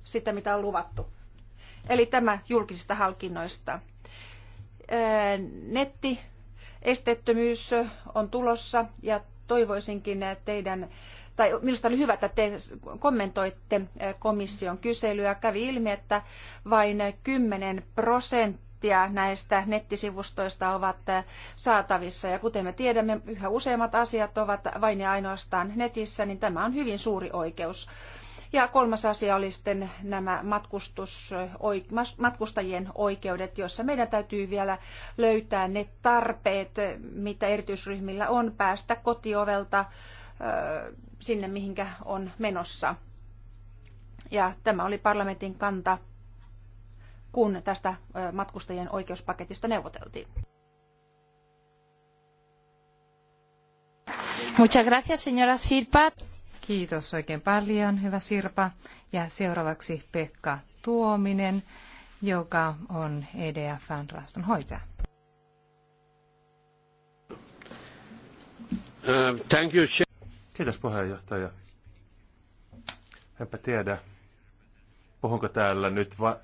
sitä, mitä on luvattu. Eli tämä julkisista hankinnoista. Netti esteettömyys on tulossa ja toivoisinkin teidän tai minusta oli hyvä, että te kommentoitte komission kyselyä. Kävi ilmi, että vain 10 prosenttia näistä nettisivustoista ovat saatavissa. Ja kuten me tiedämme, yhä useimmat asiat ovat vain ja ainoastaan netissä, niin tämä on hyvin suuri oikeus. Ja kolmas asia oli sitten nämä matkustus, matkustajien oikeudet, joissa meidän täytyy vielä löytää ne tarpeet, mitä erityisryhmillä on päästä kotiovelta sinne, mihinkä on menossa. Ja tämä oli parlamentin kanta, kun tästä matkustajien oikeuspaketista neuvoteltiin. Muchas gracias, señora Sirpa. Kiitos oikein paljon, hyvä Sirpa. Ja seuraavaksi Pekka Tuominen, joka on EDFn raaston hoitaja. Uh, thank you. Kiitos puheenjohtaja. Enpä tiedä, puhunko täällä nyt va-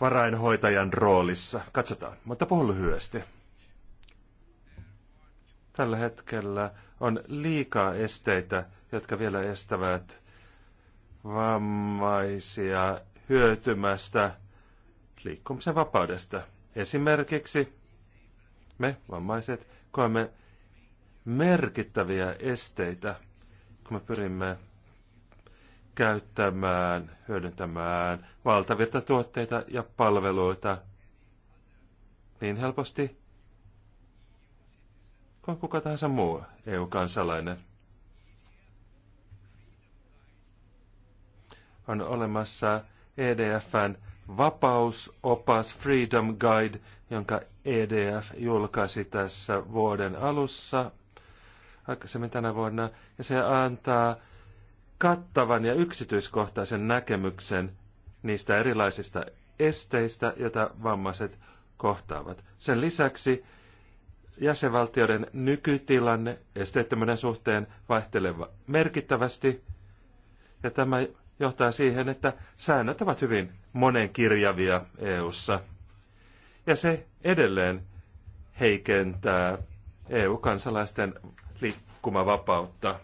varainhoitajan roolissa. Katsotaan, mutta puhun lyhyesti. Tällä hetkellä on liikaa esteitä jotka vielä estävät vammaisia hyötymästä liikkumisen vapaudesta. Esimerkiksi me vammaiset koemme merkittäviä esteitä, kun me pyrimme käyttämään, hyödyntämään valtavirta tuotteita ja palveluita niin helposti kuin kuka tahansa muu EU-kansalainen. on olemassa EDFn vapausopas Freedom Guide, jonka EDF julkaisi tässä vuoden alussa, aikaisemmin tänä vuonna, ja se antaa kattavan ja yksityiskohtaisen näkemyksen niistä erilaisista esteistä, joita vammaiset kohtaavat. Sen lisäksi jäsenvaltioiden nykytilanne esteettömyyden suhteen vaihteleva merkittävästi, ja tämä johtaa siihen, että säännöt ovat hyvin monenkirjavia EU:ssa. Ja se edelleen heikentää EU-kansalaisten liikkumavapautta.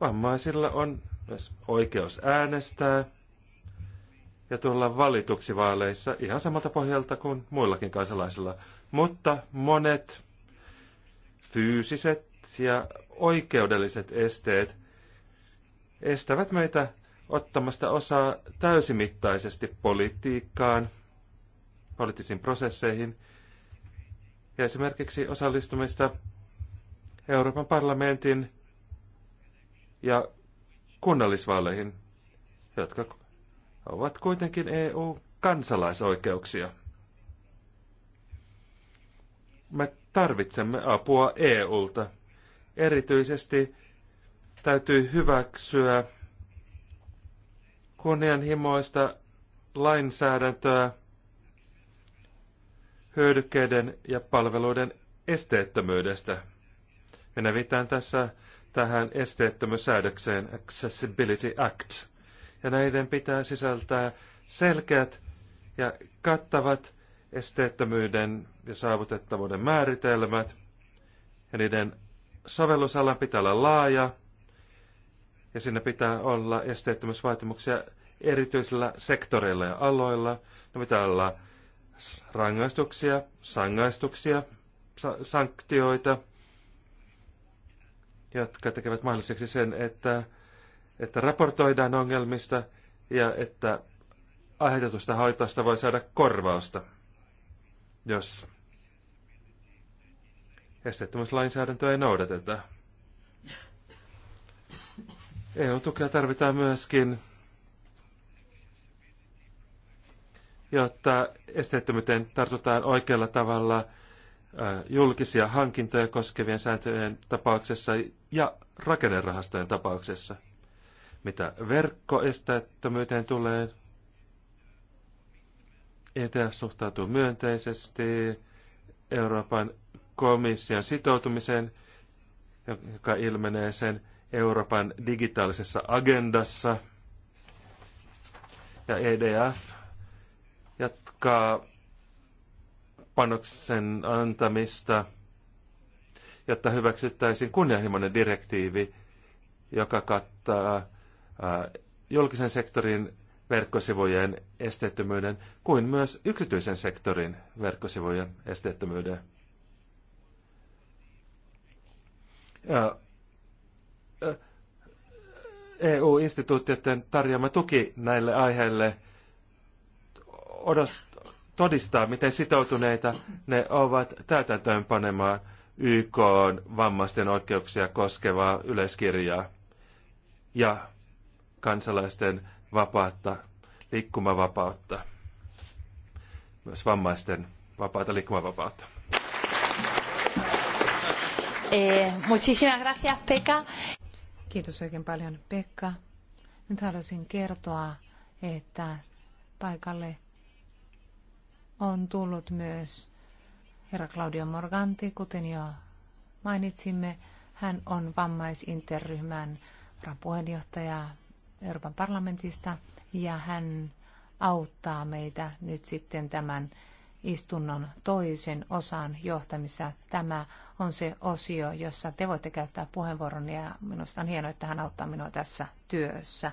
Vammaisilla on myös oikeus äänestää ja tulla valituksi vaaleissa ihan samalta pohjalta kuin muillakin kansalaisilla. Mutta monet fyysiset ja oikeudelliset esteet – estävät meitä ottamasta osaa täysimittaisesti politiikkaan, poliittisiin prosesseihin ja esimerkiksi osallistumista Euroopan parlamentin ja kunnallisvaaleihin, jotka ovat kuitenkin EU-kansalaisoikeuksia. Me tarvitsemme apua EUlta, erityisesti täytyy hyväksyä kunnianhimoista lainsäädäntöä hyödykkeiden ja palveluiden esteettömyydestä. Minä viitaan tässä tähän esteettömyysäädökseen Accessibility Act. Ja näiden pitää sisältää selkeät ja kattavat esteettömyyden ja saavutettavuuden määritelmät. Ja niiden sovellusalan pitää olla laaja, ja sinne pitää olla esteettömyysvaatimuksia erityisillä sektoreilla ja aloilla. Ne pitää olla rangaistuksia, sangaistuksia, sa- sanktioita, jotka tekevät mahdolliseksi sen, että, että raportoidaan ongelmista ja että aiheutetusta haitasta voi saada korvausta, jos esteettömyyslainsäädäntöä ei noudateta. EU-tukea tarvitaan myöskin, jotta esteettömyyteen tartutaan oikealla tavalla julkisia hankintoja koskevien sääntöjen tapauksessa ja rakennerahastojen tapauksessa. Mitä verkkoesteettömyyteen tulee, ETF suhtautuu myönteisesti Euroopan komission sitoutumiseen, joka ilmenee sen Euroopan digitaalisessa agendassa. Ja EDF jatkaa panoksen antamista, jotta hyväksyttäisiin kunnianhimoinen direktiivi, joka kattaa julkisen sektorin verkkosivujen esteettömyyden kuin myös yksityisen sektorin verkkosivujen esteettömyyden. Ja EU-instituutioiden tarjoama tuki näille aiheille odost- todistaa, miten sitoutuneita ne ovat täytäntöönpanemaan YK vammaisten oikeuksia koskevaa yleiskirjaa ja kansalaisten vapautta liikkumavapautta, myös vammaisten vapaata liikkumavapautta. Eh, muchísimas gracias, Pekka. Kiitos oikein paljon Pekka. Nyt haluaisin kertoa, että paikalle on tullut myös herra Claudio Morganti, kuten jo mainitsimme. Hän on vammaisinterryhmän puheenjohtaja Euroopan parlamentista ja hän auttaa meitä nyt sitten tämän istunnon toisen osan johtamissa. Tämä on se osio, jossa te voitte käyttää puheenvuoron ja minusta on hienoa, että hän auttaa minua tässä työssä.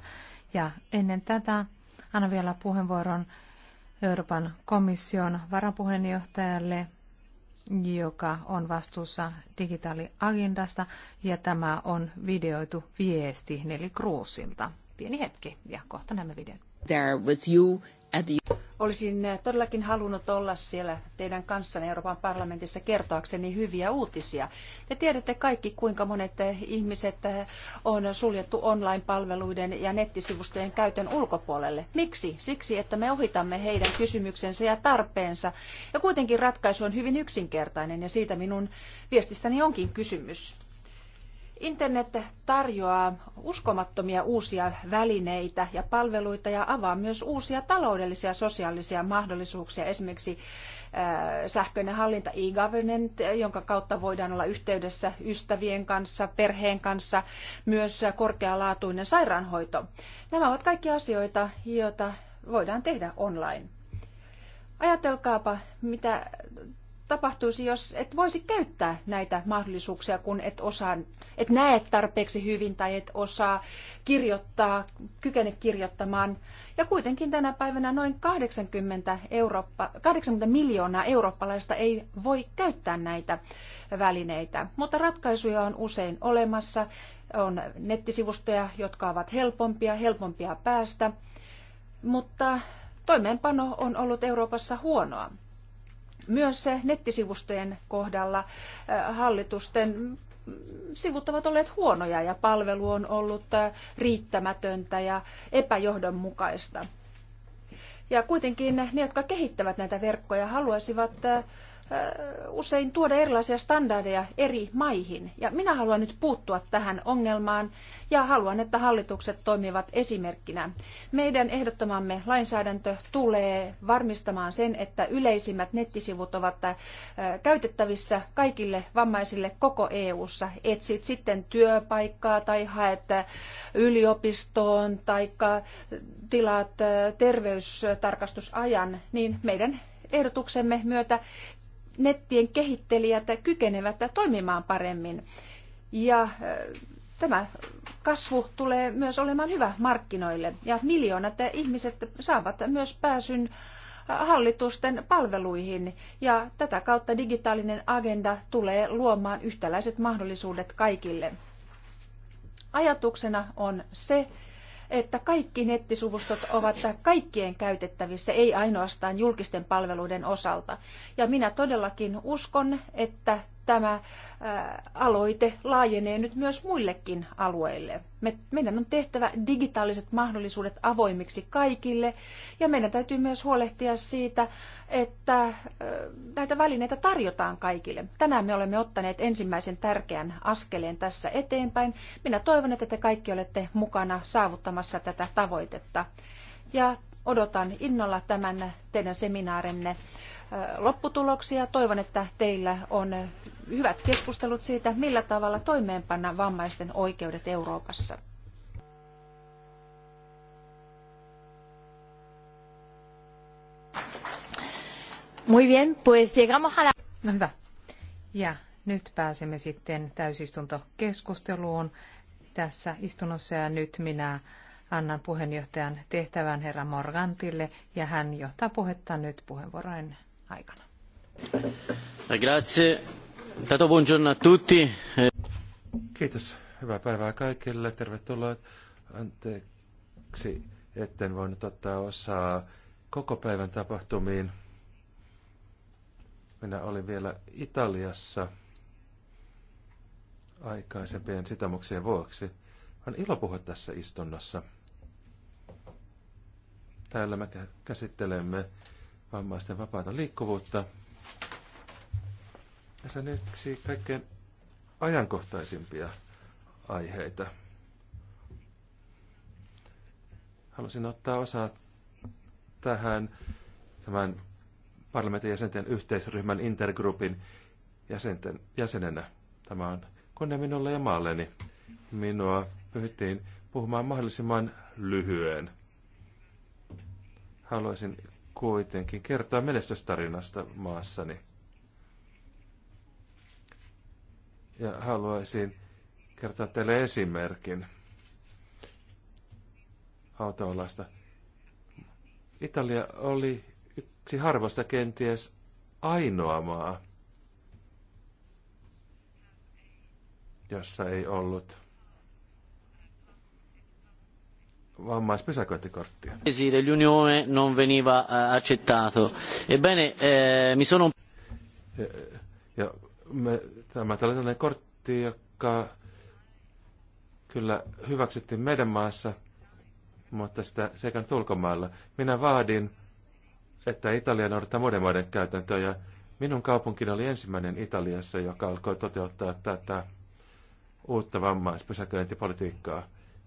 Ja ennen tätä annan vielä puheenvuoron Euroopan komission varapuheenjohtajalle, joka on vastuussa digitaaliagendasta, ja tämä on videoitu viesti Neli Kruusilta. Pieni hetki, ja kohta näemme videon there with you at the... Olisin eh, todellakin halunnut olla siellä teidän kanssanne Euroopan parlamentissa kertoakseni hyviä uutisia. Te tiedätte kaikki, kuinka monet eh, ihmiset eh, on suljettu online-palveluiden ja nettisivustojen käytön ulkopuolelle. Miksi? Siksi, että me ohitamme heidän kysymyksensä ja tarpeensa. Ja kuitenkin ratkaisu on hyvin yksinkertainen ja siitä minun viestistäni onkin kysymys. Internet tarjoaa uskomattomia uusia välineitä ja palveluita ja avaa myös uusia taloudellisia ja sosiaalisia mahdollisuuksia. Esimerkiksi äh, sähköinen hallinta e-government, jonka kautta voidaan olla yhteydessä ystävien kanssa, perheen kanssa, myös korkealaatuinen sairaanhoito. Nämä ovat kaikki asioita, joita voidaan tehdä online. Ajatelkaapa, mitä tapahtuisi, jos et voisi käyttää näitä mahdollisuuksia, kun et, osaa, et näe tarpeeksi hyvin tai et osaa kirjoittaa, kykene kirjoittamaan. Ja kuitenkin tänä päivänä noin 80, Eurooppa, 80 miljoonaa eurooppalaista ei voi käyttää näitä välineitä. Mutta ratkaisuja on usein olemassa. On nettisivustoja, jotka ovat helpompia, helpompia päästä. Mutta toimeenpano on ollut Euroopassa huonoa. Myös nettisivustojen kohdalla hallitusten sivut ovat olleet huonoja ja palvelu on ollut riittämätöntä ja epäjohdonmukaista. Ja kuitenkin ne, jotka kehittävät näitä verkkoja, haluaisivat usein tuoda erilaisia standardeja eri maihin. Ja minä haluan nyt puuttua tähän ongelmaan ja haluan, että hallitukset toimivat esimerkkinä. Meidän ehdottamamme lainsäädäntö tulee varmistamaan sen, että yleisimmät nettisivut ovat käytettävissä kaikille vammaisille koko EU-ssa. Etsit sitten työpaikkaa tai haet yliopistoon tai tilaat terveystarkastusajan, niin meidän ehdotuksemme myötä nettien kehittelijät kykenevät toimimaan paremmin. Ja äh, tämä kasvu tulee myös olemaan hyvä markkinoille ja miljoonat ihmiset saavat myös pääsyn hallitusten palveluihin ja tätä kautta digitaalinen agenda tulee luomaan yhtäläiset mahdollisuudet kaikille. Ajatuksena on se, että kaikki nettisivustot ovat kaikkien käytettävissä, ei ainoastaan julkisten palveluiden osalta. Ja minä todellakin uskon, että tämä äh, aloite laajenee nyt myös muillekin alueille. Me, meidän on tehtävä digitaaliset mahdollisuudet avoimiksi kaikille ja meidän täytyy myös huolehtia siitä, että äh, näitä välineitä tarjotaan kaikille. Tänään me olemme ottaneet ensimmäisen tärkeän askeleen tässä eteenpäin. Minä toivon, että te kaikki olette mukana saavuttamassa tätä tavoitetta. Ja odotan innolla tämän teidän seminaarenne lopputuloksia. Toivon, että teillä on hyvät keskustelut siitä, millä tavalla toimeenpanna vammaisten oikeudet Euroopassa. Muy bien, pues llegamos a la... No hyvä. Ja nyt pääsemme sitten täysistuntokeskusteluun tässä istunnossa ja nyt minä annan puheenjohtajan tehtävän herra Morgantille ja hän johtaa puhetta nyt puheenvuorojen aikana. Eh, grazie. Tato buongiorno a tutti. Kiitos. Hyvää päivää kaikille. Tervetuloa. Anteeksi, etten voinut ottaa osaa koko päivän tapahtumiin. Minä olin vielä Italiassa aikaisempien sitomuksien vuoksi – on ilo puhua tässä istunnossa. Täällä me käsittelemme vammaisten vapaata liikkuvuutta. Ja se on yksi kaikkein ajankohtaisimpia aiheita. Halusin ottaa osaa tähän tämän parlamentin jäsenten yhteisryhmän Intergroupin jäsenten, jäsenenä. Tämä on kunnia minulle ja maalleni. Minua pyhittiin puhumaan mahdollisimman lyhyen. Haluaisin kuitenkin kertoa menestystarinasta maassani. Ja haluaisin kertoa teille esimerkin autoolasta. Italia oli yksi harvoista kenties ainoa maa, jossa ei ollut vammaispysäköintikorttia. Sì, non veniva eh, accettato. Ebbene, eh, mi sono... Ja, ja me, tämä tällainen kortti, joka kyllä hyväksyttiin meidän maassa, mutta sitä sekä ulkomailla. Minä vaadin, että Italia noudattaa muiden maiden Minun kaupunkini oli ensimmäinen Italiassa, joka alkoi toteuttaa tätä uutta vammaispysäköintipolitiikkaa.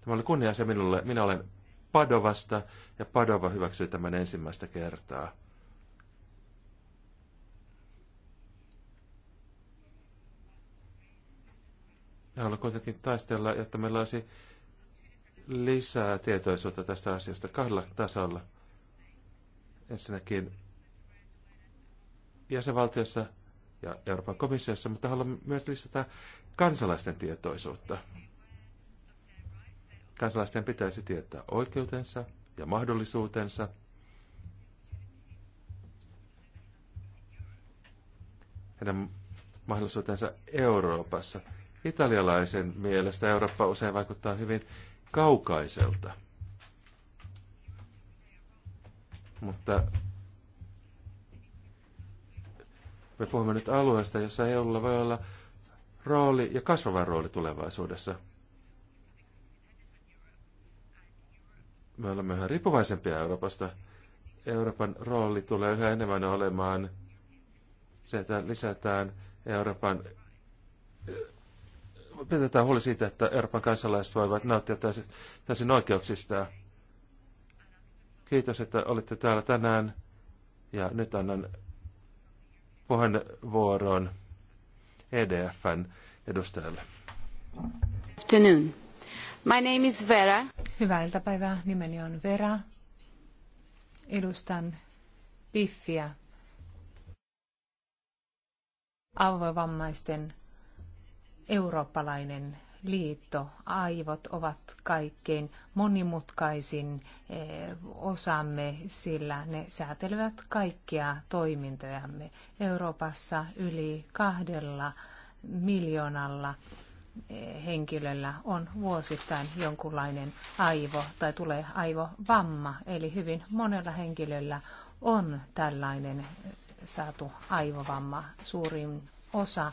Tämä oli kunnia se minulle. Minä olen Padovasta ja Padova hyväksyi tämän ensimmäistä kertaa. Ja haluan kuitenkin taistella, jotta meillä olisi lisää tietoisuutta tästä asiasta kahdella tasolla. Ensinnäkin jäsenvaltiossa ja Euroopan komissiossa, mutta haluan myös lisätä kansalaisten tietoisuutta. Kansalaisten pitäisi tietää oikeutensa ja mahdollisuutensa. Heidän mahdollisuutensa Euroopassa. Italialaisen mielestä Eurooppa usein vaikuttaa hyvin kaukaiselta. Mutta me puhumme nyt alueesta, jossa EUlla voi olla rooli ja kasvava rooli tulevaisuudessa. me olemme yhä riippuvaisempia Euroopasta. Euroopan rooli tulee yhä enemmän olemaan se, että lisätään Euroopan pidetään huoli siitä, että Euroopan kansalaiset voivat nauttia täysin, täysin oikeuksista. Kiitos, että olitte täällä tänään ja nyt annan puheenvuoron EDFn edustajalle. Afternoon. My name is Vera. Hyvää iltapäivää. Nimeni on Vera. Edustan Piffiä, avovammaisten eurooppalainen liitto. Aivot ovat kaikkein monimutkaisin eh, osamme, sillä ne säätelevät kaikkia toimintojamme. Euroopassa yli kahdella miljoonalla henkilöllä on vuosittain jonkunlainen aivo tai tulee aivovamma. Eli hyvin monella henkilöllä on tällainen saatu aivovamma. Suurin osa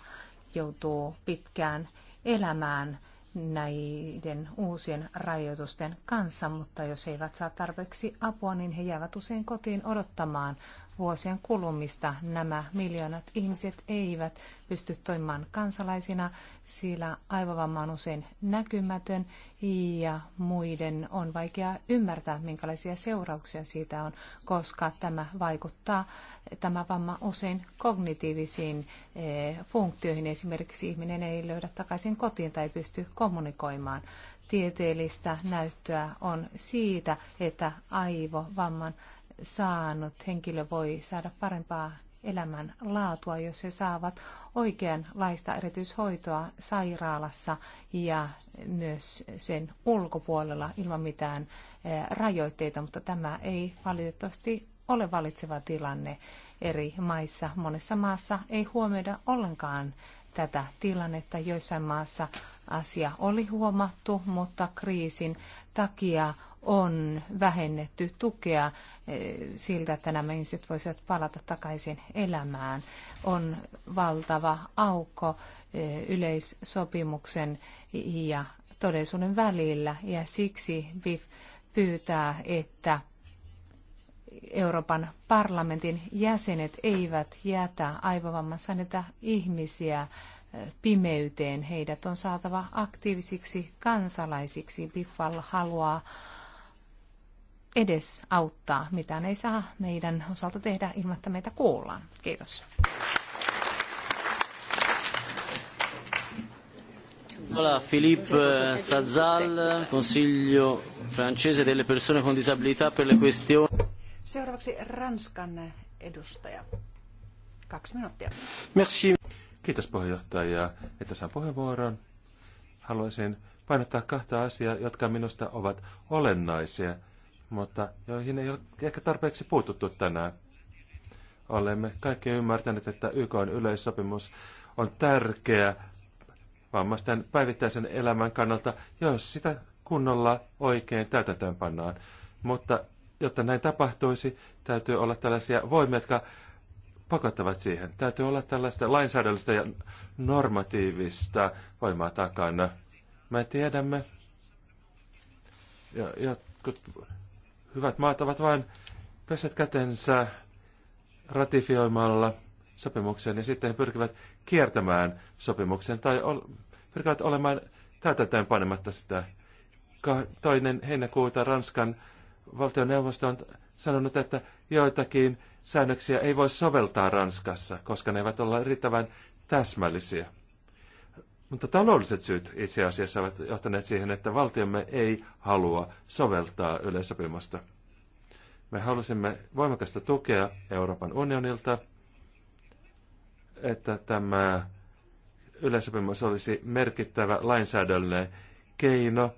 joutuu pitkään elämään näiden uusien rajoitusten kanssa, mutta jos he eivät saa tarpeeksi apua, niin he jäävät usein kotiin odottamaan vuosien kulumista. Nämä miljoonat ihmiset eivät pysty toimimaan kansalaisina, sillä aivovamma on usein näkymätön ja muiden on vaikea ymmärtää, minkälaisia seurauksia siitä on, koska tämä vaikuttaa, tämä vamma usein kognitiivisiin eh, funktioihin. Esimerkiksi ihminen ei löydä takaisin kotiin tai pysty kommunikoimaan tieteellistä näyttöä on siitä, että aivovamman saanut henkilö voi saada parempaa elämän laatua, jos he saavat oikeanlaista erityishoitoa sairaalassa ja myös sen ulkopuolella ilman mitään rajoitteita, mutta tämä ei valitettavasti ole valitseva tilanne eri maissa. Monessa maassa ei huomioida ollenkaan tätä tilannetta. Joissain maassa asia oli huomattu, mutta kriisin takia on vähennetty tukea eh, siltä, että nämä ihmiset voisivat palata takaisin elämään. On valtava aukko eh, yleissopimuksen ja todellisuuden välillä ja siksi VIF pyytää, että Euroopan parlamentin jäsenet eivät jätä aivovammassa näitä ihmisiä eh, pimeyteen. Heidät on saatava aktiivisiksi kansalaisiksi. Biffal haluaa edes auttaa. Mitään ei saa meidän osalta tehdä ilman, että meitä kuullaan. Kiitos. Hola, Philippe eh, Sazal, Consiglio francese delle persone con disabilità per le questioni. Seuraavaksi Ranskan edustaja. Kaksi minuuttia. Merci. Kiitos puheenjohtaja, että saan puheenvuoron. Haluaisin painottaa kahta asiaa, jotka minusta ovat olennaisia – mutta joihin ei ole ehkä tarpeeksi puututtu tänään. Olemme kaikki ymmärtäneet, että YK on yleissopimus on tärkeä vammaisten päivittäisen elämän kannalta, jos sitä kunnolla oikein täytäntöön pannaan. Mutta jotta näin tapahtuisi, täytyy olla tällaisia voimia, jotka pakottavat siihen. Täytyy olla tällaista lainsäädännöllistä ja normatiivista voimaa takana. Me tiedämme, ja jotkut Hyvät maat ovat vain pesät kätensä ratifioimalla sopimuksen ja sitten he pyrkivät kiertämään sopimuksen tai ol, pyrkivät olemaan täytäntöön panematta sitä. Toinen heinäkuuta Ranskan valtioneuvosto on sanonut, että joitakin säännöksiä ei voi soveltaa Ranskassa, koska ne eivät olla riittävän täsmällisiä. Mutta taloudelliset syyt itse asiassa ovat johtaneet siihen, että valtiomme ei halua soveltaa yleissopimusta. Me halusimme voimakasta tukea Euroopan unionilta, että tämä yleissopimus olisi merkittävä lainsäädännöllinen keino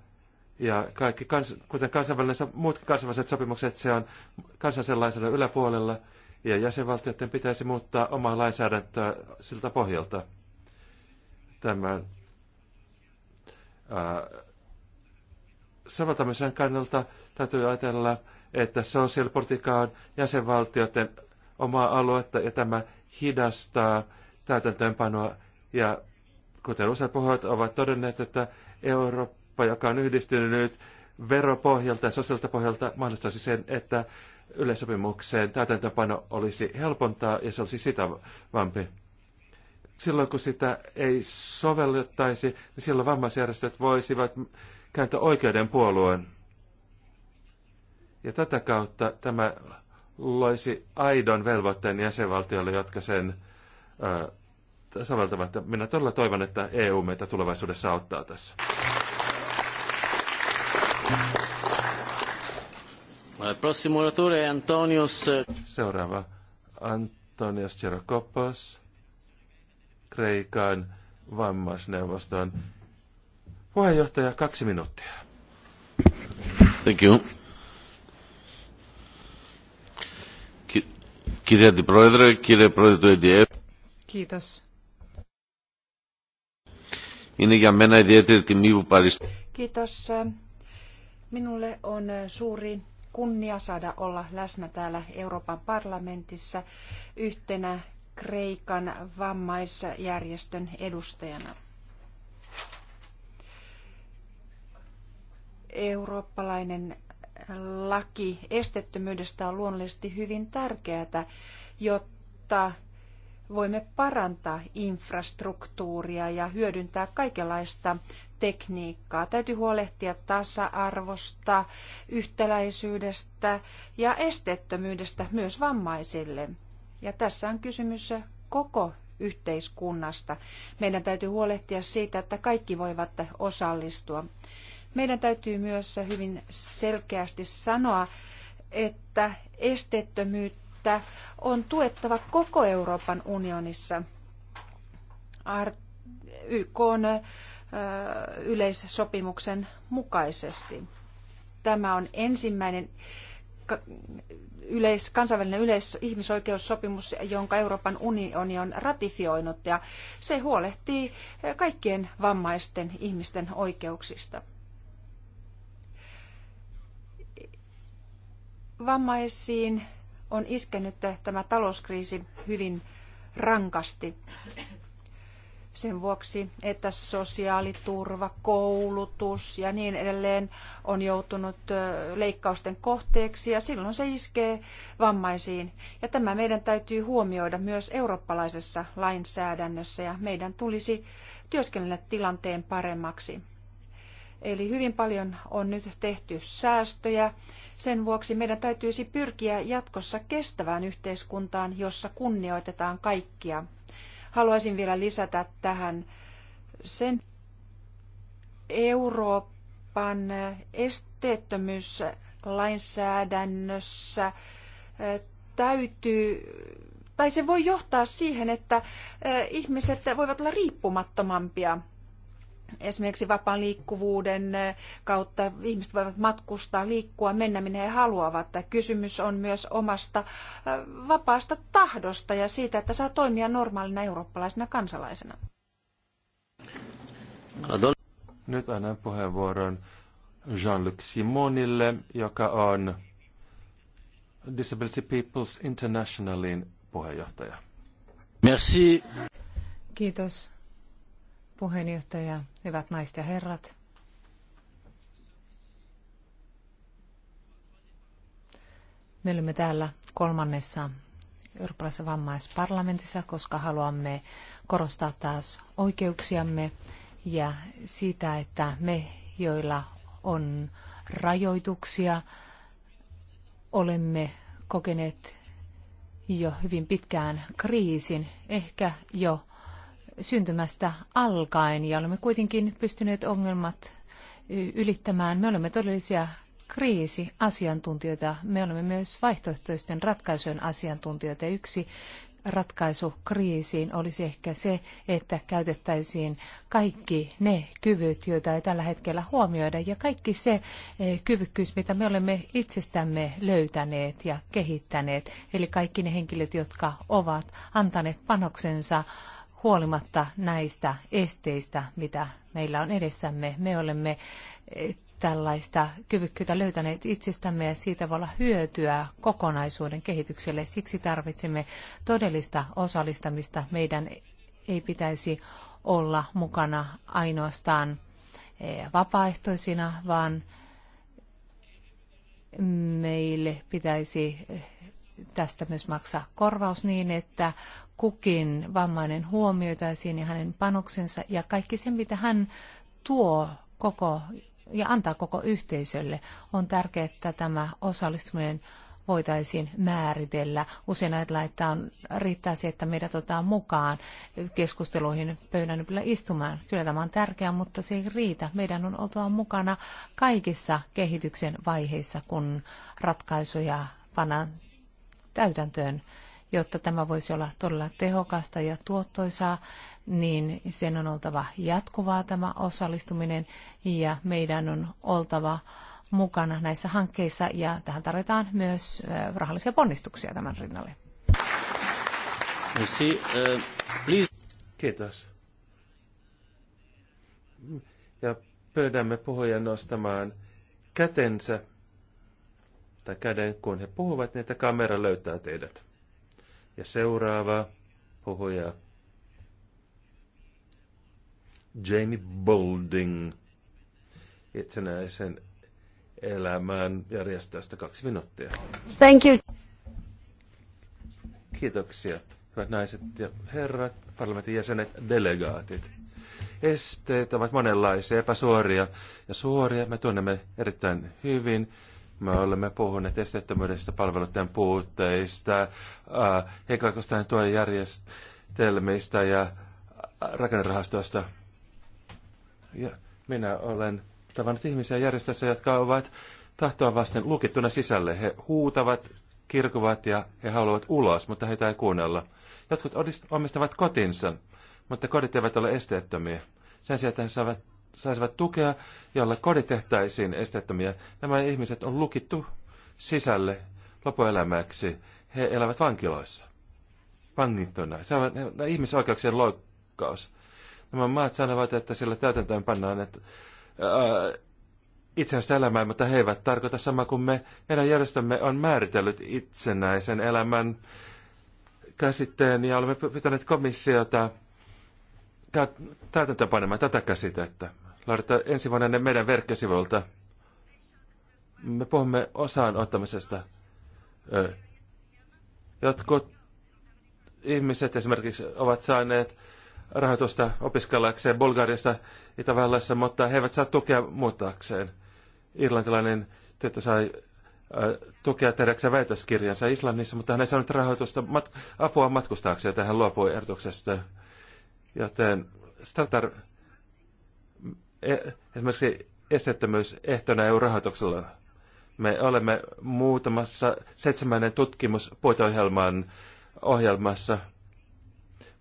ja kaikki, kans, kuten kansainväliset, muutkin kansainväliset sopimukset, se on kansallisen lainsäädännön yläpuolella, ja jäsenvaltioiden pitäisi muuttaa omaa lainsäädäntöä siltä pohjalta tämän soveltamisen kannalta täytyy ajatella, että sosiaalipolitiikka on jäsenvaltioiden omaa aluetta ja tämä hidastaa täytäntöönpanoa. Ja kuten useat puhujat ovat todenneet, että Eurooppa, joka on yhdistynyt veropohjalta ja sosiaalista pohjalta, mahdollistaisi sen, että yleissopimukseen täytäntöönpano olisi helpontaa ja se olisi sitä vampi silloin kun sitä ei sovellettaisi, niin silloin vammaisjärjestöt voisivat kääntää oikeuden puolueen. Ja tätä kautta tämä loisi aidon velvoitteen jäsenvaltiolle, jotka sen äh, soveltavat. Minä todella toivon, että EU meitä tulevaisuudessa auttaa tässä. Seuraava Antonios Gerokopos. Kreikan vammaisneuvoston puheenjohtaja. Kaksi minuuttia. Thank you. Κύριε Αντιπρόεδρε, κύριε Πρόεδρε του ΕΔΕΦ. Κοίτας. Είναι για μένα ιδιαίτερη τιμή που παριστώ. Κοίτας. Minulle on suuri kunnia saada olla läsnä täällä Euroopan parlamentissa yhtenä Kreikan vammaisjärjestön edustajana. Eurooppalainen laki estettömyydestä on luonnollisesti hyvin tärkeää, jotta voimme parantaa infrastruktuuria ja hyödyntää kaikenlaista tekniikkaa. Täytyy huolehtia tasa-arvosta, yhtäläisyydestä ja esteettömyydestä myös vammaisille. Ja tässä on kysymys koko yhteiskunnasta. Meidän täytyy huolehtia siitä, että kaikki voivat osallistua. Meidän täytyy myös hyvin selkeästi sanoa, että esteettömyyttä on tuettava koko Euroopan unionissa. YK on yleissopimuksen mukaisesti. Tämä on ensimmäinen yleis, kansainvälinen yleis, ihmisoikeussopimus, jonka Euroopan unioni on ratifioinut ja se huolehtii kaikkien vammaisten ihmisten oikeuksista. Vammaisiin on iskenyt tämä talouskriisi hyvin rankasti sen vuoksi, että sosiaaliturva, koulutus ja niin edelleen on joutunut leikkausten kohteeksi ja silloin se iskee vammaisiin. Ja tämä meidän täytyy huomioida myös eurooppalaisessa lainsäädännössä ja meidän tulisi työskennellä tilanteen paremmaksi. Eli hyvin paljon on nyt tehty säästöjä. Sen vuoksi meidän täytyisi pyrkiä jatkossa kestävään yhteiskuntaan, jossa kunnioitetaan kaikkia Haluaisin vielä lisätä tähän sen Euroopan esteettömyyslainsäädännössä eh, täytyy tai se voi johtaa siihen, että eh, ihmiset voivat olla riippumattomampia esimerkiksi vapaan liikkuvuuden eh, kautta ihmiset voivat matkustaa, liikkua, mennä minne he haluavat. Kysymys on myös omasta eh, vapaasta tahdosta ja siitä, että saa toimia normaalina eurooppalaisena kansalaisena. Nyt annan puheenvuoron Jean-Luc Simonille, joka on Disability Peoples Internationalin puheenjohtaja. Merci. Kiitos puheenjohtaja, hyvät naiset ja herrat. Me olemme täällä kolmannessa eurooppalaisessa vammaisparlamentissa, koska haluamme korostaa taas oikeuksiamme ja sitä, että me, joilla on rajoituksia, olemme kokeneet jo hyvin pitkään kriisin, ehkä jo syntymästä alkaen ja olemme kuitenkin pystyneet ongelmat ylittämään. Me olemme todellisia kriisiasiantuntijoita. Me olemme myös vaihtoehtoisten ratkaisujen asiantuntijoita. Yksi ratkaisu kriisiin olisi ehkä se, että käytettäisiin kaikki ne kyvyt, joita ei tällä hetkellä huomioida, ja kaikki se eh, kyvykkyys, mitä me olemme itsestämme löytäneet ja kehittäneet, eli kaikki ne henkilöt, jotka ovat antaneet panoksensa huolimatta näistä esteistä, mitä meillä on edessämme. Me olemme eh, tällaista kyvykkyyttä löytäneet itsestämme ja siitä voi olla hyötyä kokonaisuuden kehitykselle. Siksi tarvitsemme todellista osallistamista. Meidän ei pitäisi olla mukana ainoastaan eh, vapaaehtoisina, vaan meille pitäisi eh, tästä myös maksaa korvaus niin, että kukin vammainen huomioitaisiin ja hänen panoksensa ja kaikki se, mitä hän tuo koko ja antaa koko yhteisölle. On tärkeää, että tämä osallistuminen voitaisiin määritellä. Usein ajatellaan, että on, riittää se, että meidät otetaan mukaan keskusteluihin pöydän ympärillä istumaan. Kyllä tämä on tärkeää, mutta se ei riitä. Meidän on oltava mukana kaikissa kehityksen vaiheissa, kun ratkaisuja pannaan täytäntöön jotta tämä voisi olla todella tehokasta ja tuottoisaa, niin sen on oltava jatkuvaa tämä osallistuminen ja meidän on oltava mukana näissä hankkeissa ja tähän tarvitaan myös rahallisia ponnistuksia tämän rinnalle. Merci. please. Kiitos. Ja pyydämme puhujan nostamaan kätensä tai käden, kun he puhuvat, niin että kamera löytää teidät. Ja seuraava puhuja. Jamie Bolding itsenäisen elämään järjestäjästä kaksi minuuttia. Thank you. Kiitoksia, hyvät naiset ja herrat, parlamentin jäsenet, delegaatit. Esteet ovat monenlaisia, epäsuoria ja suoria. Me tunnemme erittäin hyvin me olemme puhuneet esteettömyydestä, palveluiden puutteista, heikkoikostain tuen järjestelmistä ja rakennerahastoista. Ja minä olen tavannut ihmisiä järjestössä, jotka ovat tahtoa vasten lukittuna sisälle. He huutavat, kirkuvat ja he haluavat ulos, mutta heitä ei kuunnella. Jotkut omistavat kotinsa, mutta kodit eivät ole esteettömiä. Sen sijaan, että he saavat saisivat tukea, jolle koditehtäisiin esteettömiä. Nämä ihmiset on lukittu sisälle lopuelämäksi. He elävät vankiloissa, vangittuna. Se on ihmisoikeuksien loikkaus. Nämä maat sanovat, että sillä täytäntöön pannaan että, ää, itsensä elämää, mutta he eivät tarkoita sama kuin me. Meidän järjestömme on määritellyt itsenäisen elämän käsitteen ja olemme pitäneet komissiota panemaan tätä käsitettä. Larita ensi vuonna ne meidän verkkosivuilta. Me puhumme osaan ottamisesta. Jotkut ihmiset esimerkiksi ovat saaneet rahoitusta opiskellakseen Bulgariasta Itävallassa, mutta he eivät saa tukea muuttaakseen. Irlantilainen tyttö sai tukea tehdäkseen väitöskirjansa Islannissa, mutta hän ei saanut rahoitusta mat- apua matkustaakseen, tähän luopui ehdotuksesta. Joten startar E, esimerkiksi esteettömyys ehtona EU-rahoituksella. Me olemme muutamassa seitsemännen tutkimuspuitoohjelman ohjelmassa,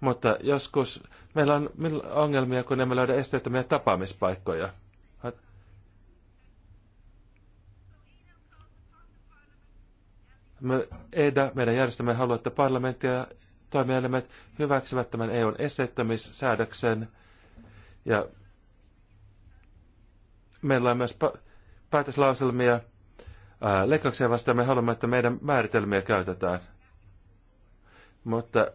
mutta joskus meillä on ongelmia, kun emme löydä esteettömiä tapaamispaikkoja. Me, EDA, meidän järjestämme haluaa, että parlamentti ja toimielimet hyväksyvät tämän EUn esteettömissäädöksen ja meillä on myös päätöslauselmia leikkauksia vastaan. Me haluamme, että meidän määritelmiä käytetään. Mutta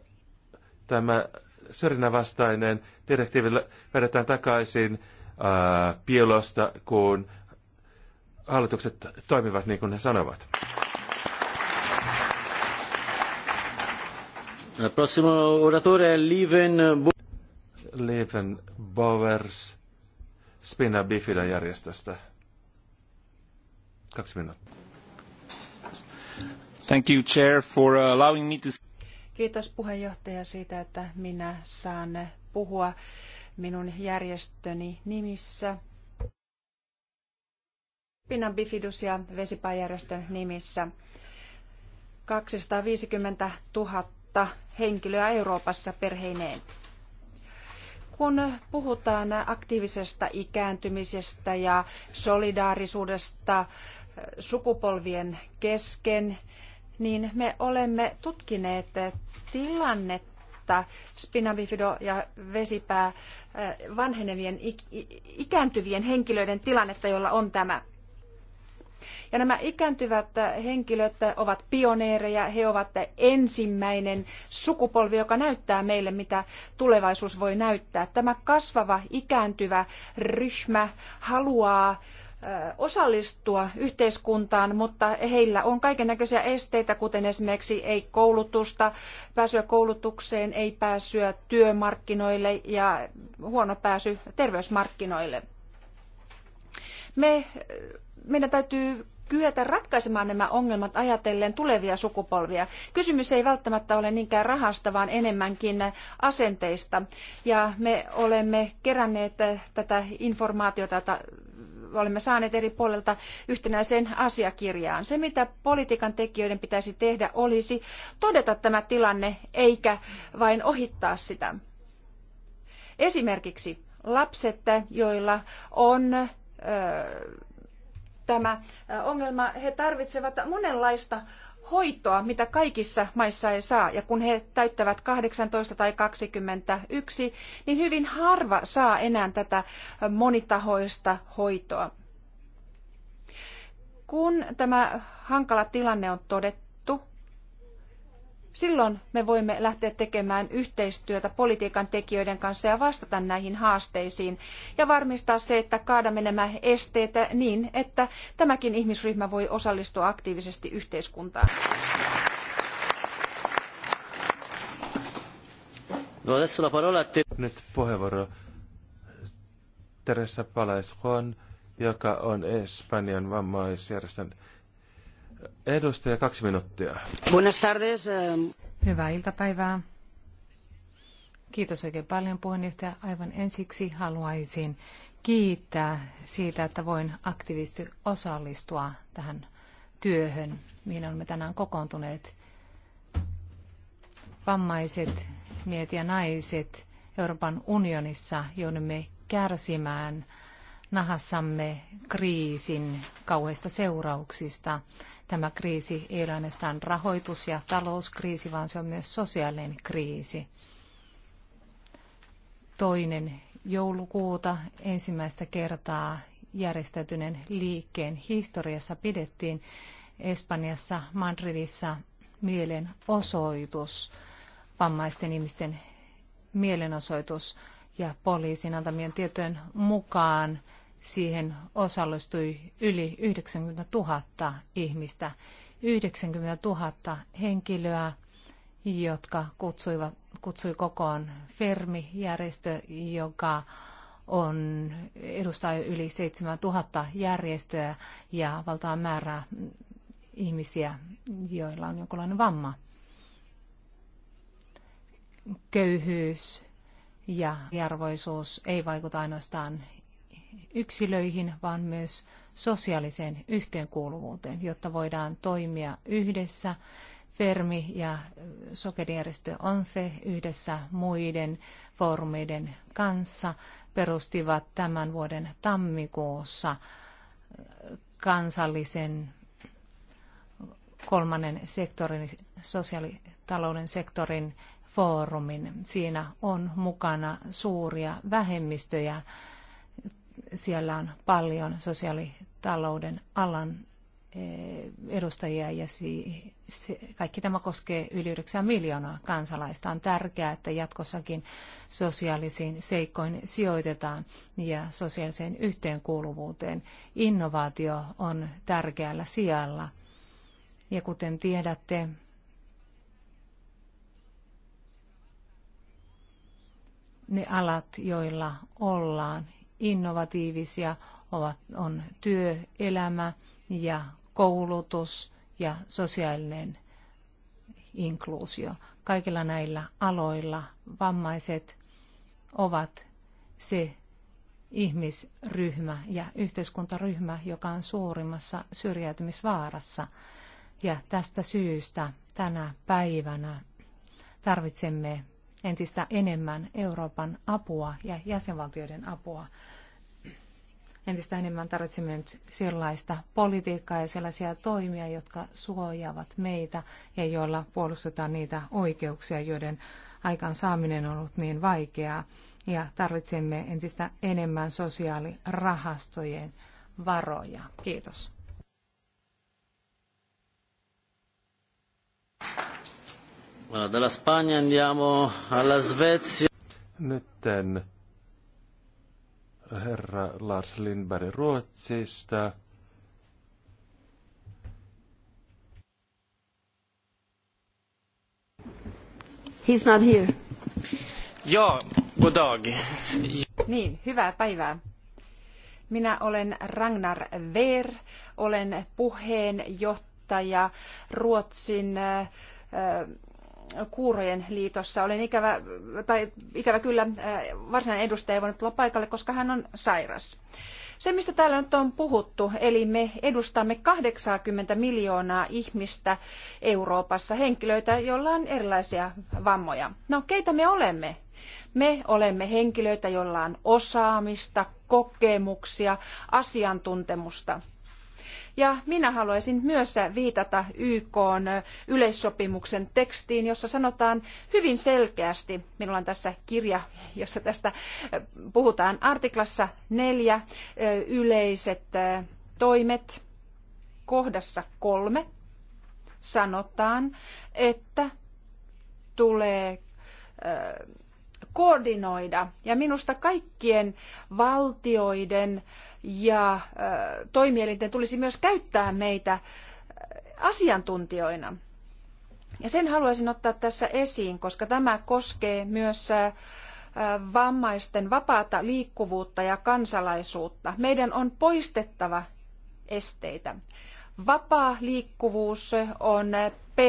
tämä syrjinnänvastainen direktiivi vedetään takaisin piilosta, pielosta, kun hallitukset toimivat niin kuin ne sanovat. Prossimo oratore Liven Liven Bowers Spina Bifida järjestöstä. Kaksi minuuttia. Thank you, Chair, for allowing me to... Kiitos puheenjohtaja siitä, että minä saan puhua minun järjestöni nimissä. Pinnan Bifidus ja Vesipääjärjestön nimissä 250 000 henkilöä Euroopassa perheineen kun puhutaan aktiivisesta ikääntymisestä ja solidaarisuudesta eh, sukupolvien kesken, niin me olemme tutkineet eh, tilannetta spinabifido ja vesipää eh, vanhenevien ikääntyvien henkilöiden tilannetta, jolla on tämä ja nämä ikääntyvät henkilöt ovat pioneereja, he ovat ensimmäinen sukupolvi, joka näyttää meille, mitä tulevaisuus voi näyttää. Tämä kasvava ikääntyvä ryhmä haluaa osallistua yhteiskuntaan, mutta heillä on kaiken näköisiä esteitä, kuten esimerkiksi ei koulutusta, pääsyä koulutukseen, ei pääsyä työmarkkinoille ja huono pääsy terveysmarkkinoille. Me meidän täytyy kyetä ratkaisemaan nämä ongelmat ajatellen tulevia sukupolvia. Kysymys ei välttämättä ole niinkään rahasta, vaan enemmänkin asenteista. Ja me olemme keränneet tätä informaatiota, jota olemme saaneet eri puolelta yhtenäiseen asiakirjaan. Se, mitä politiikan tekijöiden pitäisi tehdä, olisi todeta tämä tilanne eikä vain ohittaa sitä. Esimerkiksi lapset, joilla on öö, tämä ongelma. He tarvitsevat monenlaista hoitoa, mitä kaikissa maissa ei saa. Ja kun he täyttävät 18 tai 21, niin hyvin harva saa enää tätä monitahoista hoitoa. Kun tämä hankala tilanne on todettu, Silloin me voimme lähteä tekemään yhteistyötä politiikan tekijöiden kanssa ja vastata näihin haasteisiin ja varmistaa se, että kaadamme nämä esteet niin, että tämäkin ihmisryhmä voi osallistua aktiivisesti yhteiskuntaan. No, la parola te... Nyt puheenvuoro Teresa joka on Espanjan vammaisjärjestön Edustaja, kaksi minuuttia. Buenas tardes. Eh, Hyvää iltapäivää. Kiitos oikein paljon puheenjohtaja. Aivan ensiksi haluaisin kiittää siitä, että voin aktiivisesti osallistua tähän työhön, mihin olemme tänään kokoontuneet. Vammaiset miehet ja naiset Euroopan unionissa joudumme kärsimään nahassamme kriisin kauheista seurauksista. Tämä kriisi ei ole ainoastaan rahoitus- ja talouskriisi, vaan se on myös sosiaalinen kriisi. Toinen joulukuuta ensimmäistä kertaa järjestäytyneen liikkeen historiassa pidettiin Espanjassa Madridissa mielenosoitus, vammaisten ihmisten mielenosoitus ja poliisin antamien tietojen mukaan Siihen osallistui yli 90 000 ihmistä, 90 000 henkilöä, jotka kutsuivat, kutsui kokoon Fermi-järjestö, joka on, edustaa yli 7000 järjestöä ja valtaa määrää ihmisiä, joilla on jonkinlainen vamma. Köyhyys ja järvoisuus ei vaikuta ainoastaan yksilöihin, vaan myös sosiaaliseen yhteenkuuluvuuteen, jotta voidaan toimia yhdessä. Fermi ja sokerijärjestö on se yhdessä muiden foorumeiden kanssa perustivat tämän vuoden tammikuussa kansallisen kolmannen sektorin, sosiaalitalouden sektorin foorumin. Siinä on mukana suuria vähemmistöjä siellä on paljon sosiaalitalouden alan eh, edustajia ja kaikki tämä koskee yli 9 miljoonaa kansalaista. On tärkeää, että jatkossakin sosiaalisiin seikkoihin sijoitetaan ja sosiaaliseen yhteenkuuluvuuteen. Innovaatio on tärkeällä sijalla. Ja kuten tiedätte, ne alat, joilla ollaan innovatiivisia ovat, on työelämä ja koulutus ja sosiaalinen inkluusio. Kaikilla näillä aloilla vammaiset ovat se ihmisryhmä ja yhteiskuntaryhmä, joka on suurimmassa syrjäytymisvaarassa. Ja tästä syystä tänä päivänä tarvitsemme entistä enemmän Euroopan apua ja jäsenvaltioiden apua. Entistä enemmän tarvitsemme nyt sellaista politiikkaa ja sellaisia toimia, jotka suojaavat meitä ja joilla puolustetaan niitä oikeuksia, joiden aikaansaaminen on ollut niin vaikeaa. Ja tarvitsemme entistä enemmän sosiaalirahastojen varoja. Kiitos. Dalla Spagna andiamo alla Svezia. Nytten herra Lars Lindberg Ruotsista. He's not here. Ja, god dag. Niin, hyvää päivää. Minä olen Ragnar Ver, olen puheenjohtaja Ruotsin äh, Kuurojen liitossa. Olen ikävä, tai ikävä kyllä varsinainen edustaja ei voinut tulla paikalle, koska hän on sairas. Se, mistä täällä nyt on puhuttu, eli me edustamme 80 miljoonaa ihmistä Euroopassa, henkilöitä, joilla on erilaisia vammoja. No, keitä me olemme? Me olemme henkilöitä, joilla on osaamista, kokemuksia, asiantuntemusta. Ja minä haluaisin myös viitata YK yleissopimuksen tekstiin, jossa sanotaan hyvin selkeästi, minulla on tässä kirja, jossa tästä äh, puhutaan artiklassa neljä, äh, yleiset äh, toimet, kohdassa kolme sanotaan, että tulee koordinoida. Ja minusta kaikkien valtioiden ja toimielinten tulisi myös käyttää meitä asiantuntijoina. Ja sen haluaisin ottaa tässä esiin, koska tämä koskee myös vammaisten vapaata liikkuvuutta ja kansalaisuutta. Meidän on poistettava esteitä. Vapaa liikkuvuus on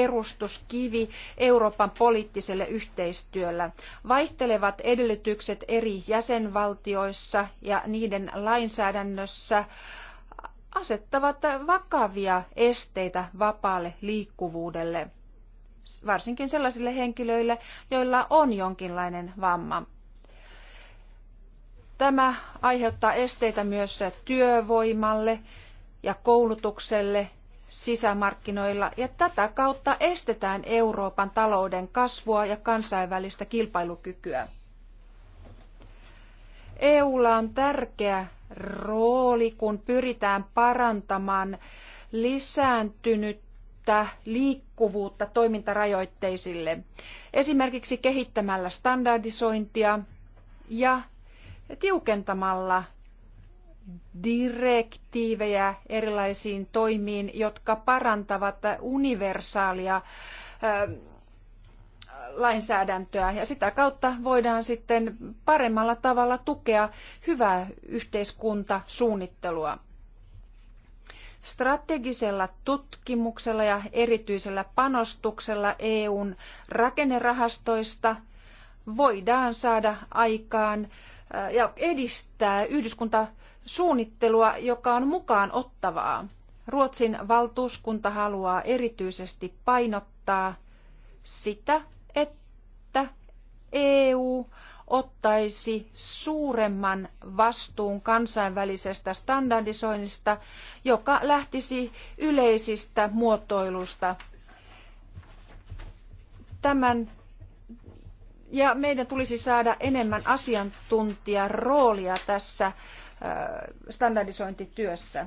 perustuskivi Euroopan poliittiselle yhteistyölle Vaihtelevat edellytykset eri jäsenvaltioissa ja niiden lainsäädännössä asettavat vakavia esteitä vapaalle liikkuvuudelle, varsinkin sellaisille henkilöille, joilla on jonkinlainen vamma. Tämä aiheuttaa esteitä myös työvoimalle ja koulutukselle sisämarkkinoilla ja tätä kautta estetään Euroopan talouden kasvua ja kansainvälistä kilpailukykyä. EUlla on tärkeä rooli, kun pyritään parantamaan lisääntynyttä liikkuvuutta toimintarajoitteisille, esimerkiksi kehittämällä standardisointia ja tiukentamalla direktiivejä erilaisiin toimiin, jotka parantavat universaalia lainsäädäntöä ja sitä kautta voidaan sitten paremmalla tavalla tukea hyvää yhteiskuntasuunnittelua. Strategisella tutkimuksella ja erityisellä panostuksella EUn rakennerahastoista voidaan saada aikaan ja edistää yhdyskunta suunnittelua, joka on mukaan ottavaa. Ruotsin valtuuskunta haluaa erityisesti painottaa sitä, että EU ottaisi suuremman vastuun kansainvälisestä standardisoinnista, joka lähtisi yleisistä muotoilusta. Tämän ja meidän tulisi saada enemmän asiantuntijaroolia tässä standardisointityössä.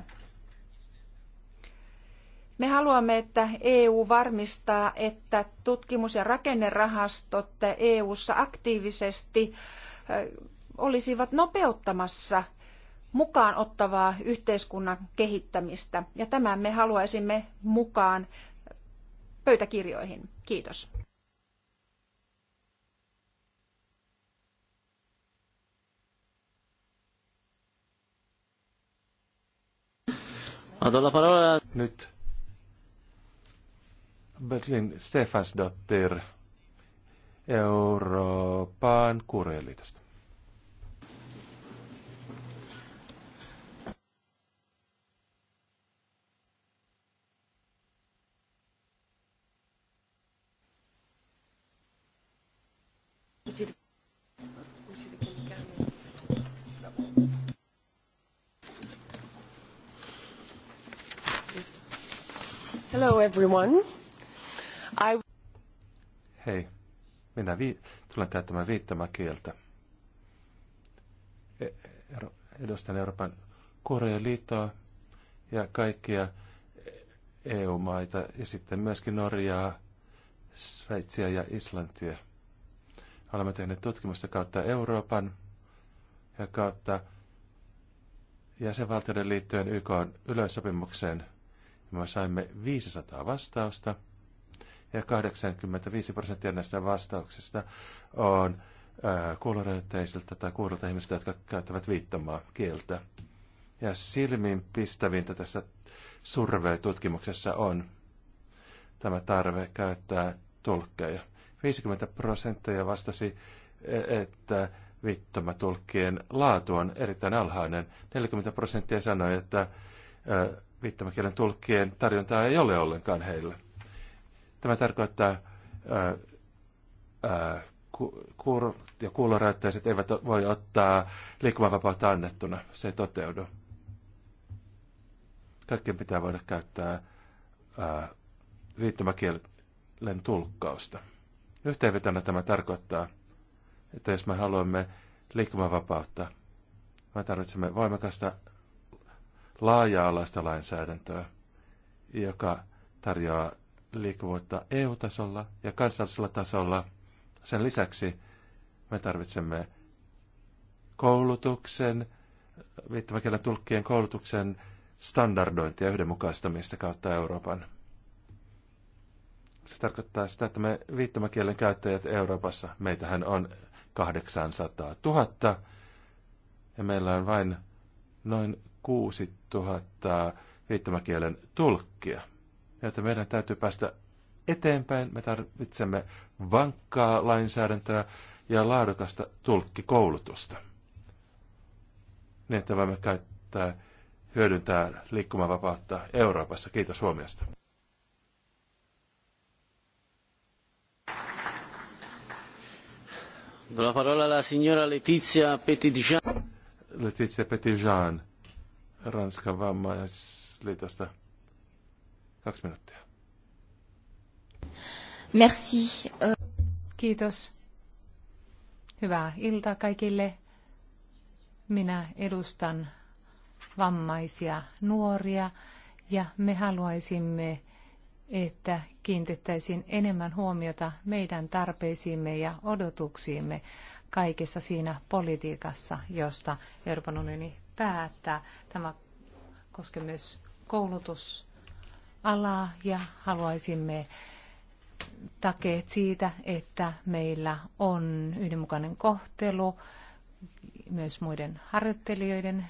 Me haluamme, että EU varmistaa, että tutkimus- ja rakennerahastot EU:ssa aktiivisesti olisivat nopeuttamassa mukaan ottavaa yhteiskunnan kehittämistä. Ja tämän me haluaisimme mukaan pöytäkirjoihin. Kiitos. Nyt Berlin Stefansdottir Euroopan kurjeliitosta. Hello everyone. I... Hei, minä vi- tulen käyttämään viittomakieltä. E- edustan Euroopan Korean liittoa ja kaikkia EU-maita ja sitten myöskin Norjaa, Sveitsiä ja Islantia. Olemme tehneet tutkimusta kautta Euroopan ja kautta jäsenvaltioiden liittyen YK yleissopimukseen – me saimme 500 vastausta ja 85 prosenttia näistä vastauksista on kuulorajoitteisilta tai kuulolta ihmisiltä, jotka käyttävät viittomaa kieltä. Ja silmin pistävintä tässä survey-tutkimuksessa on tämä tarve käyttää tulkkeja. 50 prosenttia vastasi, e, että viittomatulkkien laatu on erittäin alhainen. 40 prosenttia sanoi, että viittomakielen tulkkien tarjontaa ei ole ollenkaan heillä. Tämä tarkoittaa, että ku, kuuro- ja kuulorajoitteiset eivät voi ottaa liikkumavapautta annettuna. Se ei toteudu. Kaikkien pitää voida käyttää ää, viittomakielen tulkkausta. Yhteenvetona tämä tarkoittaa, että jos me haluamme liikkumavapautta, me tarvitsemme voimakasta laaja-alaista lainsäädäntöä, joka tarjoaa liikkuvuutta EU-tasolla ja kansallisella tasolla. Sen lisäksi me tarvitsemme koulutuksen, viittomakielen tulkkien koulutuksen standardointia ja yhdenmukaistamista kautta Euroopan. Se tarkoittaa sitä, että me viittomakielen käyttäjät Euroopassa, meitähän on 800 000, ja meillä on vain noin 000 viittomakielen tulkkia. Joten meidän täytyy päästä eteenpäin. Me tarvitsemme vankkaa lainsäädäntöä ja laadukasta tulkkikoulutusta. Niin, että voimme käyttää, hyödyntää liikkumavapautta Euroopassa. Kiitos huomiosta. la parola alla signora Letizia Petitjean. Letizia Ranskan vammaisliitosta. Kaksi minuuttia. Merci. Kiitos. Hyvää iltaa kaikille. Minä edustan vammaisia nuoria ja me haluaisimme, että kiinnitettäisiin enemmän huomiota meidän tarpeisiimme ja odotuksiimme kaikessa siinä politiikassa, josta Euroopan unioni päättää. Tämä koskee myös koulutusalaa ja haluaisimme takeet siitä, että meillä on yhdenmukainen kohtelu myös muiden harjoittelijoiden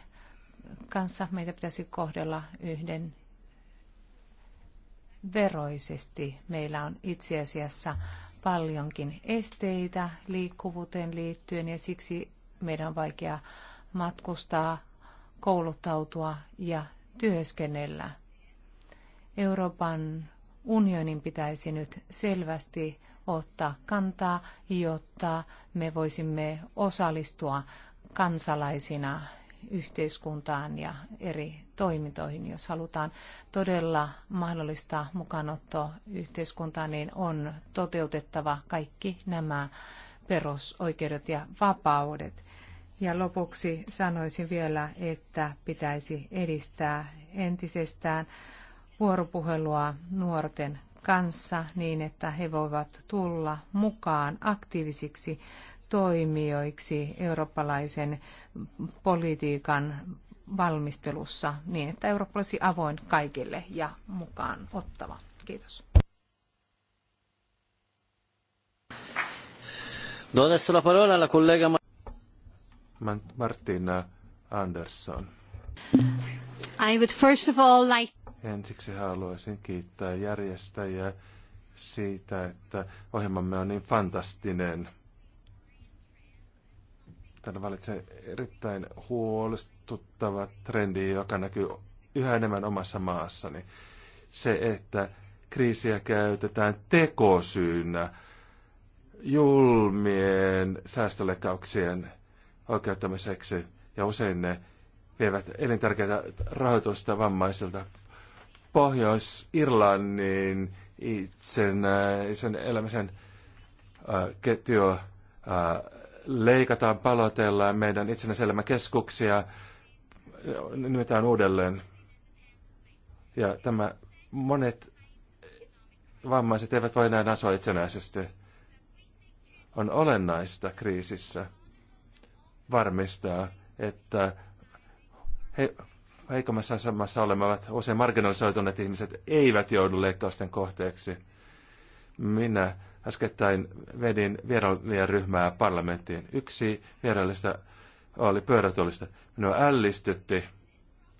kanssa. Meitä pitäisi kohdella yhden veroisesti. Meillä on itse asiassa paljonkin esteitä liikkuvuuteen liittyen ja siksi meidän on vaikea matkustaa kouluttautua ja työskennellä. Euroopan unionin pitäisi nyt selvästi ottaa kantaa, jotta me voisimme osallistua kansalaisina yhteiskuntaan ja eri toimintoihin. Jos halutaan todella mahdollista mukaanotto yhteiskuntaan, niin on toteutettava kaikki nämä perusoikeudet ja vapaudet. Ja lopuksi sanoisin vielä, että pitäisi edistää entisestään vuoropuhelua nuorten kanssa niin, että he voivat tulla mukaan aktiivisiksi toimijoiksi eurooppalaisen politiikan valmistelussa niin, että Eurooppa olisi avoin kaikille ja mukaan ottava. Kiitos. adesso la parola alla collega Martina Andersson. I would first of all like... Ensiksi haluaisin kiittää järjestäjää siitä, että ohjelmamme on niin fantastinen. Täällä valitsee erittäin huolestuttava trendi, joka näkyy yhä enemmän omassa maassani. Se, että kriisiä käytetään tekosyynä julmien säästöleikkauksien oikeuttamiseksi ja usein ne vievät elintärkeitä rahoitusta vammaisilta. Pohjois-Irlannin itsenäisen elämisen ketjua leikataan, palotellaan meidän itsenäiselämän keskuksia, nimetään uudelleen. Ja tämä monet vammaiset eivät voi enää asua itsenäisesti. On olennaista kriisissä – varmistaa, että he, heikommassa asemassa olevat, usein marginalisoituneet ihmiset eivät joudu leikkausten kohteeksi. Minä äskettäin vedin ryhmää parlamenttiin. Yksi vierailista oli pyörätuolista. Minua ällistytti,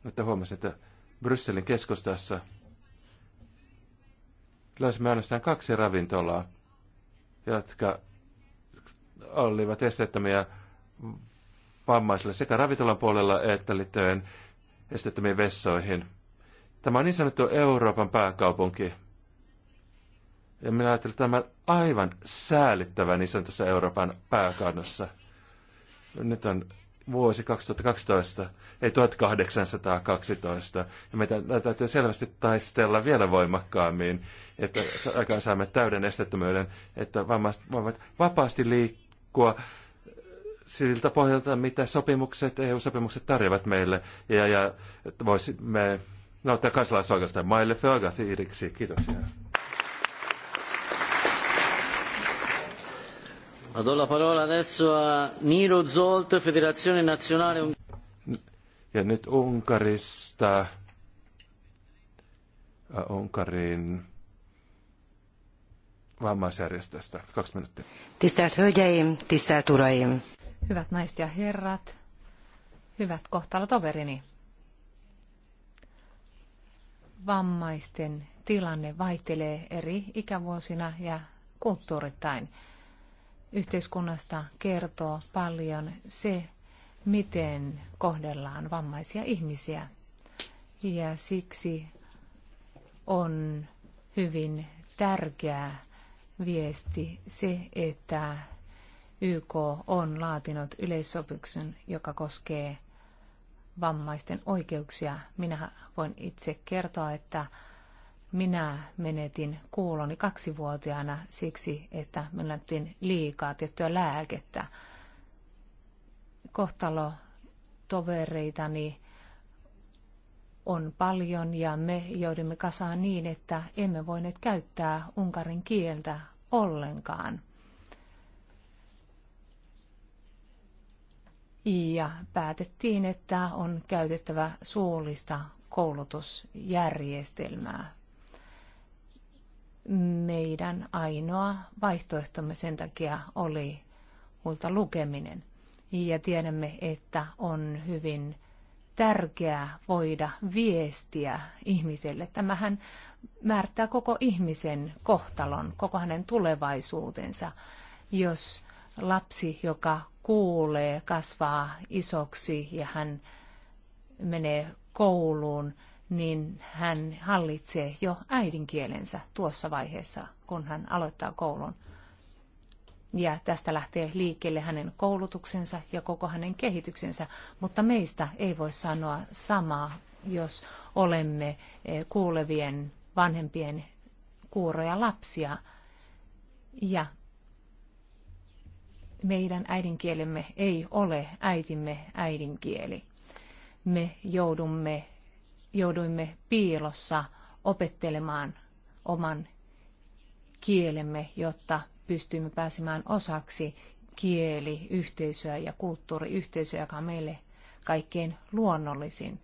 että huomasin, että Brysselin keskustassa löysimme ainoastaan kaksi ravintolaa, jotka olivat esteettömiä vammaisille sekä ravintolan puolella että liittyen estettömiin vessoihin. Tämä on niin sanottu Euroopan pääkaupunki. Ja minä ajattelin tämän aivan säälittävän niin sanotussa Euroopan pääkannassa. Nyt on vuosi 2012, ei 1812, ja meitä täytyy selvästi taistella vielä voimakkaammin, että aikaan saamme täyden estettömyyden, että vammaiset voivat vapaasti liikkua siltä pohjalta, mitä sopimukset, EU-sopimukset tarjoavat meille. Ja, ja että voisimme nauttia kansalaisoikeudesta maille fögafiiriksi. Kiitoksia. Do la parola adesso a Niro Zolt, Federazione Nazionale Ja nyt Unkarista. Äh, Unkarin vammaisjärjestöstä. Kaksi minuuttia. Tisztelt Hölgyeim, tisztelt Uraim! Hyvät naiset ja herrat, hyvät kohtalotoverini. Vammaisten tilanne vaihtelee eri ikävuosina ja kulttuurittain. Yhteiskunnasta kertoo paljon se, miten kohdellaan vammaisia ihmisiä. Ja siksi on hyvin tärkeä viesti se, että YK on laatinut yleissopimuksen, joka koskee vammaisten oikeuksia. Minä voin itse kertoa, että minä menetin kuuloni kaksivuotiaana siksi, että minulla liikaa tiettyä lääkettä. Kohtalo tovereitani on paljon ja me joudumme kasaan niin, että emme voineet käyttää unkarin kieltä ollenkaan. ja päätettiin, että on käytettävä suullista koulutusjärjestelmää. Meidän ainoa vaihtoehtomme sen takia oli multa lukeminen. Ja tiedämme, että on hyvin tärkeää voida viestiä ihmiselle. Tämähän määrittää koko ihmisen kohtalon, koko hänen tulevaisuutensa. Jos lapsi, joka kuulee, kasvaa isoksi ja hän menee kouluun, niin hän hallitsee jo äidinkielensä tuossa vaiheessa, kun hän aloittaa koulun. Ja tästä lähtee liikkeelle hänen koulutuksensa ja koko hänen kehityksensä, mutta meistä ei voi sanoa samaa, jos olemme eh, kuulevien vanhempien kuuroja lapsia. Ja meidän äidinkielemme ei ole äitimme äidinkieli. Me joudumme, jouduimme piilossa opettelemaan oman kielemme, jotta pystyimme pääsemään osaksi kieliyhteisöä ja kulttuuriyhteisöä, joka on meille kaikkein luonnollisin.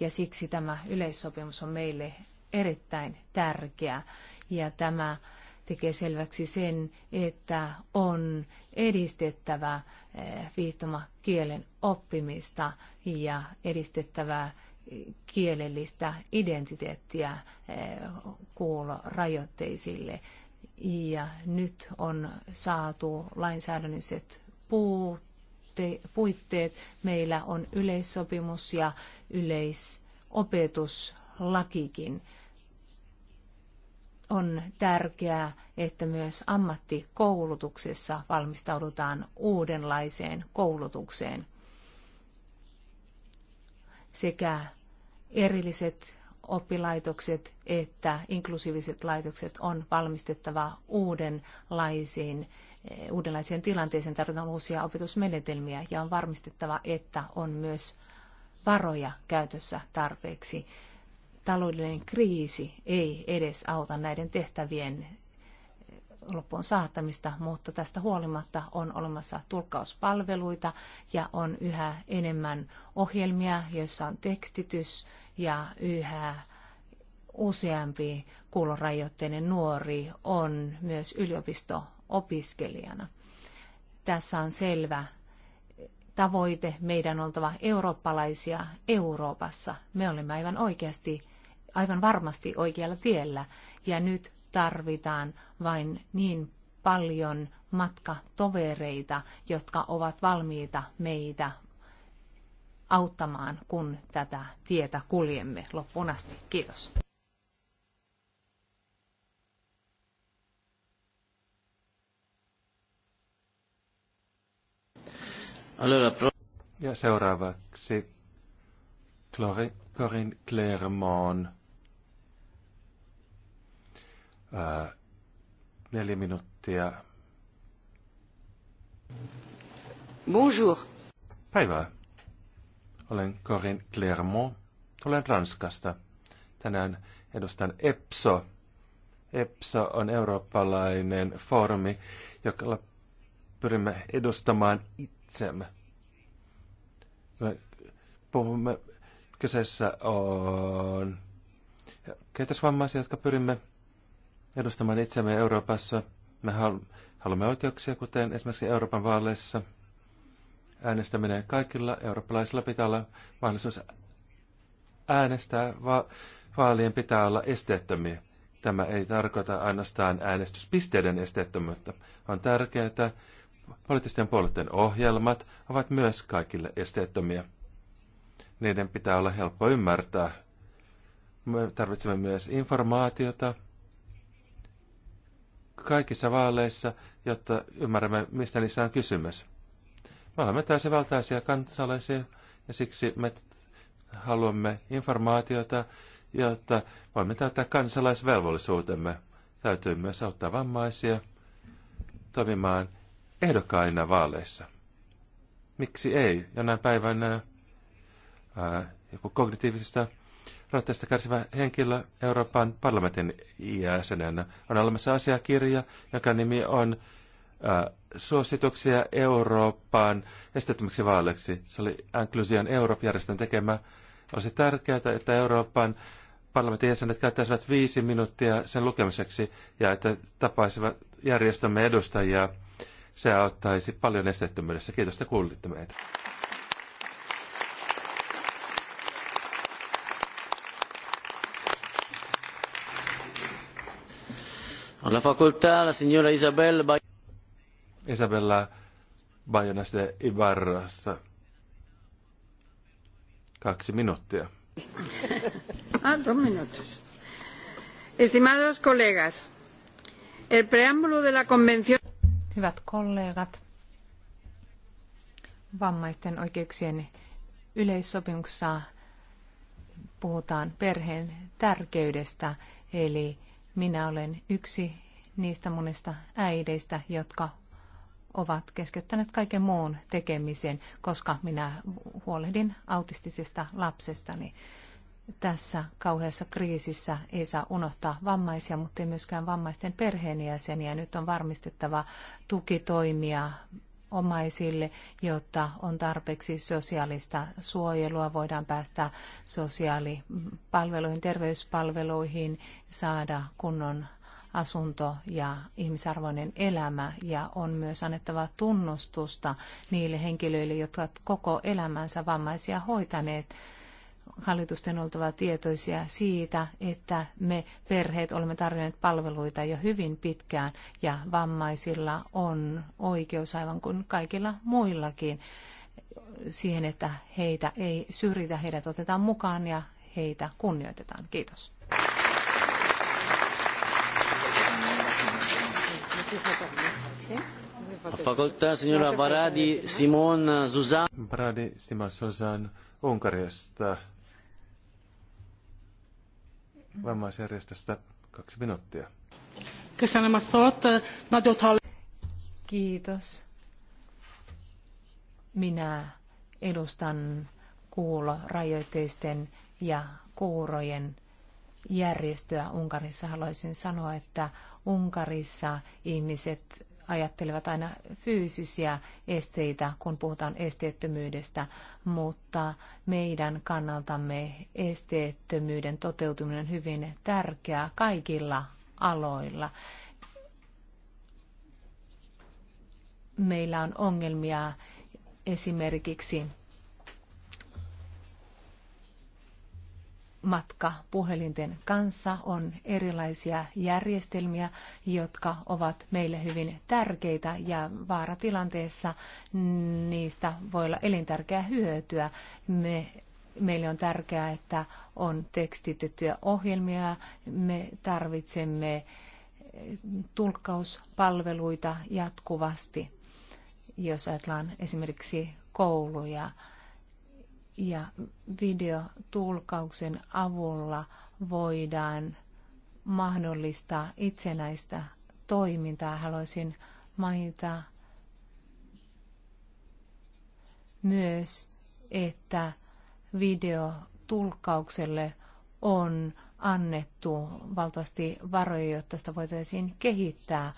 Ja siksi tämä yleissopimus on meille erittäin tärkeä. Ja tämä tekee selväksi sen, että on edistettävä eh, viittomakielen oppimista ja edistettävä kielellistä identiteettiä eh, kuulorajoitteisille. Ja nyt on saatu lainsäädännölliset puitteet. Meillä on yleissopimus ja yleisopetuslakikin on tärkeää, että myös ammattikoulutuksessa valmistaudutaan uudenlaiseen koulutukseen. Sekä erilliset oppilaitokset että inklusiiviset laitokset on valmistettava uudenlaisiin, eh, uudenlaiseen tilanteeseen. Tarvitaan uusia opetusmenetelmiä ja on varmistettava, että on myös varoja käytössä tarpeeksi taloudellinen kriisi ei edes auta näiden tehtävien eh, loppuun saattamista, mutta tästä huolimatta on olemassa tulkkauspalveluita ja on yhä enemmän ohjelmia, joissa on tekstitys ja yhä useampi kuulorajoitteinen nuori on myös yliopisto-opiskelijana. Tässä on selvä tavoite. Meidän on oltava eurooppalaisia Euroopassa. Me olemme aivan oikeasti aivan varmasti oikealla tiellä. Ja nyt tarvitaan vain niin paljon matkatovereita, jotka ovat valmiita meitä auttamaan, kun tätä tietä kuljemme loppuun asti. Kiitos. Ja seuraavaksi Corinne Clermont neljä minuuttia. Bonjour. Päivää. Olen Corinne Clermont. Tulen Ranskasta. Tänään edustan EPSO. EPSO on eurooppalainen foorumi, jolla pyrimme edustamaan itsemme. Me puhumme, kyseessä on kehitysvammaisia, jotka pyrimme edustamaan itseämme Euroopassa. Me haluamme oikeuksia, kuten esimerkiksi Euroopan vaaleissa. Äänestäminen kaikilla eurooppalaisilla pitää olla mahdollisuus äänestää. Va- vaalien pitää olla esteettömiä. Tämä ei tarkoita ainoastaan äänestyspisteiden esteettömyyttä. On tärkeää, että poliittisten puolueiden ohjelmat ovat myös kaikille esteettömiä. Niiden pitää olla helppo ymmärtää. Me tarvitsemme myös informaatiota – kaikissa vaaleissa, jotta ymmärrämme, mistä niissä on kysymys. Me olemme valtaisia kansalaisia ja siksi me haluamme informaatiota, jotta voimme täyttää kansalaisvelvollisuutemme. Täytyy myös auttaa vammaisia toimimaan ehdokkaina vaaleissa. Miksi ei? Jonain päivänä ää, joku kognitiivisista rotteista kärsivä henkilö Euroopan parlamentin jäsenenä. On olemassa asiakirja, jonka nimi on ä, Suosituksia Euroopan estettömäksi vaaleiksi. Se oli Inclusion Europe-järjestön tekemä. Olisi tärkeää, että Euroopan parlamentin jäsenet käyttäisivät viisi minuuttia sen lukemiseksi ja että tapaisivat järjestömme edustajia. Se auttaisi paljon esteettömyydessä. Kiitos, että kuulitte meitä. la facoltà la signora ba Isabella Bayonas de Ibarrassa. Kaksi minuuttia. ah, minutos. Estimados colegas, el preámbulo de la convención... Hyvät kollegat, vammaisten oikeuksien yleissopimuksessa puhutaan perheen tärkeydestä, eli minä olen yksi niistä monista äideistä, jotka ovat keskeyttäneet kaiken muun tekemisen, koska minä huolehdin autistisesta lapsestani. Tässä kauheassa kriisissä ei saa unohtaa vammaisia, mutta ei myöskään vammaisten perheenjäseniä. Nyt on varmistettava tukitoimia omaisille, jotta on tarpeeksi sosiaalista suojelua, voidaan päästä sosiaalipalveluihin, terveyspalveluihin, saada kunnon asunto ja ihmisarvoinen elämä ja on myös annettava tunnustusta niille henkilöille, jotka koko elämänsä vammaisia hoitaneet hallitusten oltava tietoisia siitä, että me perheet olemme tarjonneet palveluita jo hyvin pitkään ja vammaisilla on oikeus aivan kuin kaikilla muillakin siihen, että heitä ei syrjitä, heidät otetaan mukaan ja heitä kunnioitetaan. Kiitos. Facoltà signora Baradi Simon Susan. Baradi Simon Susan Unkarista vammaisjärjestöstä. Kaksi minuuttia. Kiitos. Minä edustan kuulorajoitteisten ja kuurojen järjestöä Unkarissa. Haluaisin sanoa, että Unkarissa ihmiset ajattelevat aina fyysisiä esteitä, kun puhutaan esteettömyydestä, mutta meidän kannaltamme esteettömyyden toteutuminen on hyvin tärkeää kaikilla aloilla. Meillä on ongelmia esimerkiksi Matka-puhelinten kanssa on erilaisia järjestelmiä, jotka ovat meille hyvin tärkeitä ja vaaratilanteessa niistä voi olla elintärkeää hyötyä. Me meille on tärkeää, että on tekstitettyjä ohjelmia, me tarvitsemme tulkkauspalveluita jatkuvasti, jos ajatellaan esimerkiksi kouluja ja videotulkauksen avulla voidaan mahdollistaa itsenäistä toimintaa. Haluaisin mainita myös, että videotulkaukselle on annettu valtavasti varoja, jotta sitä voitaisiin kehittää.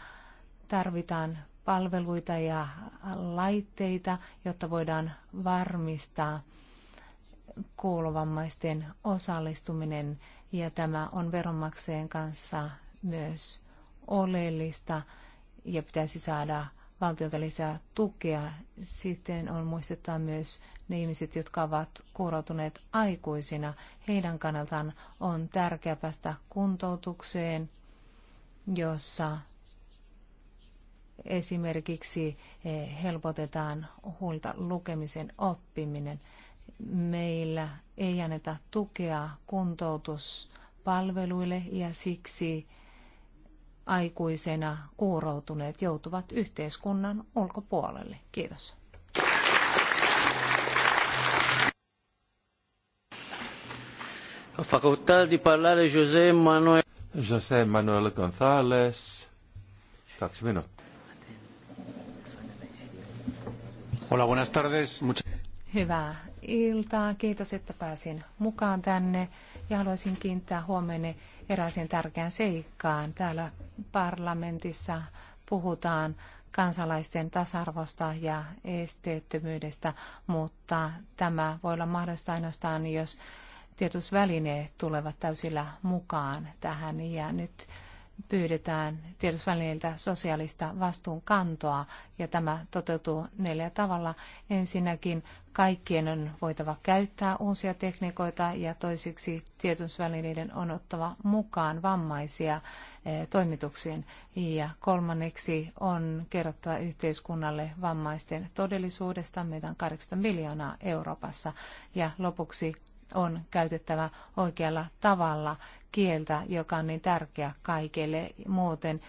Tarvitaan palveluita ja laitteita, jotta voidaan varmistaa kuulovammaisten osallistuminen ja tämä on veronmaksajien kanssa myös oleellista ja pitäisi saada valtiolta lisää tukea. Sitten on muistettava myös ne ihmiset, jotka ovat kuuroutuneet aikuisina. Heidän kannaltaan on tärkeää päästä kuntoutukseen, jossa esimerkiksi eh, helpotetaan huulta lukemisen oppiminen meillä ei anneta tukea kuntoutuspalveluille ja siksi aikuisena kuuroutuneet joutuvat yhteiskunnan ulkopuolelle. Kiitos. Facultad di parlare José Manuel. José Manuel González. Kaksi minuuttia. Hola, buenas tardes. Much- Hyvää iltaa. Kiitos, että pääsin mukaan tänne ja haluaisin kiinnittää huomenne erääseen tärkeään seikkaan. Täällä parlamentissa puhutaan kansalaisten tasa-arvosta ja esteettömyydestä, mutta tämä voi olla mahdollista ainoastaan, jos tietosvälineet tulevat täysillä mukaan tähän. Ja nyt pyydetään tiedotusvälineiltä sosiaalista vastuunkantoa ja tämä toteutuu neljä tavalla. Ensinnäkin kaikkien on voitava käyttää uusia tekniikoita ja toiseksi tiedotusvälineiden on ottava mukaan vammaisia eh, toimituksiin ja kolmanneksi on kerrottava yhteiskunnalle vammaisten todellisuudesta. Meitä on 80 miljoonaa Euroopassa ja lopuksi on käytettävä oikealla tavalla kieltä, joka on niin tärkeä kaikille. Muuten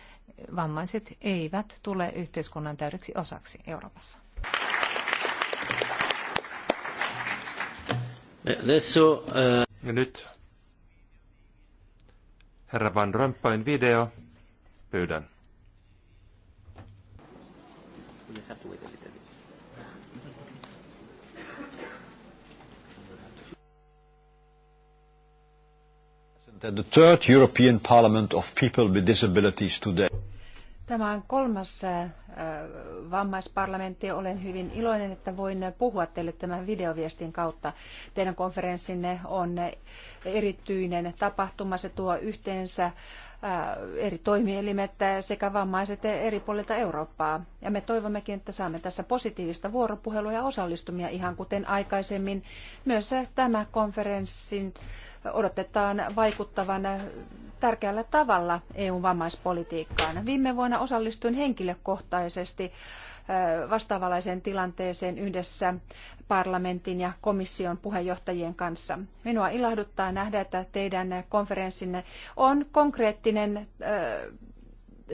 vammaiset eivät tule yhteiskunnan täydeksi osaksi Euroopassa. Äh. Ja nyt herra Van Rompuyn video. Pyydän. that the third European Parliament of People with Disabilities today. Tämä on kolmas äh, vammaisparlamentti. Olen hyvin iloinen, että voin puhua teille tämän videoviestin kautta. Teidän konferenssinne on erityinen tapahtuma. Se tuo yhteensä Äh, eri toimielimet sekä vammaiset eri puolilta Eurooppaa. Ja me toivommekin, että saamme tässä positiivista vuoropuhelua ja osallistumia ihan kuten aikaisemmin. Myös tämä konferenssin odotetaan vaikuttavan tärkeällä tavalla EUn vammaispolitiikkaan. Viime vuonna osallistuin henkilökohtaisesti vastaavanlaiseen tilanteeseen yhdessä parlamentin ja komission puheenjohtajien kanssa. Minua ilahduttaa nähdä, että teidän konferenssinne on konkreettinen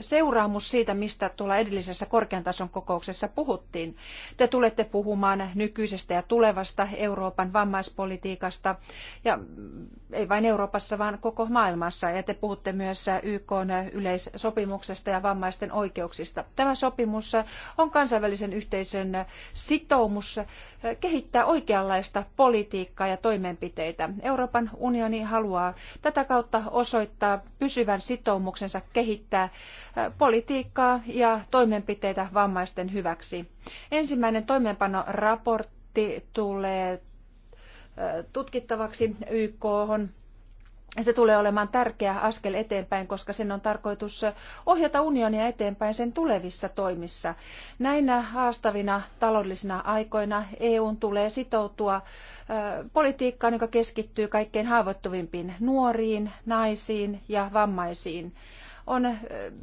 seuraamus siitä, mistä tuolla edellisessä korkean tason kokouksessa puhuttiin. Te tulette puhumaan nykyisestä ja tulevasta Euroopan vammaispolitiikasta, ja ei vain Euroopassa, vaan koko maailmassa. Ja te puhutte myös YK yleissopimuksesta ja vammaisten oikeuksista. Tämä sopimus on kansainvälisen yhteisön sitoumus kehittää oikeanlaista politiikkaa ja toimenpiteitä. Euroopan unioni haluaa tätä kautta osoittaa pysyvän sitoumuksensa kehittää politiikkaa ja toimenpiteitä vammaisten hyväksi. Ensimmäinen toimeenpanoraportti tulee tutkittavaksi YK. ja Se tulee olemaan tärkeä askel eteenpäin, koska sen on tarkoitus ohjata unionia eteenpäin sen tulevissa toimissa. Näinä haastavina taloudellisina aikoina EUn tulee sitoutua politiikkaan, joka keskittyy kaikkein haavoittuvimpiin nuoriin, naisiin ja vammaisiin on,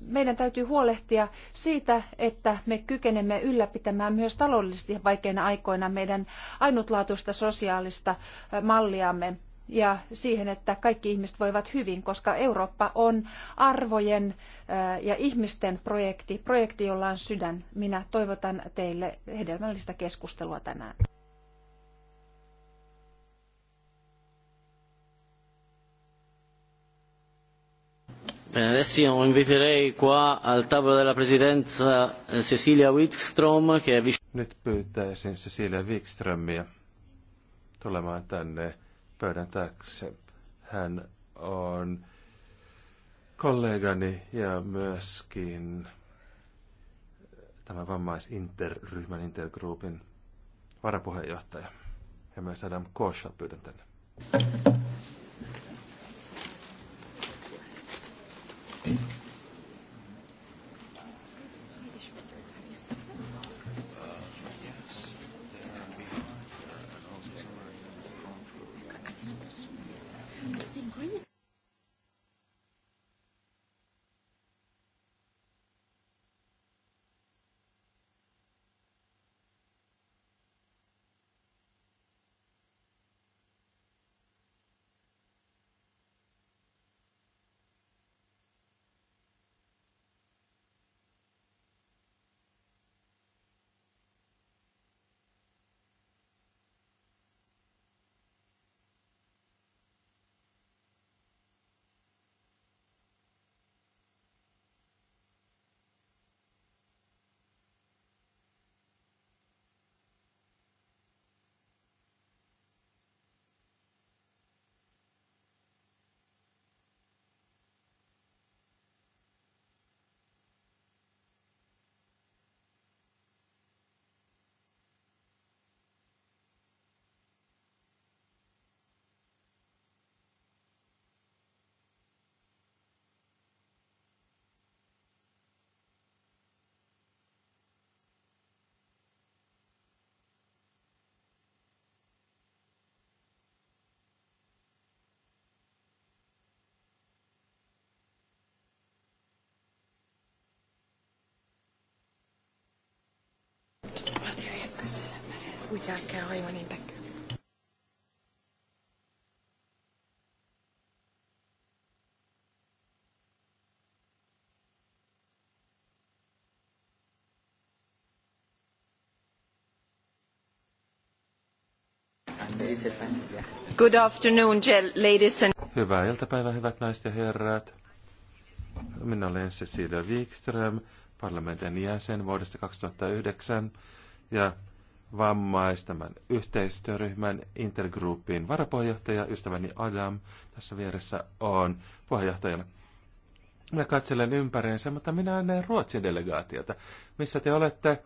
meidän täytyy huolehtia siitä, että me kykenemme ylläpitämään myös taloudellisesti vaikeina aikoina meidän ainutlaatuista sosiaalista malliamme ja siihen, että kaikki ihmiset voivat hyvin, koska Eurooppa on arvojen ja ihmisten projekti, projekti, jolla on sydän. Minä toivotan teille hedelmällistä keskustelua tänään. Bene, eh, adesso inviterei qua al tavolo della presidenza eh, Cecilia Wikström, che è vice... Nyt pyytäisin Cecilia Wikströmiä tulemaan tänne pöydän taakse. Hän on kollegani ja myöskin eh, tämän vammaisinterryhmän intergroupin varapuheenjohtaja. Ja myös Adam Kosha pyydän tänne. Good afternoon, ladies and... Hyvää iltapäivää, hyvät naiset ja herrat. Minä olen Cecilia Wikström, parlamentin jäsen vuodesta 2009 ja vammaistaman yhteistyöryhmän Intergroupin varapuheenjohtaja, ystäväni Adam. Tässä vieressä on puheenjohtajana. Minä katselen ympäriinsä, mutta minä en näe Ruotsin delegaatiota. Missä te olette?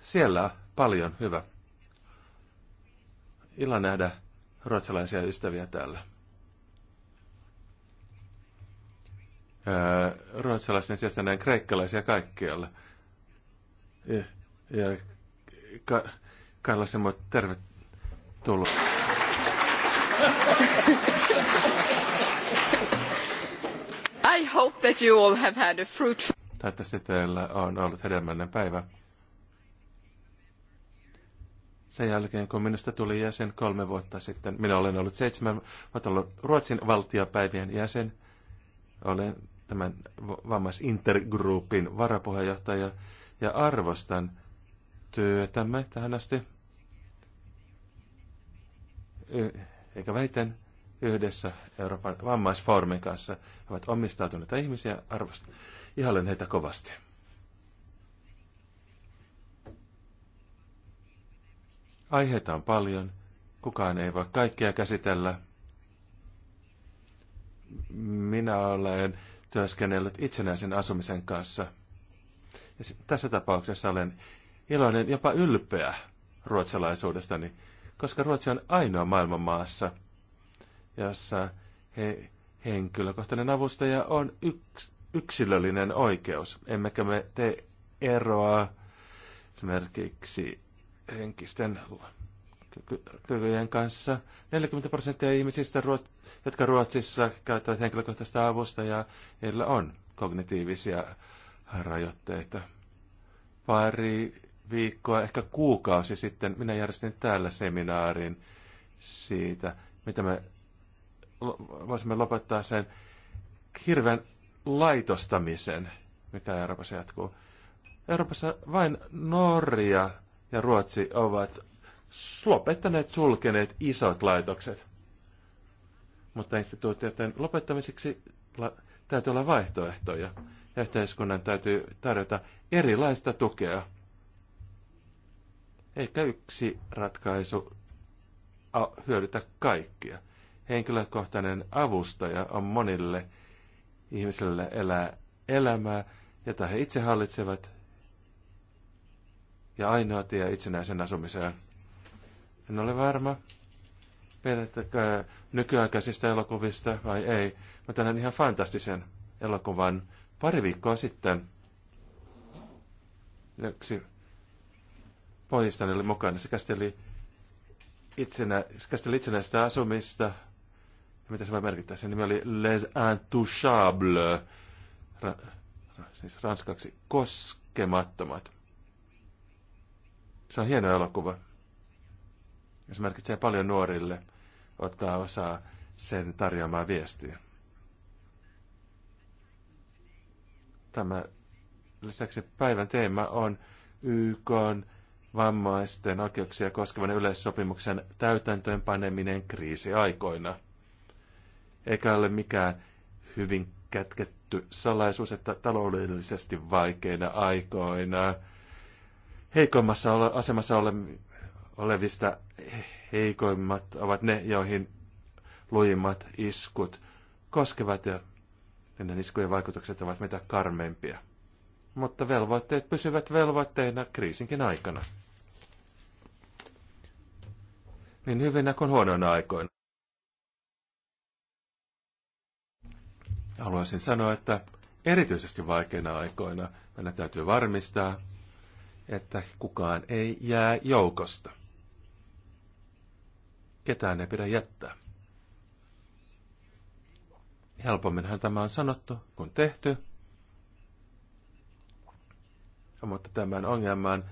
Siellä paljon, hyvä. Ilo nähdä ruotsalaisia ystäviä täällä. Öö, Ruotsalaisen sijasta näen kreikkalaisia kaikkialla. Ja, ja ka, Kallasen, Semmo, tervetuloa. I hope that you all have had a fruitful... Toivottavasti teillä on ollut hedelmällinen päivä. Sen jälkeen, kun minusta tuli jäsen kolme vuotta sitten, minä olen ollut seitsemän vuotta ollut Ruotsin valtiopäivien jäsen. Olen tämän vammaisintergroupin varapuheenjohtaja ja arvostan työtämme tähän asti eikä vähiten yhdessä Euroopan vammaisfoorumin kanssa. He ovat omistautuneita ihmisiä, arvostan. Ihailen heitä kovasti. Aiheita on paljon, kukaan ei voi kaikkea käsitellä. Minä olen työskennellyt itsenäisen asumisen kanssa. Ja tässä tapauksessa olen iloinen, jopa ylpeä ruotsalaisuudestani koska Ruotsi on ainoa maailman maassa, jossa he, henkilökohtainen avustaja on yks, yksilöllinen oikeus. Emmekä me tee eroa esimerkiksi henkisten kykyjen kanssa. 40 prosenttia ihmisistä, jotka Ruotsissa käyttävät henkilökohtaista avustajaa, heillä on kognitiivisia rajoitteita. Pari viikkoa, ehkä kuukausi sitten, minä järjestin täällä seminaarin siitä, mitä me voisimme lopettaa sen hirveän laitostamisen, mikä Euroopassa jatkuu. Euroopassa vain Norja ja Ruotsi ovat lopettaneet, sulkeneet isot laitokset. Mutta instituutioiden lopettamiseksi täytyy olla vaihtoehtoja. yhteiskunnan täytyy tarjota erilaista tukea. Eikä yksi ratkaisu hyödytä kaikkia. Henkilökohtainen avustaja on monille ihmisille elää elämää, jota he itse hallitsevat, ja ainoa tie itsenäisen asumiseen. En ole varma, pelättäkö nykyaikaisista elokuvista vai ei. Mä tänään ihan fantastisen elokuvan pari viikkoa sitten. Yksi Pohjistan oli mukana. Se käsitteli, itsenä, se käsitteli itsenäistä asumista. Ja mitä se voi merkittää? Sen nimi oli Les Intouchables, ra, ra, siis ranskaksi koskemattomat. Se on hieno elokuva. Ja se merkitsee paljon nuorille ottaa osaa sen tarjoamaan viestiä. Tämä lisäksi päivän teema on YK vammaisten oikeuksia koskevan yleissopimuksen täytäntöönpaneminen kriisiaikoina. Eikä ole mikään hyvin kätketty salaisuus, että taloudellisesti vaikeina aikoina heikoimmassa asemassa olevista heikoimmat ovat ne, joihin lujimmat iskut koskevat ja niiden iskujen vaikutukset ovat mitä karmeimpia mutta velvoitteet pysyvät velvoitteina kriisinkin aikana. Niin hyvinä kuin huonoina aikoina. Haluaisin sanoa, että erityisesti vaikeina aikoina meidän täytyy varmistaa, että kukaan ei jää joukosta. Ketään ei pidä jättää. Helpomminhan tämä on sanottu kuin tehty – mutta tämän ongelman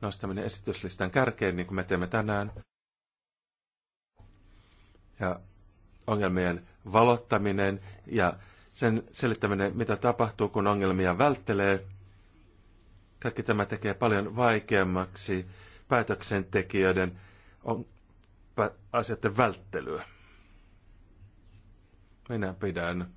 nostaminen esityslistan kärkeen, niin kuin me teemme tänään, ja ongelmien valottaminen ja sen selittäminen, mitä tapahtuu, kun ongelmia välttelee, kaikki tämä tekee paljon vaikeammaksi päätöksentekijöiden on, asioiden välttelyä. Minä pidän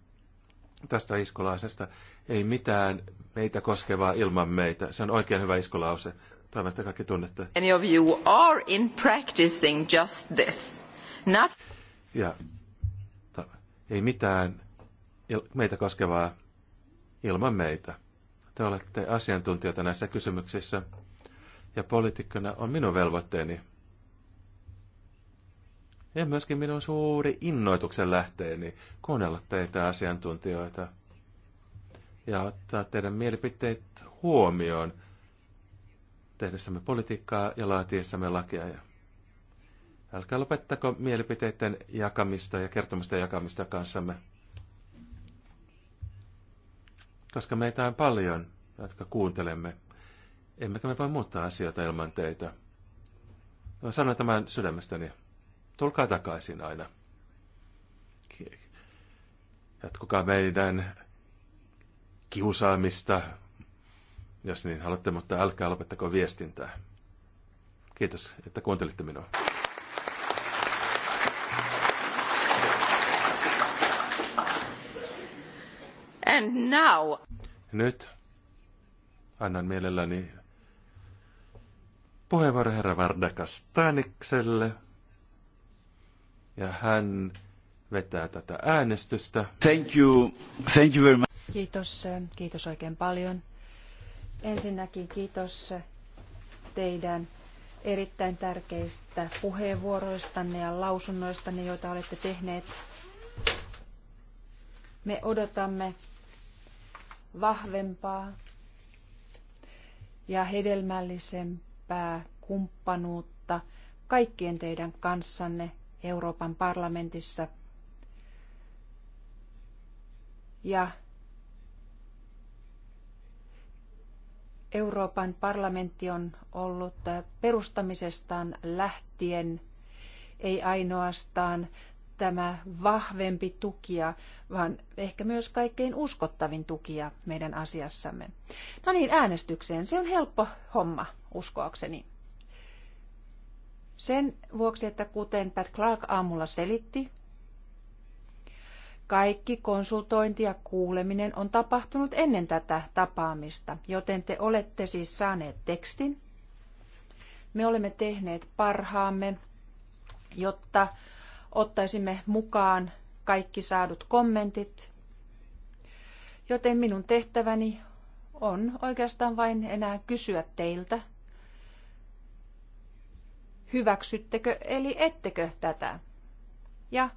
tästä iskulaisesta ei mitään meitä koskevaa ilman meitä. Se on oikein hyvä iskulause. Toivon, että kaikki tunnette. Any of you are in practicing just this. Not... Ja ta, ei mitään il- meitä koskevaa ilman meitä. Te olette asiantuntijoita näissä kysymyksissä ja poliitikkona on minun velvoitteeni. Ja myöskin minun suuri innoituksen lähteeni kuunnella teitä asiantuntijoita – ja ottaa teidän mielipiteet huomioon tehdessämme politiikkaa ja laatiessamme lakia. Ja älkää lopettako mielipiteiden jakamista ja kertomusten jakamista kanssamme, koska meitä on paljon, jotka kuuntelemme. Emmekä me voi muuttaa asioita ilman teitä. Mä sanon tämän sydämestäni. Tulkaa takaisin aina. Jatkukaa meidän kiusaamista, jos niin haluatte, mutta älkää lopettako viestintää. Kiitos, että kuuntelitte minua. And now. Nyt annan mielelläni puheenvuoro herra Vardakas Tänikselle. Ja hän vetää tätä äänestystä. Thank you. Thank you very much. Kiitos, kiitos oikein paljon. Ensinnäkin kiitos teidän erittäin tärkeistä puheenvuoroistanne ja lausunnoistanne, joita olette tehneet. Me odotamme vahvempaa ja hedelmällisempää kumppanuutta kaikkien teidän kanssanne Euroopan parlamentissa. Ja Euroopan parlamentti on ollut perustamisestaan lähtien ei ainoastaan tämä vahvempi tukija, vaan ehkä myös kaikkein uskottavin tukija meidän asiassamme. No niin, äänestykseen. Se on helppo homma, uskoakseni. Sen vuoksi, että kuten Pat Clark aamulla selitti, kaikki konsultointi ja kuuleminen on tapahtunut ennen tätä tapaamista, joten te olette siis saaneet tekstin. Me olemme tehneet parhaamme, jotta ottaisimme mukaan kaikki saadut kommentit. Joten minun tehtäväni on oikeastaan vain enää kysyä teiltä, hyväksyttekö eli ettekö tätä. Ja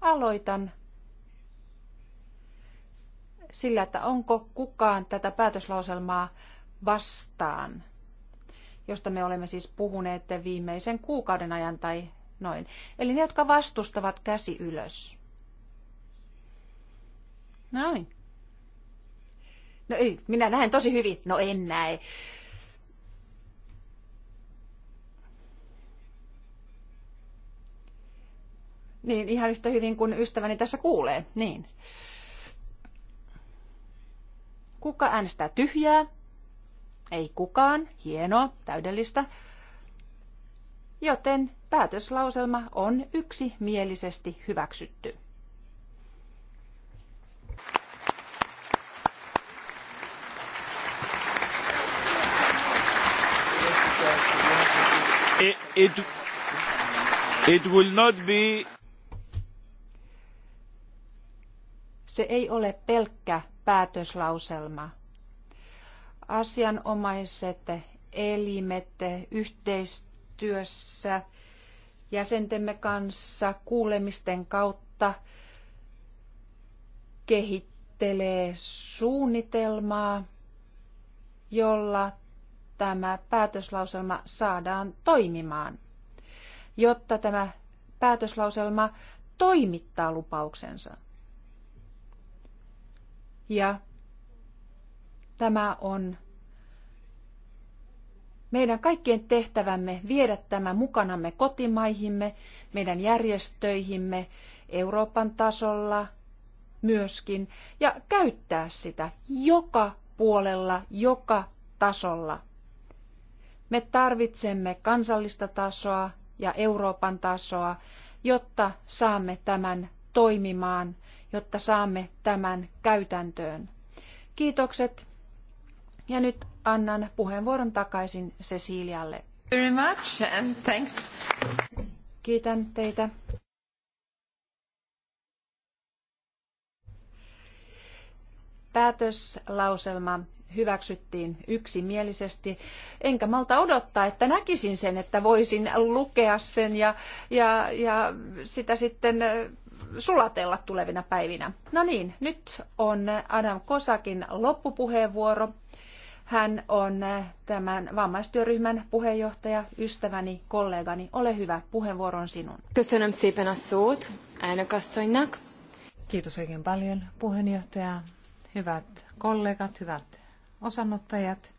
aloitan sillä, että onko kukaan tätä päätöslauselmaa vastaan, josta me olemme siis puhuneet viimeisen kuukauden ajan tai noin. Eli ne, jotka vastustavat, käsi ylös. Noin. Niin. No ei, minä näen tosi hyvin. No en näe. Niin, ihan yhtä hyvin kuin ystäväni tässä kuulee. Niin. Kuka äänestää tyhjää? Ei kukaan. Hienoa, täydellistä. Joten päätöslauselma on yksimielisesti hyväksytty. It, it, it will not be... Se ei ole pelkkä päätöslauselma. Asianomaiset elimet yhteistyössä jäsentemme kanssa kuulemisten kautta kehittelee suunnitelmaa, jolla tämä päätöslauselma saadaan toimimaan, jotta tämä päätöslauselma toimittaa lupauksensa. Ja tämä on meidän kaikkien tehtävämme viedä tämä mukanamme kotimaihimme, meidän järjestöihimme, Euroopan tasolla myöskin, ja käyttää sitä joka puolella, joka tasolla. Me tarvitsemme kansallista tasoa ja Euroopan tasoa, jotta saamme tämän toimimaan, jotta saamme tämän käytäntöön. Kiitokset. Ja nyt annan puheenvuoron takaisin Cecilialle. Very much and thanks. Kiitän teitä. Päätöslauselma hyväksyttiin yksimielisesti. Enkä malta odottaa, että näkisin sen, että voisin lukea sen ja, ja, ja sitä sitten sulatella tulevina päivinä. No niin, nyt on Adam Kosakin loppupuheenvuoro. Hän on tämän vammaistyöryhmän puheenjohtaja, ystäväni, kollegani. Ole hyvä, puheenvuoro on sinun. Köszönöm szépen a szót, Kiitos oikein paljon puheenjohtaja, hyvät kollegat, hyvät osanottajat.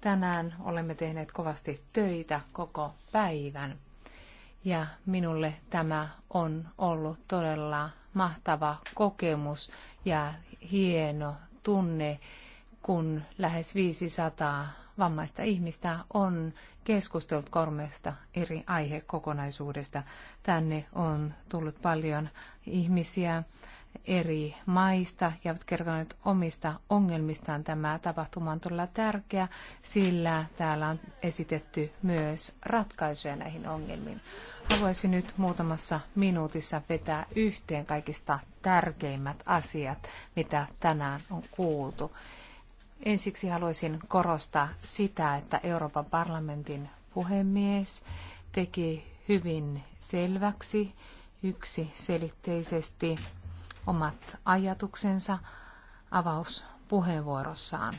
Tänään olemme tehneet kovasti töitä koko päivän ja minulle tämä on ollut todella mahtava kokemus ja hieno tunne, kun lähes 500 vammaista ihmistä on keskustellut kolmesta eri aihekokonaisuudesta. Tänne on tullut paljon ihmisiä eri maista ja ovat kertoneet omista ongelmistaan. Tämä tapahtuma on todella tärkeä, sillä täällä on esitetty myös ratkaisuja näihin ongelmiin. Haluaisin nyt muutamassa minuutissa vetää yhteen kaikista tärkeimmät asiat, mitä tänään on kuultu. Ensiksi haluaisin korostaa sitä, että Euroopan parlamentin puhemies teki hyvin selväksi yksi selitteisesti omat ajatuksensa avauspuheenvuorossaan.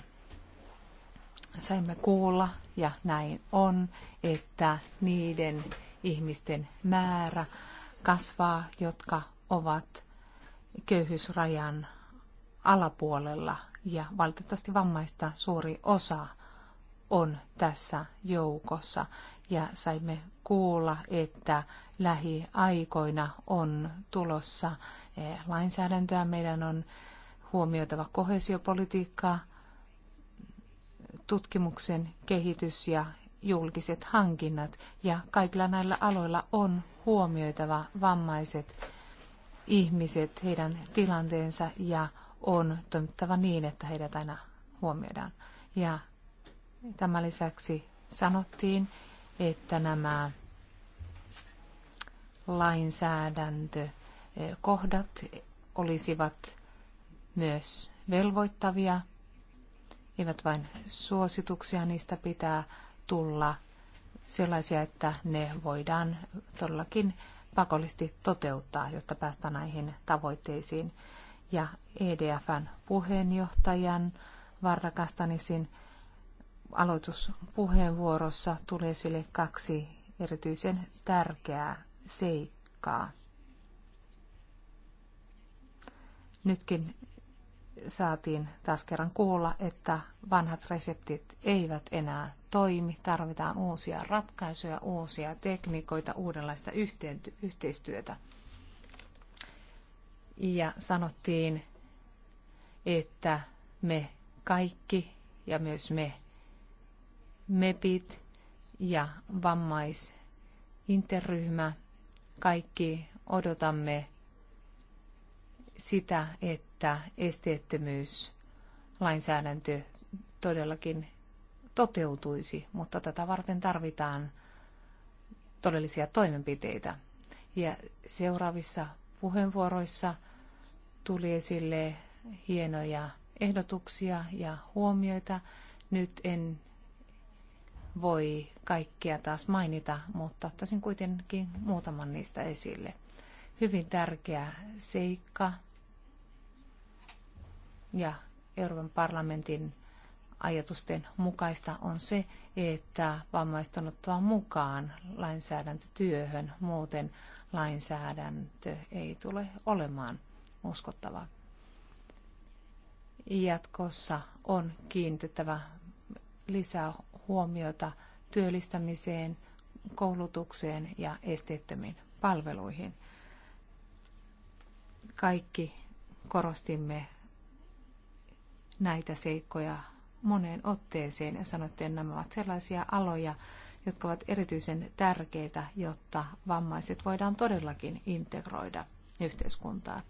Saimme kuulla, ja näin on, että niiden ihmisten määrä kasvaa, jotka ovat köyhyysrajan alapuolella ja valitettavasti vammaista suuri osa on tässä joukossa. Ja saimme kuulla, että lähiaikoina on tulossa eh, lainsäädäntöä. Meidän on huomioitava kohesiopolitiikkaa, tutkimuksen kehitys ja julkiset hankinnat ja kaikilla näillä aloilla on huomioitava vammaiset ihmiset, heidän tilanteensa ja on toimittava niin, että heidät aina huomioidaan. Ja tämän lisäksi sanottiin, että nämä lainsäädäntökohdat olisivat myös velvoittavia, eivät vain suosituksia, niistä pitää tulla sellaisia, että ne voidaan todellakin pakollisesti toteuttaa, jotta päästään näihin tavoitteisiin. Ja EDFn puheenjohtajan Varrakastanisin aloituspuheenvuorossa tuli esille kaksi erityisen tärkeää seikkaa. Nytkin saatiin taas kerran kuulla, että vanhat reseptit eivät enää toimi. Tarvitaan uusia ratkaisuja, uusia tekniikoita, uudenlaista yhteistyötä. Ja sanottiin, että me kaikki ja myös me MEPit ja vammaisinterryhmä, kaikki odotamme sitä, että että esteettömyys lainsäädäntö todellakin toteutuisi, mutta tätä varten tarvitaan todellisia toimenpiteitä. Ja seuraavissa puheenvuoroissa tuli esille hienoja ehdotuksia ja huomioita. Nyt en voi kaikkia taas mainita, mutta ottaisin kuitenkin muutaman niistä esille. Hyvin tärkeä seikka ja Euroopan parlamentin ajatusten mukaista on se, että vammaiset on ottava mukaan lainsäädäntötyöhön, muuten lainsäädäntö ei tule olemaan uskottavaa. Jatkossa on kiinnitettävä lisää huomiota työllistämiseen, koulutukseen ja esteettömiin palveluihin. Kaikki korostimme näitä seikkoja moneen otteeseen ja sanoitte, että nämä ovat sellaisia aloja, jotka ovat erityisen tärkeitä, jotta vammaiset voidaan todellakin integroida yhteiskuntaan.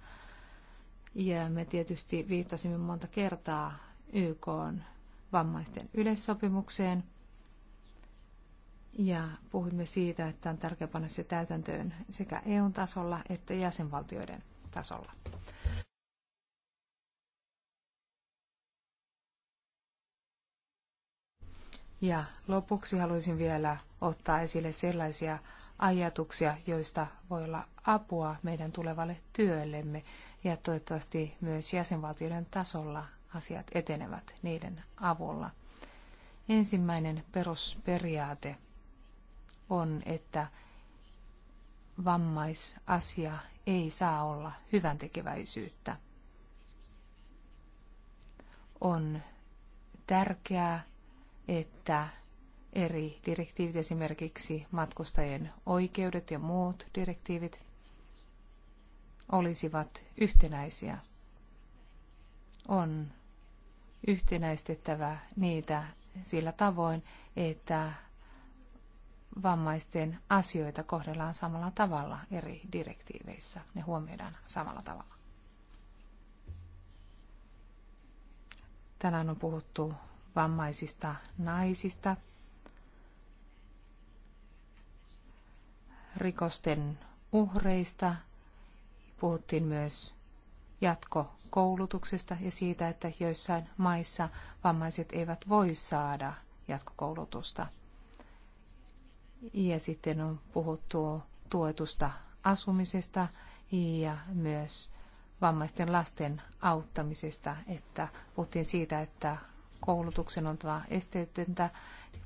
Ja me tietysti viittasimme monta kertaa YK vammaisten yleissopimukseen ja puhuimme siitä, että on tärkeää panna se täytäntöön sekä eu tasolla että jäsenvaltioiden tasolla. Ja lopuksi haluaisin vielä ottaa esille sellaisia ajatuksia, joista voi olla apua meidän tulevalle työllemme ja toivottavasti myös jäsenvaltioiden tasolla asiat etenevät niiden avulla. Ensimmäinen perusperiaate on, että vammaisasia ei saa olla hyvän tekeväisyyttä. On tärkeää, että eri direktiivit, esimerkiksi matkustajien oikeudet ja muut direktiivit, olisivat yhtenäisiä. On yhtenäistettävä niitä sillä tavoin, että vammaisten asioita kohdellaan samalla tavalla eri direktiiveissä. Ne huomioidaan samalla tavalla. Tänään on puhuttu vammaisista naisista, rikosten uhreista, puhuttiin myös jatkokoulutuksesta ja siitä, että joissain maissa vammaiset eivät voi saada jatkokoulutusta. Ja sitten on puhuttu tuetusta asumisesta ja myös vammaisten lasten auttamisesta, että puhuttiin siitä, että koulutuksen oltava esteetöntä.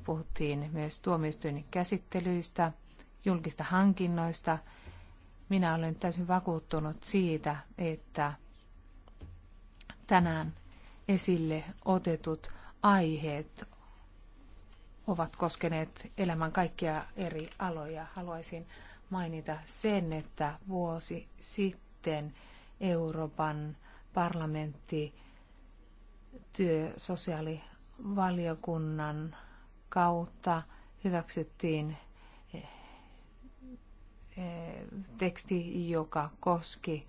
Puhuttiin myös tuomioistuin käsittelyistä, julkista hankinnoista. Minä olen täysin vakuuttunut siitä, että tänään esille otetut aiheet ovat koskeneet elämän kaikkia eri aloja. Haluaisin mainita sen, että vuosi sitten Euroopan parlamentti työ sosiaalivaliokunnan kautta hyväksyttiin eh, eh, teksti, joka koski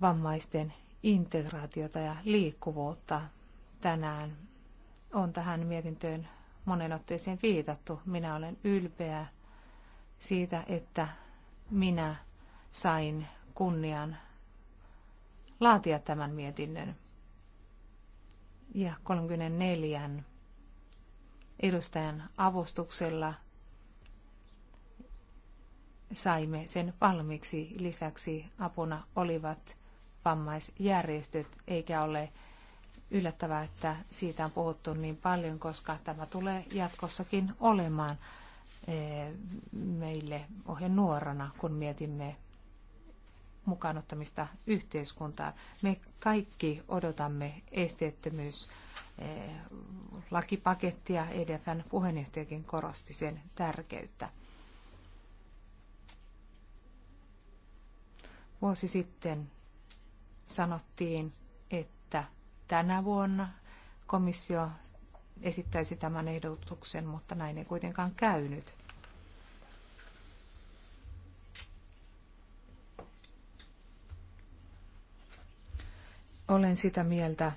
vammaisten integraatiota ja liikkuvuutta. Tänään on tähän mietintöön monen otteeseen viitattu. Minä olen ylpeä siitä, että minä sain kunnian laatia tämän mietinnön ja 34 edustajan avustuksella saimme sen valmiiksi. Lisäksi apuna olivat vammaisjärjestöt, eikä ole yllättävää, että siitä on puhuttu niin paljon, koska tämä tulee jatkossakin olemaan eh, meille ohjenuorana, kun mietimme mukaanottamista yhteiskuntaan. Me kaikki odotamme esteettömyys eh, lakipakettia, EDFn puheenjohtajakin korosti sen tärkeyttä. Vuosi sitten sanottiin, että tänä vuonna komissio esittäisi tämän ehdotuksen, mutta näin ei kuitenkaan käynyt. Olen sitä mieltä,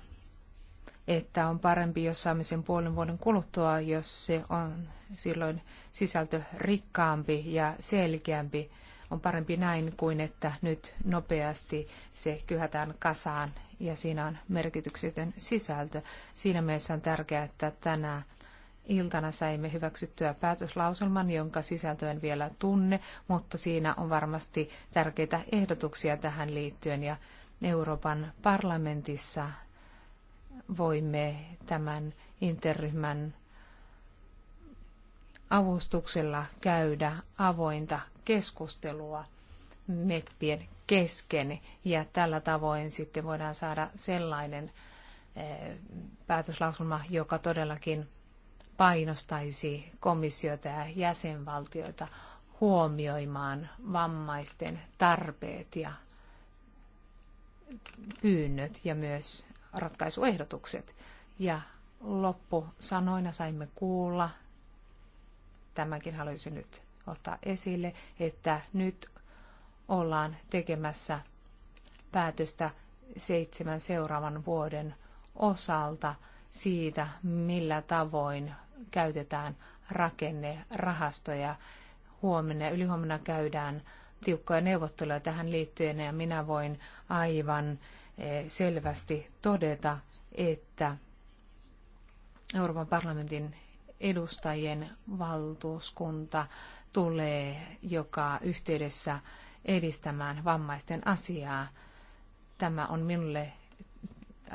että on parempi, jos saamme sen puolen vuoden kuluttua, jos se on silloin sisältö rikkaampi ja selkeämpi. On parempi näin kuin, että nyt nopeasti se kyhätään kasaan ja siinä on merkityksetön sisältö. Siinä mielessä on tärkeää, että tänä iltana saimme hyväksyttyä päätöslauselman, jonka sisältö en vielä tunne, mutta siinä on varmasti tärkeitä ehdotuksia tähän liittyen ja Euroopan parlamentissa voimme tämän interryhmän avustuksella käydä avointa keskustelua meppien kesken ja tällä tavoin sitten voidaan saada sellainen eh, päätöslauselma, joka todellakin painostaisi komissiota ja jäsenvaltioita huomioimaan vammaisten tarpeet ja pyynnöt ja myös ratkaisuehdotukset. Ja loppusanoina saimme kuulla, tämänkin haluaisin nyt ottaa esille, että nyt ollaan tekemässä päätöstä seitsemän seuraavan vuoden osalta siitä, millä tavoin käytetään rakennerahastoja. Huomenna ja ylihuomenna käydään tiukkoja neuvotteluja tähän liittyen ja minä voin aivan eh, selvästi todeta, että Euroopan parlamentin edustajien valtuuskunta tulee joka yhteydessä edistämään vammaisten asiaa. Tämä on minulle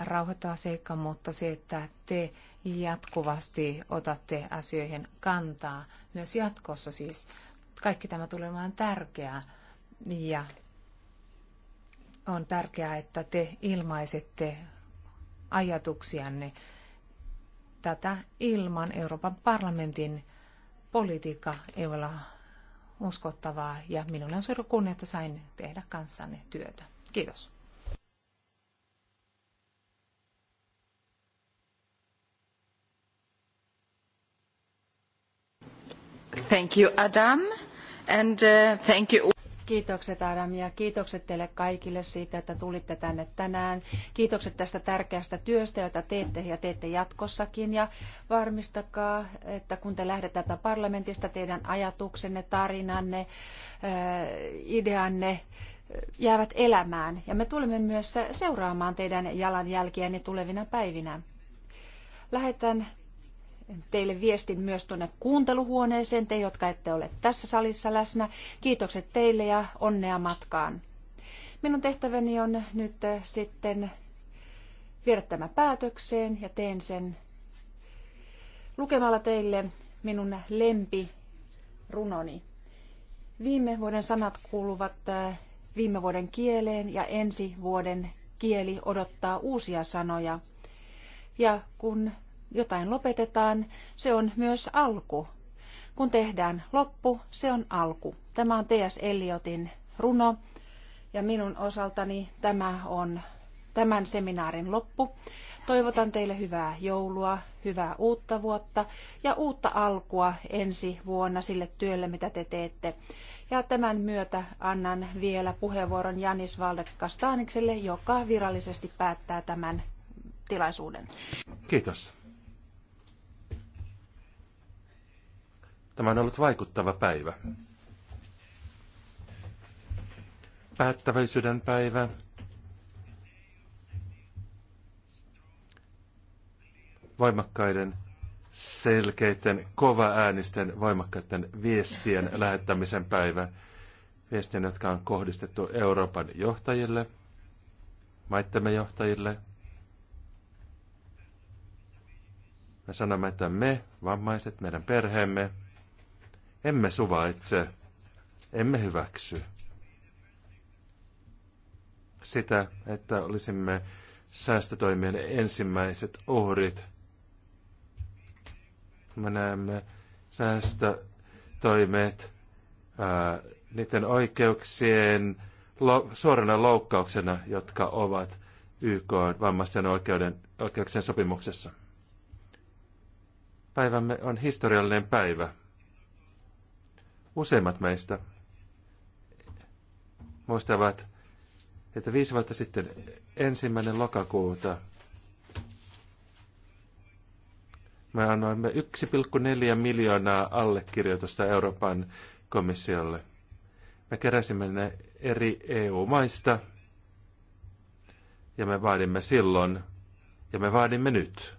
rauhoittava seikka, mutta se, että te jatkuvasti otatte asioihin kantaa myös jatkossa siis kaikki tämä tulee olemaan tärkeää ja on tärkeää, että te ilmaisette ajatuksianne tätä ilman Euroopan parlamentin politiikka ei ole uskottavaa ja minulle on suuri kunnia, että sain tehdä kanssanne työtä. Kiitos. Thank you, Adam. And, uh, thank you. Kiitokset Adam ja kiitokset teille kaikille siitä, että tulitte tänne tänään. Kiitokset tästä tärkeästä työstä, jota teette ja teette jatkossakin. Ja varmistakaa, että kun te lähdette tätä parlamentista, teidän ajatuksenne, tarinanne, eh, ideanne eh, jäävät elämään. Ja me tulemme myös seuraamaan teidän jalanjälkiänne tulevina päivinä. Lähetän teille viestin myös tuonne kuunteluhuoneeseen, te jotka ette ole tässä salissa läsnä. Kiitokset teille ja onnea matkaan. Minun tehtäväni on nyt eh, sitten viedä tämä päätökseen ja teen sen lukemalla teille minun lempi runoni. Viime vuoden sanat kuuluvat eh, viime vuoden kieleen ja ensi vuoden kieli odottaa uusia sanoja. Ja kun jotain lopetetaan, se on myös alku. Kun tehdään loppu, se on alku. Tämä on T.S. Eliotin runo ja minun osaltani tämä on tämän seminaarin loppu. Toivotan teille hyvää joulua, hyvää uutta vuotta ja uutta alkua ensi vuonna sille työlle, mitä te teette. Ja tämän myötä annan vielä puheenvuoron Janis Valdekastaanikselle, joka virallisesti päättää tämän tilaisuuden. Kiitos. Tämä on ollut vaikuttava päivä. Päättäväisyyden päivä. Voimakkaiden, selkeiden, äänisten, voimakkaiden viestien lähettämisen päivä. Viestien, jotka on kohdistettu Euroopan johtajille, maittemme johtajille, me sanomme, että me, vammaiset, meidän perheemme, emme suvaitse, emme hyväksy sitä, että olisimme säästötoimien ensimmäiset uhrit. Me näemme säästötoimet ää, niiden oikeuksien lo, suorana loukkauksena, jotka ovat YK vammaisten oikeuden, oikeuksien sopimuksessa. Päivämme on historiallinen päivä. Useimmat meistä muistavat, että viisi vuotta sitten ensimmäinen lokakuuta me annoimme 1,4 miljoonaa allekirjoitusta Euroopan komissiolle. Me keräsimme ne eri EU-maista ja me vaadimme silloin ja me vaadimme nyt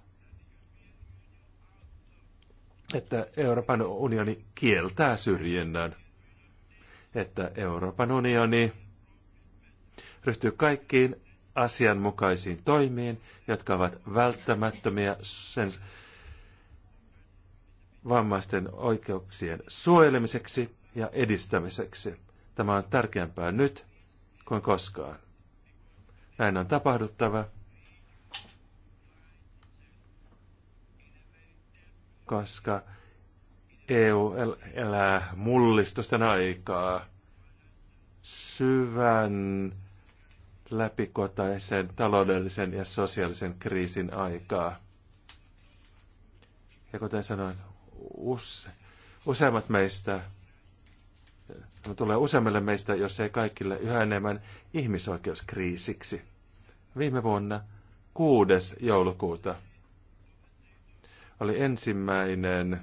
että Euroopan unioni kieltää syrjinnän, että Euroopan unioni ryhtyy kaikkiin asianmukaisiin toimiin, jotka ovat välttämättömiä sen vammaisten oikeuksien suojelemiseksi ja edistämiseksi. Tämä on tärkeämpää nyt kuin koskaan. Näin on tapahduttava koska EU elää mullistusten aikaa syvän läpikotaisen taloudellisen ja sosiaalisen kriisin aikaa. Ja kuten sanoin, use, useimmat meistä, tämä tulee useammille meistä, jos ei kaikille, yhä enemmän ihmisoikeuskriisiksi. Viime vuonna 6. joulukuuta oli ensimmäinen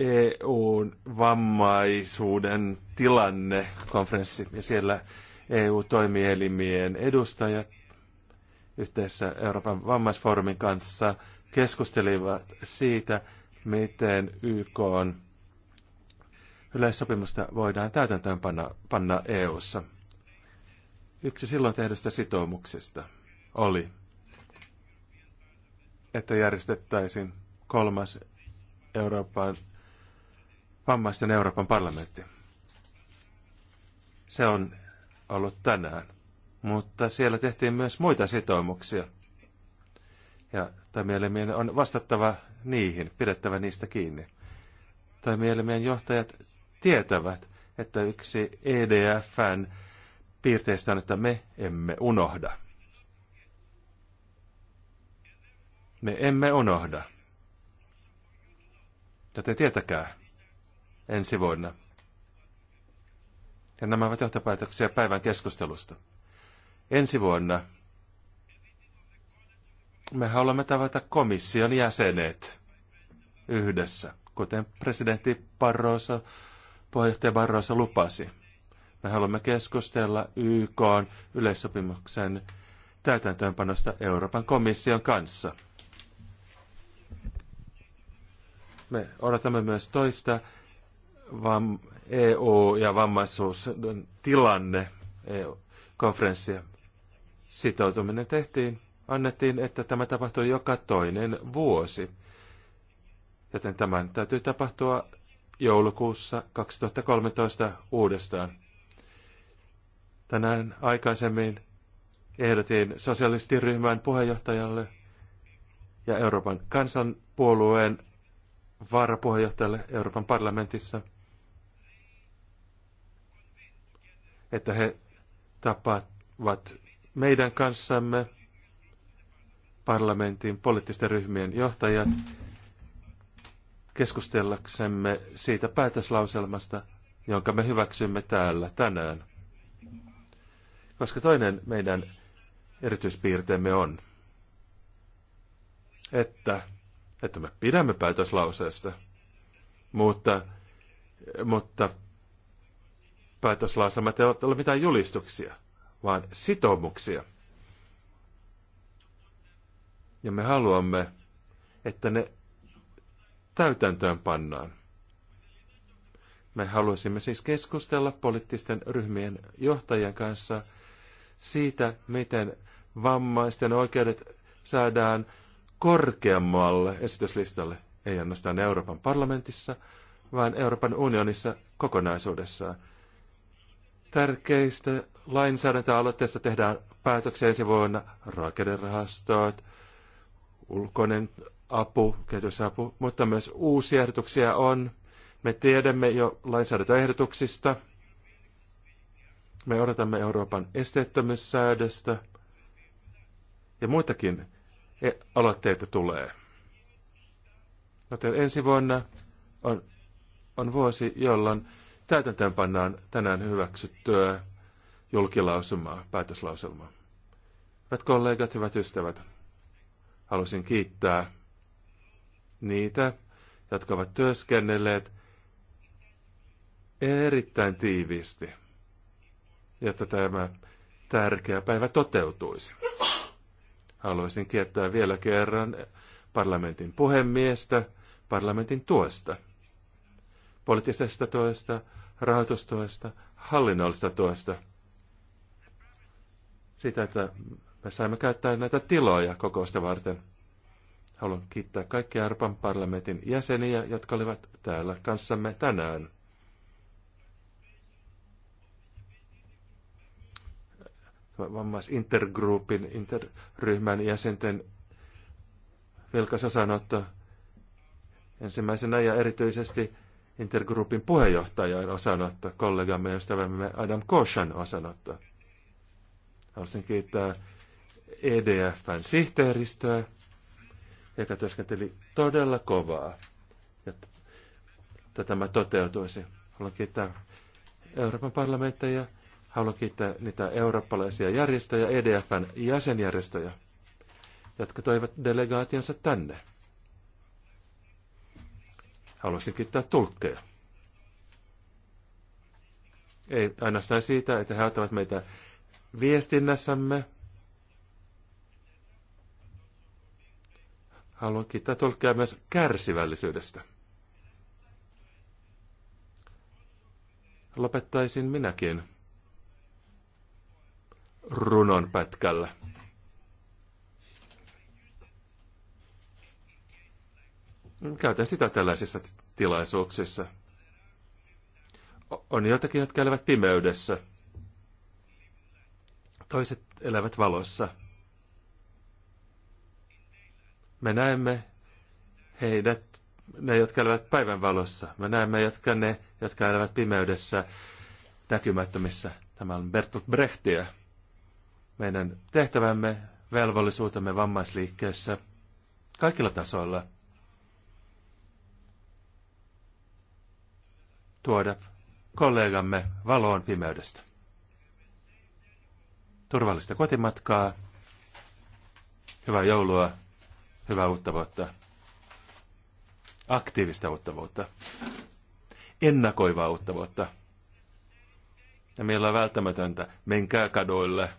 eu vammaisuuden tilannekonferenssi ja siellä EU-toimielimien edustajat yhteensä Euroopan vammaisfoorumin kanssa keskustelivat siitä, miten YK on yleissopimusta voidaan täytäntöönpanna panna EU-ssa. Yksi silloin tehdystä sitoumuksista oli että järjestettäisiin kolmas Euroopan, vammaisten Euroopan parlamentti. Se on ollut tänään, mutta siellä tehtiin myös muita sitoumuksia. Ja toimielimien on vastattava niihin, pidettävä niistä kiinni. Toimielimien johtajat tietävät, että yksi EDFn piirteistä on, että me emme unohda. Me emme unohda. Joten tietäkää ensi vuonna. Ja nämä ovat johtopäätöksiä päivän keskustelusta. Ensi vuonna me haluamme tavata komission jäsenet yhdessä, kuten presidentti Barroso, puheenjohtaja Barroso lupasi. Me haluamme keskustella YK yleissopimuksen täytäntöönpanosta Euroopan komission kanssa. Me odotamme myös toista vam- EU- ja vammaisuus tilanne e konferenssia. Sitoutuminen tehtiin, annettiin, että tämä tapahtuu joka toinen vuosi. Joten tämän täytyy tapahtua joulukuussa 2013 uudestaan. Tänään aikaisemmin ehdotin sosialistiryhmän puheenjohtajalle ja Euroopan kansanpuolueen varapuheenjohtajalle Euroopan parlamentissa, että he tapaavat meidän kanssamme parlamentin poliittisten ryhmien johtajat keskustellaksemme siitä päätöslauselmasta, jonka me hyväksymme täällä tänään. Koska toinen meidän erityispiirteemme on, että että me pidämme päätöslauseesta, mutta, mutta päätöslauseemme ei ole mitään julistuksia, vaan sitoumuksia. Ja me haluamme, että ne täytäntöön pannaan. Me haluaisimme siis keskustella poliittisten ryhmien johtajien kanssa siitä, miten vammaisten oikeudet saadaan korkeammalle esityslistalle, ei ainoastaan Euroopan parlamentissa, vaan Euroopan unionissa kokonaisuudessaan. Tärkeistä lainsäädäntöaloitteista tehdään päätöksiä ensi vuonna rakennerahastot, ulkoinen apu, kehitysapu, mutta myös uusia ehdotuksia on. Me tiedämme jo lainsäädäntöehdotuksista. Me odotamme Euroopan esteettömyyssäädöstä ja muitakin E, aloitteita tulee. Joten ensi vuonna on, on vuosi, jolloin täytäntöön pannaan tänään hyväksyttyä julkilausumaa, päätöslauselmaa. Hyvät kollegat, hyvät ystävät, halusin kiittää niitä, jotka ovat työskennelleet erittäin tiiviisti, jotta tämä tärkeä päivä toteutuisi. Haluaisin kiittää vielä kerran parlamentin puhemiestä parlamentin tuosta, poliittisesta tuosta, rahoitustuesta, hallinnollista tuosta. Sitä, että me saimme käyttää näitä tiloja kokousta varten. Haluan kiittää kaikkia Arpan parlamentin jäseniä, jotka olivat täällä kanssamme tänään. vammaisintergroupin, interryhmän jäsenten vilkas osanotto ensimmäisenä ja erityisesti intergroupin puheenjohtajan osanotto, kollegamme ja ystävämme Adam Koshan osanotto. Haluaisin kiittää EDFn sihteeristöä, joka työskenteli todella kovaa, että tämä toteutuisi. Haluan kiittää Euroopan parlamenttia Haluan kiittää niitä eurooppalaisia järjestöjä, EDFn jäsenjärjestöjä, jotka toivat delegaationsa tänne. Haluaisin kiittää tulkkeja. Ei ainoastaan siitä, että he auttavat meitä viestinnässämme. Haluan kiittää tulkkeja myös kärsivällisyydestä. Lopettaisin minäkin runon pätkällä. Käytän sitä tällaisissa tilaisuuksissa. On joitakin, jotka elävät pimeydessä. Toiset elävät valossa. Me näemme heidät, ne jotka elävät päivän valossa. Me näemme jotka ne, jotka elävät pimeydessä, näkymättömissä. Tämä on Bertolt Brechtiä meidän tehtävämme, velvollisuutemme vammaisliikkeessä kaikilla tasoilla tuoda kollegamme valoon pimeydestä. Turvallista kotimatkaa, hyvää joulua, hyvää uutta vuotta, aktiivista uutta vuotta, ennakoivaa uutta vuotta. Ja meillä on välttämätöntä, menkää kadoille –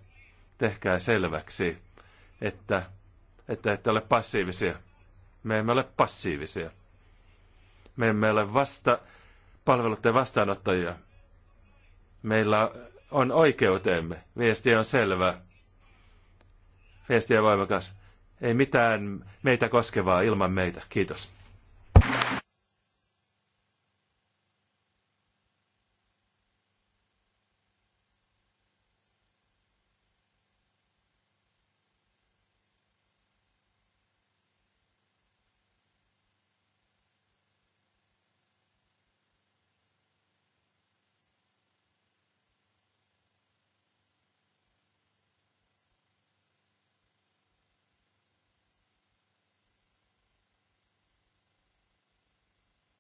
tehkää selväksi, että, että ette ole passiivisia. Me emme ole passiivisia. Me emme ole vasta palveluiden vastaanottajia. Meillä on oikeutemme. Viesti on selvä. Viesti on voimakas. Ei mitään meitä koskevaa ilman meitä. Kiitos.